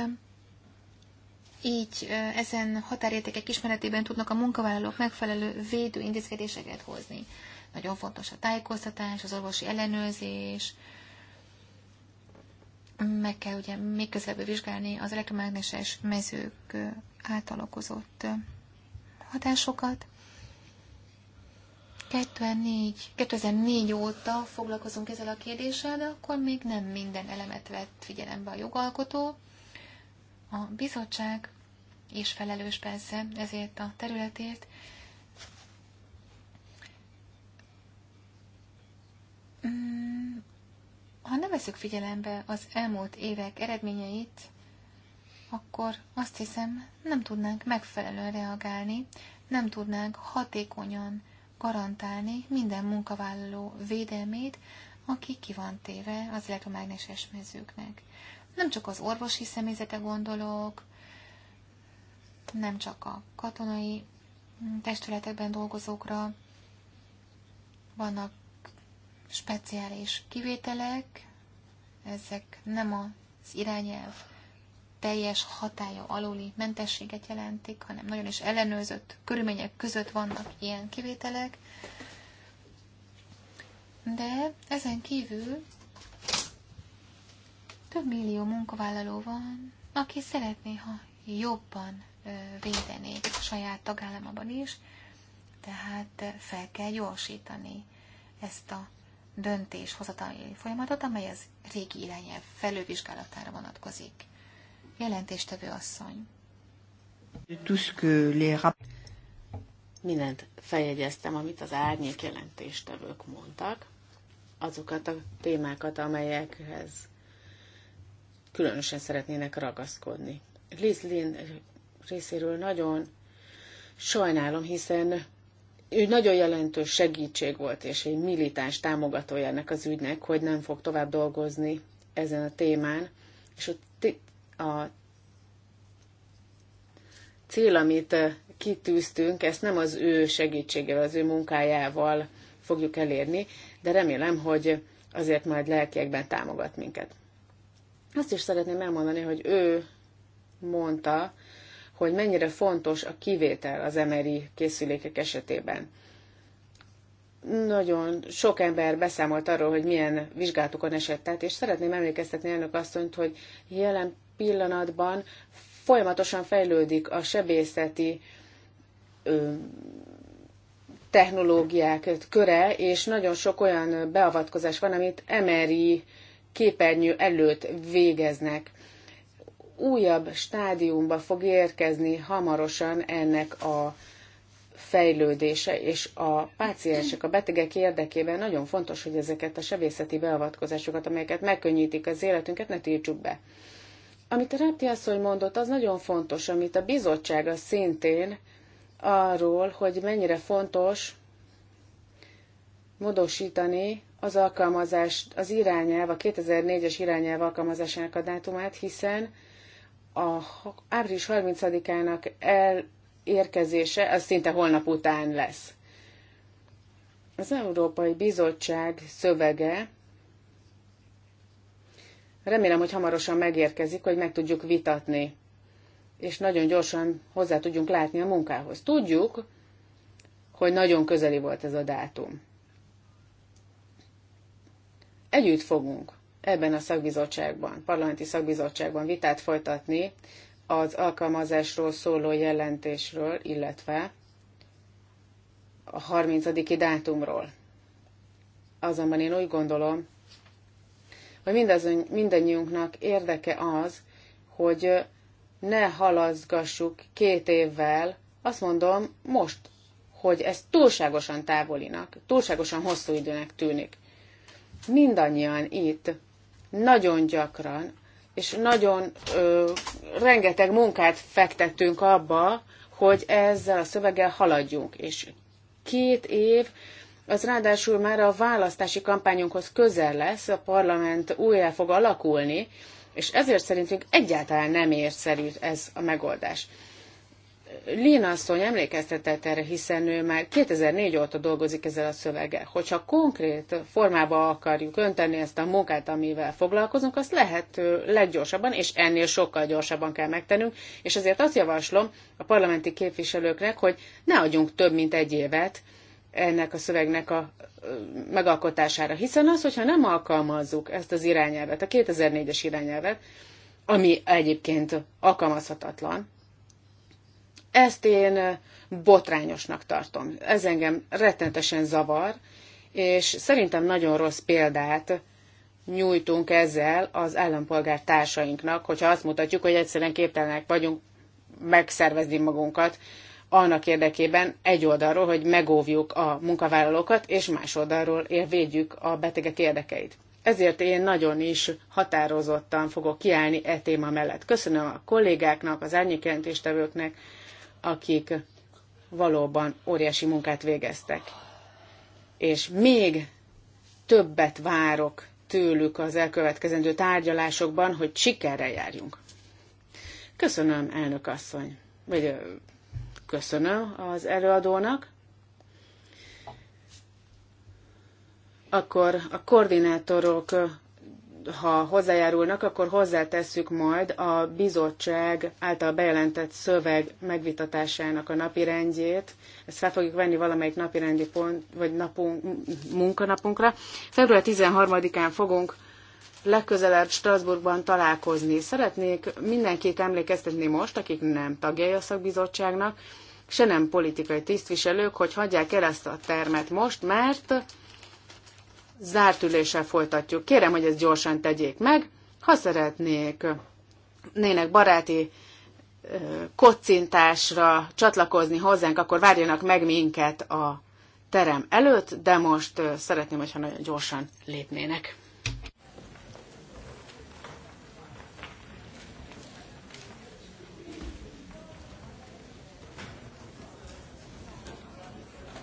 Speaker 3: így ezen határértékek ismeretében tudnak a munkavállalók megfelelő védő intézkedéseket hozni. Nagyon fontos a tájékoztatás, az orvosi ellenőrzés, meg kell ugye még közelebb vizsgálni az elektromágneses mezők által okozott hatásokat. 2004, 2004 óta foglalkozunk ezzel a kérdéssel, de akkor még nem minden elemet vett figyelembe a jogalkotó. A bizottság és felelős persze ezért a területért, ha nem veszük figyelembe az elmúlt évek eredményeit, akkor azt hiszem, nem tudnánk megfelelően reagálni, nem tudnánk hatékonyan garantálni minden munkavállaló védelmét, aki ki van téve az elektromágneses mezőknek. Nem csak az orvosi személyzete gondolok, nem csak a katonai testületekben dolgozókra, vannak speciális kivételek, ezek nem az irányelv teljes hatája aluli mentességet jelentik, hanem nagyon is ellenőrzött körülmények között vannak ilyen kivételek. De ezen kívül több millió munkavállaló van, aki szeretné, ha jobban védenék saját tagállamában is, tehát fel kell gyorsítani ezt a döntéshozatali folyamatot, amely az régi irányelv felővizsgálatára vonatkozik.
Speaker 1: Jelentéstevő asszony. Mindent feljegyeztem, amit az árnyék jelentéstevők mondtak, azokat a témákat, amelyekhez különösen szeretnének ragaszkodni. Liz Lynn részéről nagyon sajnálom, hiszen ő nagyon jelentős segítség volt, és egy militáns támogatója ennek az ügynek, hogy nem fog tovább dolgozni ezen a témán. És a, a cél, amit eh, kitűztünk, ezt nem az ő segítségével, az ő munkájával fogjuk elérni, de remélem, hogy azért majd lelkiekben támogat minket. Azt is szeretném elmondani, hogy ő mondta, hogy mennyire fontos a kivétel az emeri készülékek esetében. Nagyon sok ember beszámolt arról, hogy milyen vizsgálatokon esett át, és szeretném emlékeztetni elnök asszonyt, hogy jelen pillanatban folyamatosan fejlődik a sebészeti ö, technológiák köre, és nagyon sok olyan beavatkozás van, amit emeri képernyő előtt végeznek újabb stádiumba fog érkezni hamarosan ennek a fejlődése, és a páciensek, a betegek érdekében nagyon fontos, hogy ezeket a sebészeti beavatkozásokat, amelyeket megkönnyítik az életünket, ne tiltsuk be. Amit a Repti asszony mondott, az nagyon fontos, amit a bizottság az szintén arról, hogy mennyire fontos módosítani az alkalmazást, az irányelv, a 2004-es irányelv alkalmazásának a dátumát, hiszen a április 30-ának elérkezése, az szinte holnap után lesz. Az Európai Bizottság szövege remélem, hogy hamarosan megérkezik, hogy meg tudjuk vitatni, és nagyon gyorsan hozzá tudjunk látni a munkához. Tudjuk, hogy nagyon közeli volt ez a dátum. Együtt fogunk ebben a szakbizottságban, parlamenti szakbizottságban vitát folytatni az alkalmazásról szóló jelentésről, illetve a 30. dátumról. Azonban én úgy gondolom, hogy mindannyiunknak érdeke az, hogy ne halazgassuk két évvel, azt mondom most, hogy ez túlságosan távolinak, túlságosan hosszú időnek tűnik. Mindannyian itt nagyon gyakran, és nagyon ö, rengeteg munkát fektettünk abba, hogy ezzel a szöveggel haladjunk. És két év, az ráadásul már a választási kampányunkhoz közel lesz, a parlament újra fog alakulni, és ezért szerintünk egyáltalán nem érszerű ez a megoldás. Léna asszony emlékeztetett erre, hiszen ő már 2004 óta dolgozik ezzel a szöveggel. Hogyha konkrét formába akarjuk önteni ezt a munkát, amivel foglalkozunk, azt lehet leggyorsabban, és ennél sokkal gyorsabban kell megtennünk, és ezért azt javaslom a parlamenti képviselőknek, hogy ne adjunk több, mint egy évet ennek a szövegnek a megalkotására. Hiszen az, hogyha nem alkalmazzuk ezt az irányelvet, a 2004-es irányelvet, ami egyébként alkalmazhatatlan, ezt én botrányosnak tartom. Ez engem rettenetesen zavar, és szerintem nagyon rossz példát nyújtunk ezzel az állampolgár társainknak, hogyha azt mutatjuk, hogy egyszerűen képtelenek vagyunk megszervezni magunkat annak érdekében egy oldalról, hogy megóvjuk a munkavállalókat, és más oldalról védjük a betegek érdekeit. Ezért én nagyon is határozottan fogok kiállni e téma mellett. Köszönöm a kollégáknak, az árnyékjelentéstevőknek, akik valóban óriási munkát végeztek. És még többet várok tőlük az elkövetkezendő tárgyalásokban, hogy sikerre járjunk. Köszönöm, elnök asszony, vagy köszönöm az előadónak. Akkor a koordinátorok ha hozzájárulnak, akkor hozzátesszük majd a bizottság által bejelentett szöveg megvitatásának a napirendjét. Ezt fel fogjuk venni valamelyik napirendi pont, vagy napunk, munkanapunkra. Február 13-án fogunk legközelebb Strasbourgban találkozni. Szeretnék mindenkit emlékeztetni most, akik nem tagjai a szakbizottságnak, se nem politikai tisztviselők, hogy hagyják el ezt a termet most, mert zárt üléssel folytatjuk. Kérem, hogy ezt gyorsan tegyék meg. Ha szeretnék nének baráti kocintásra csatlakozni hozzánk, akkor várjanak meg minket a terem előtt, de most szeretném, hogyha nagyon gyorsan lépnének.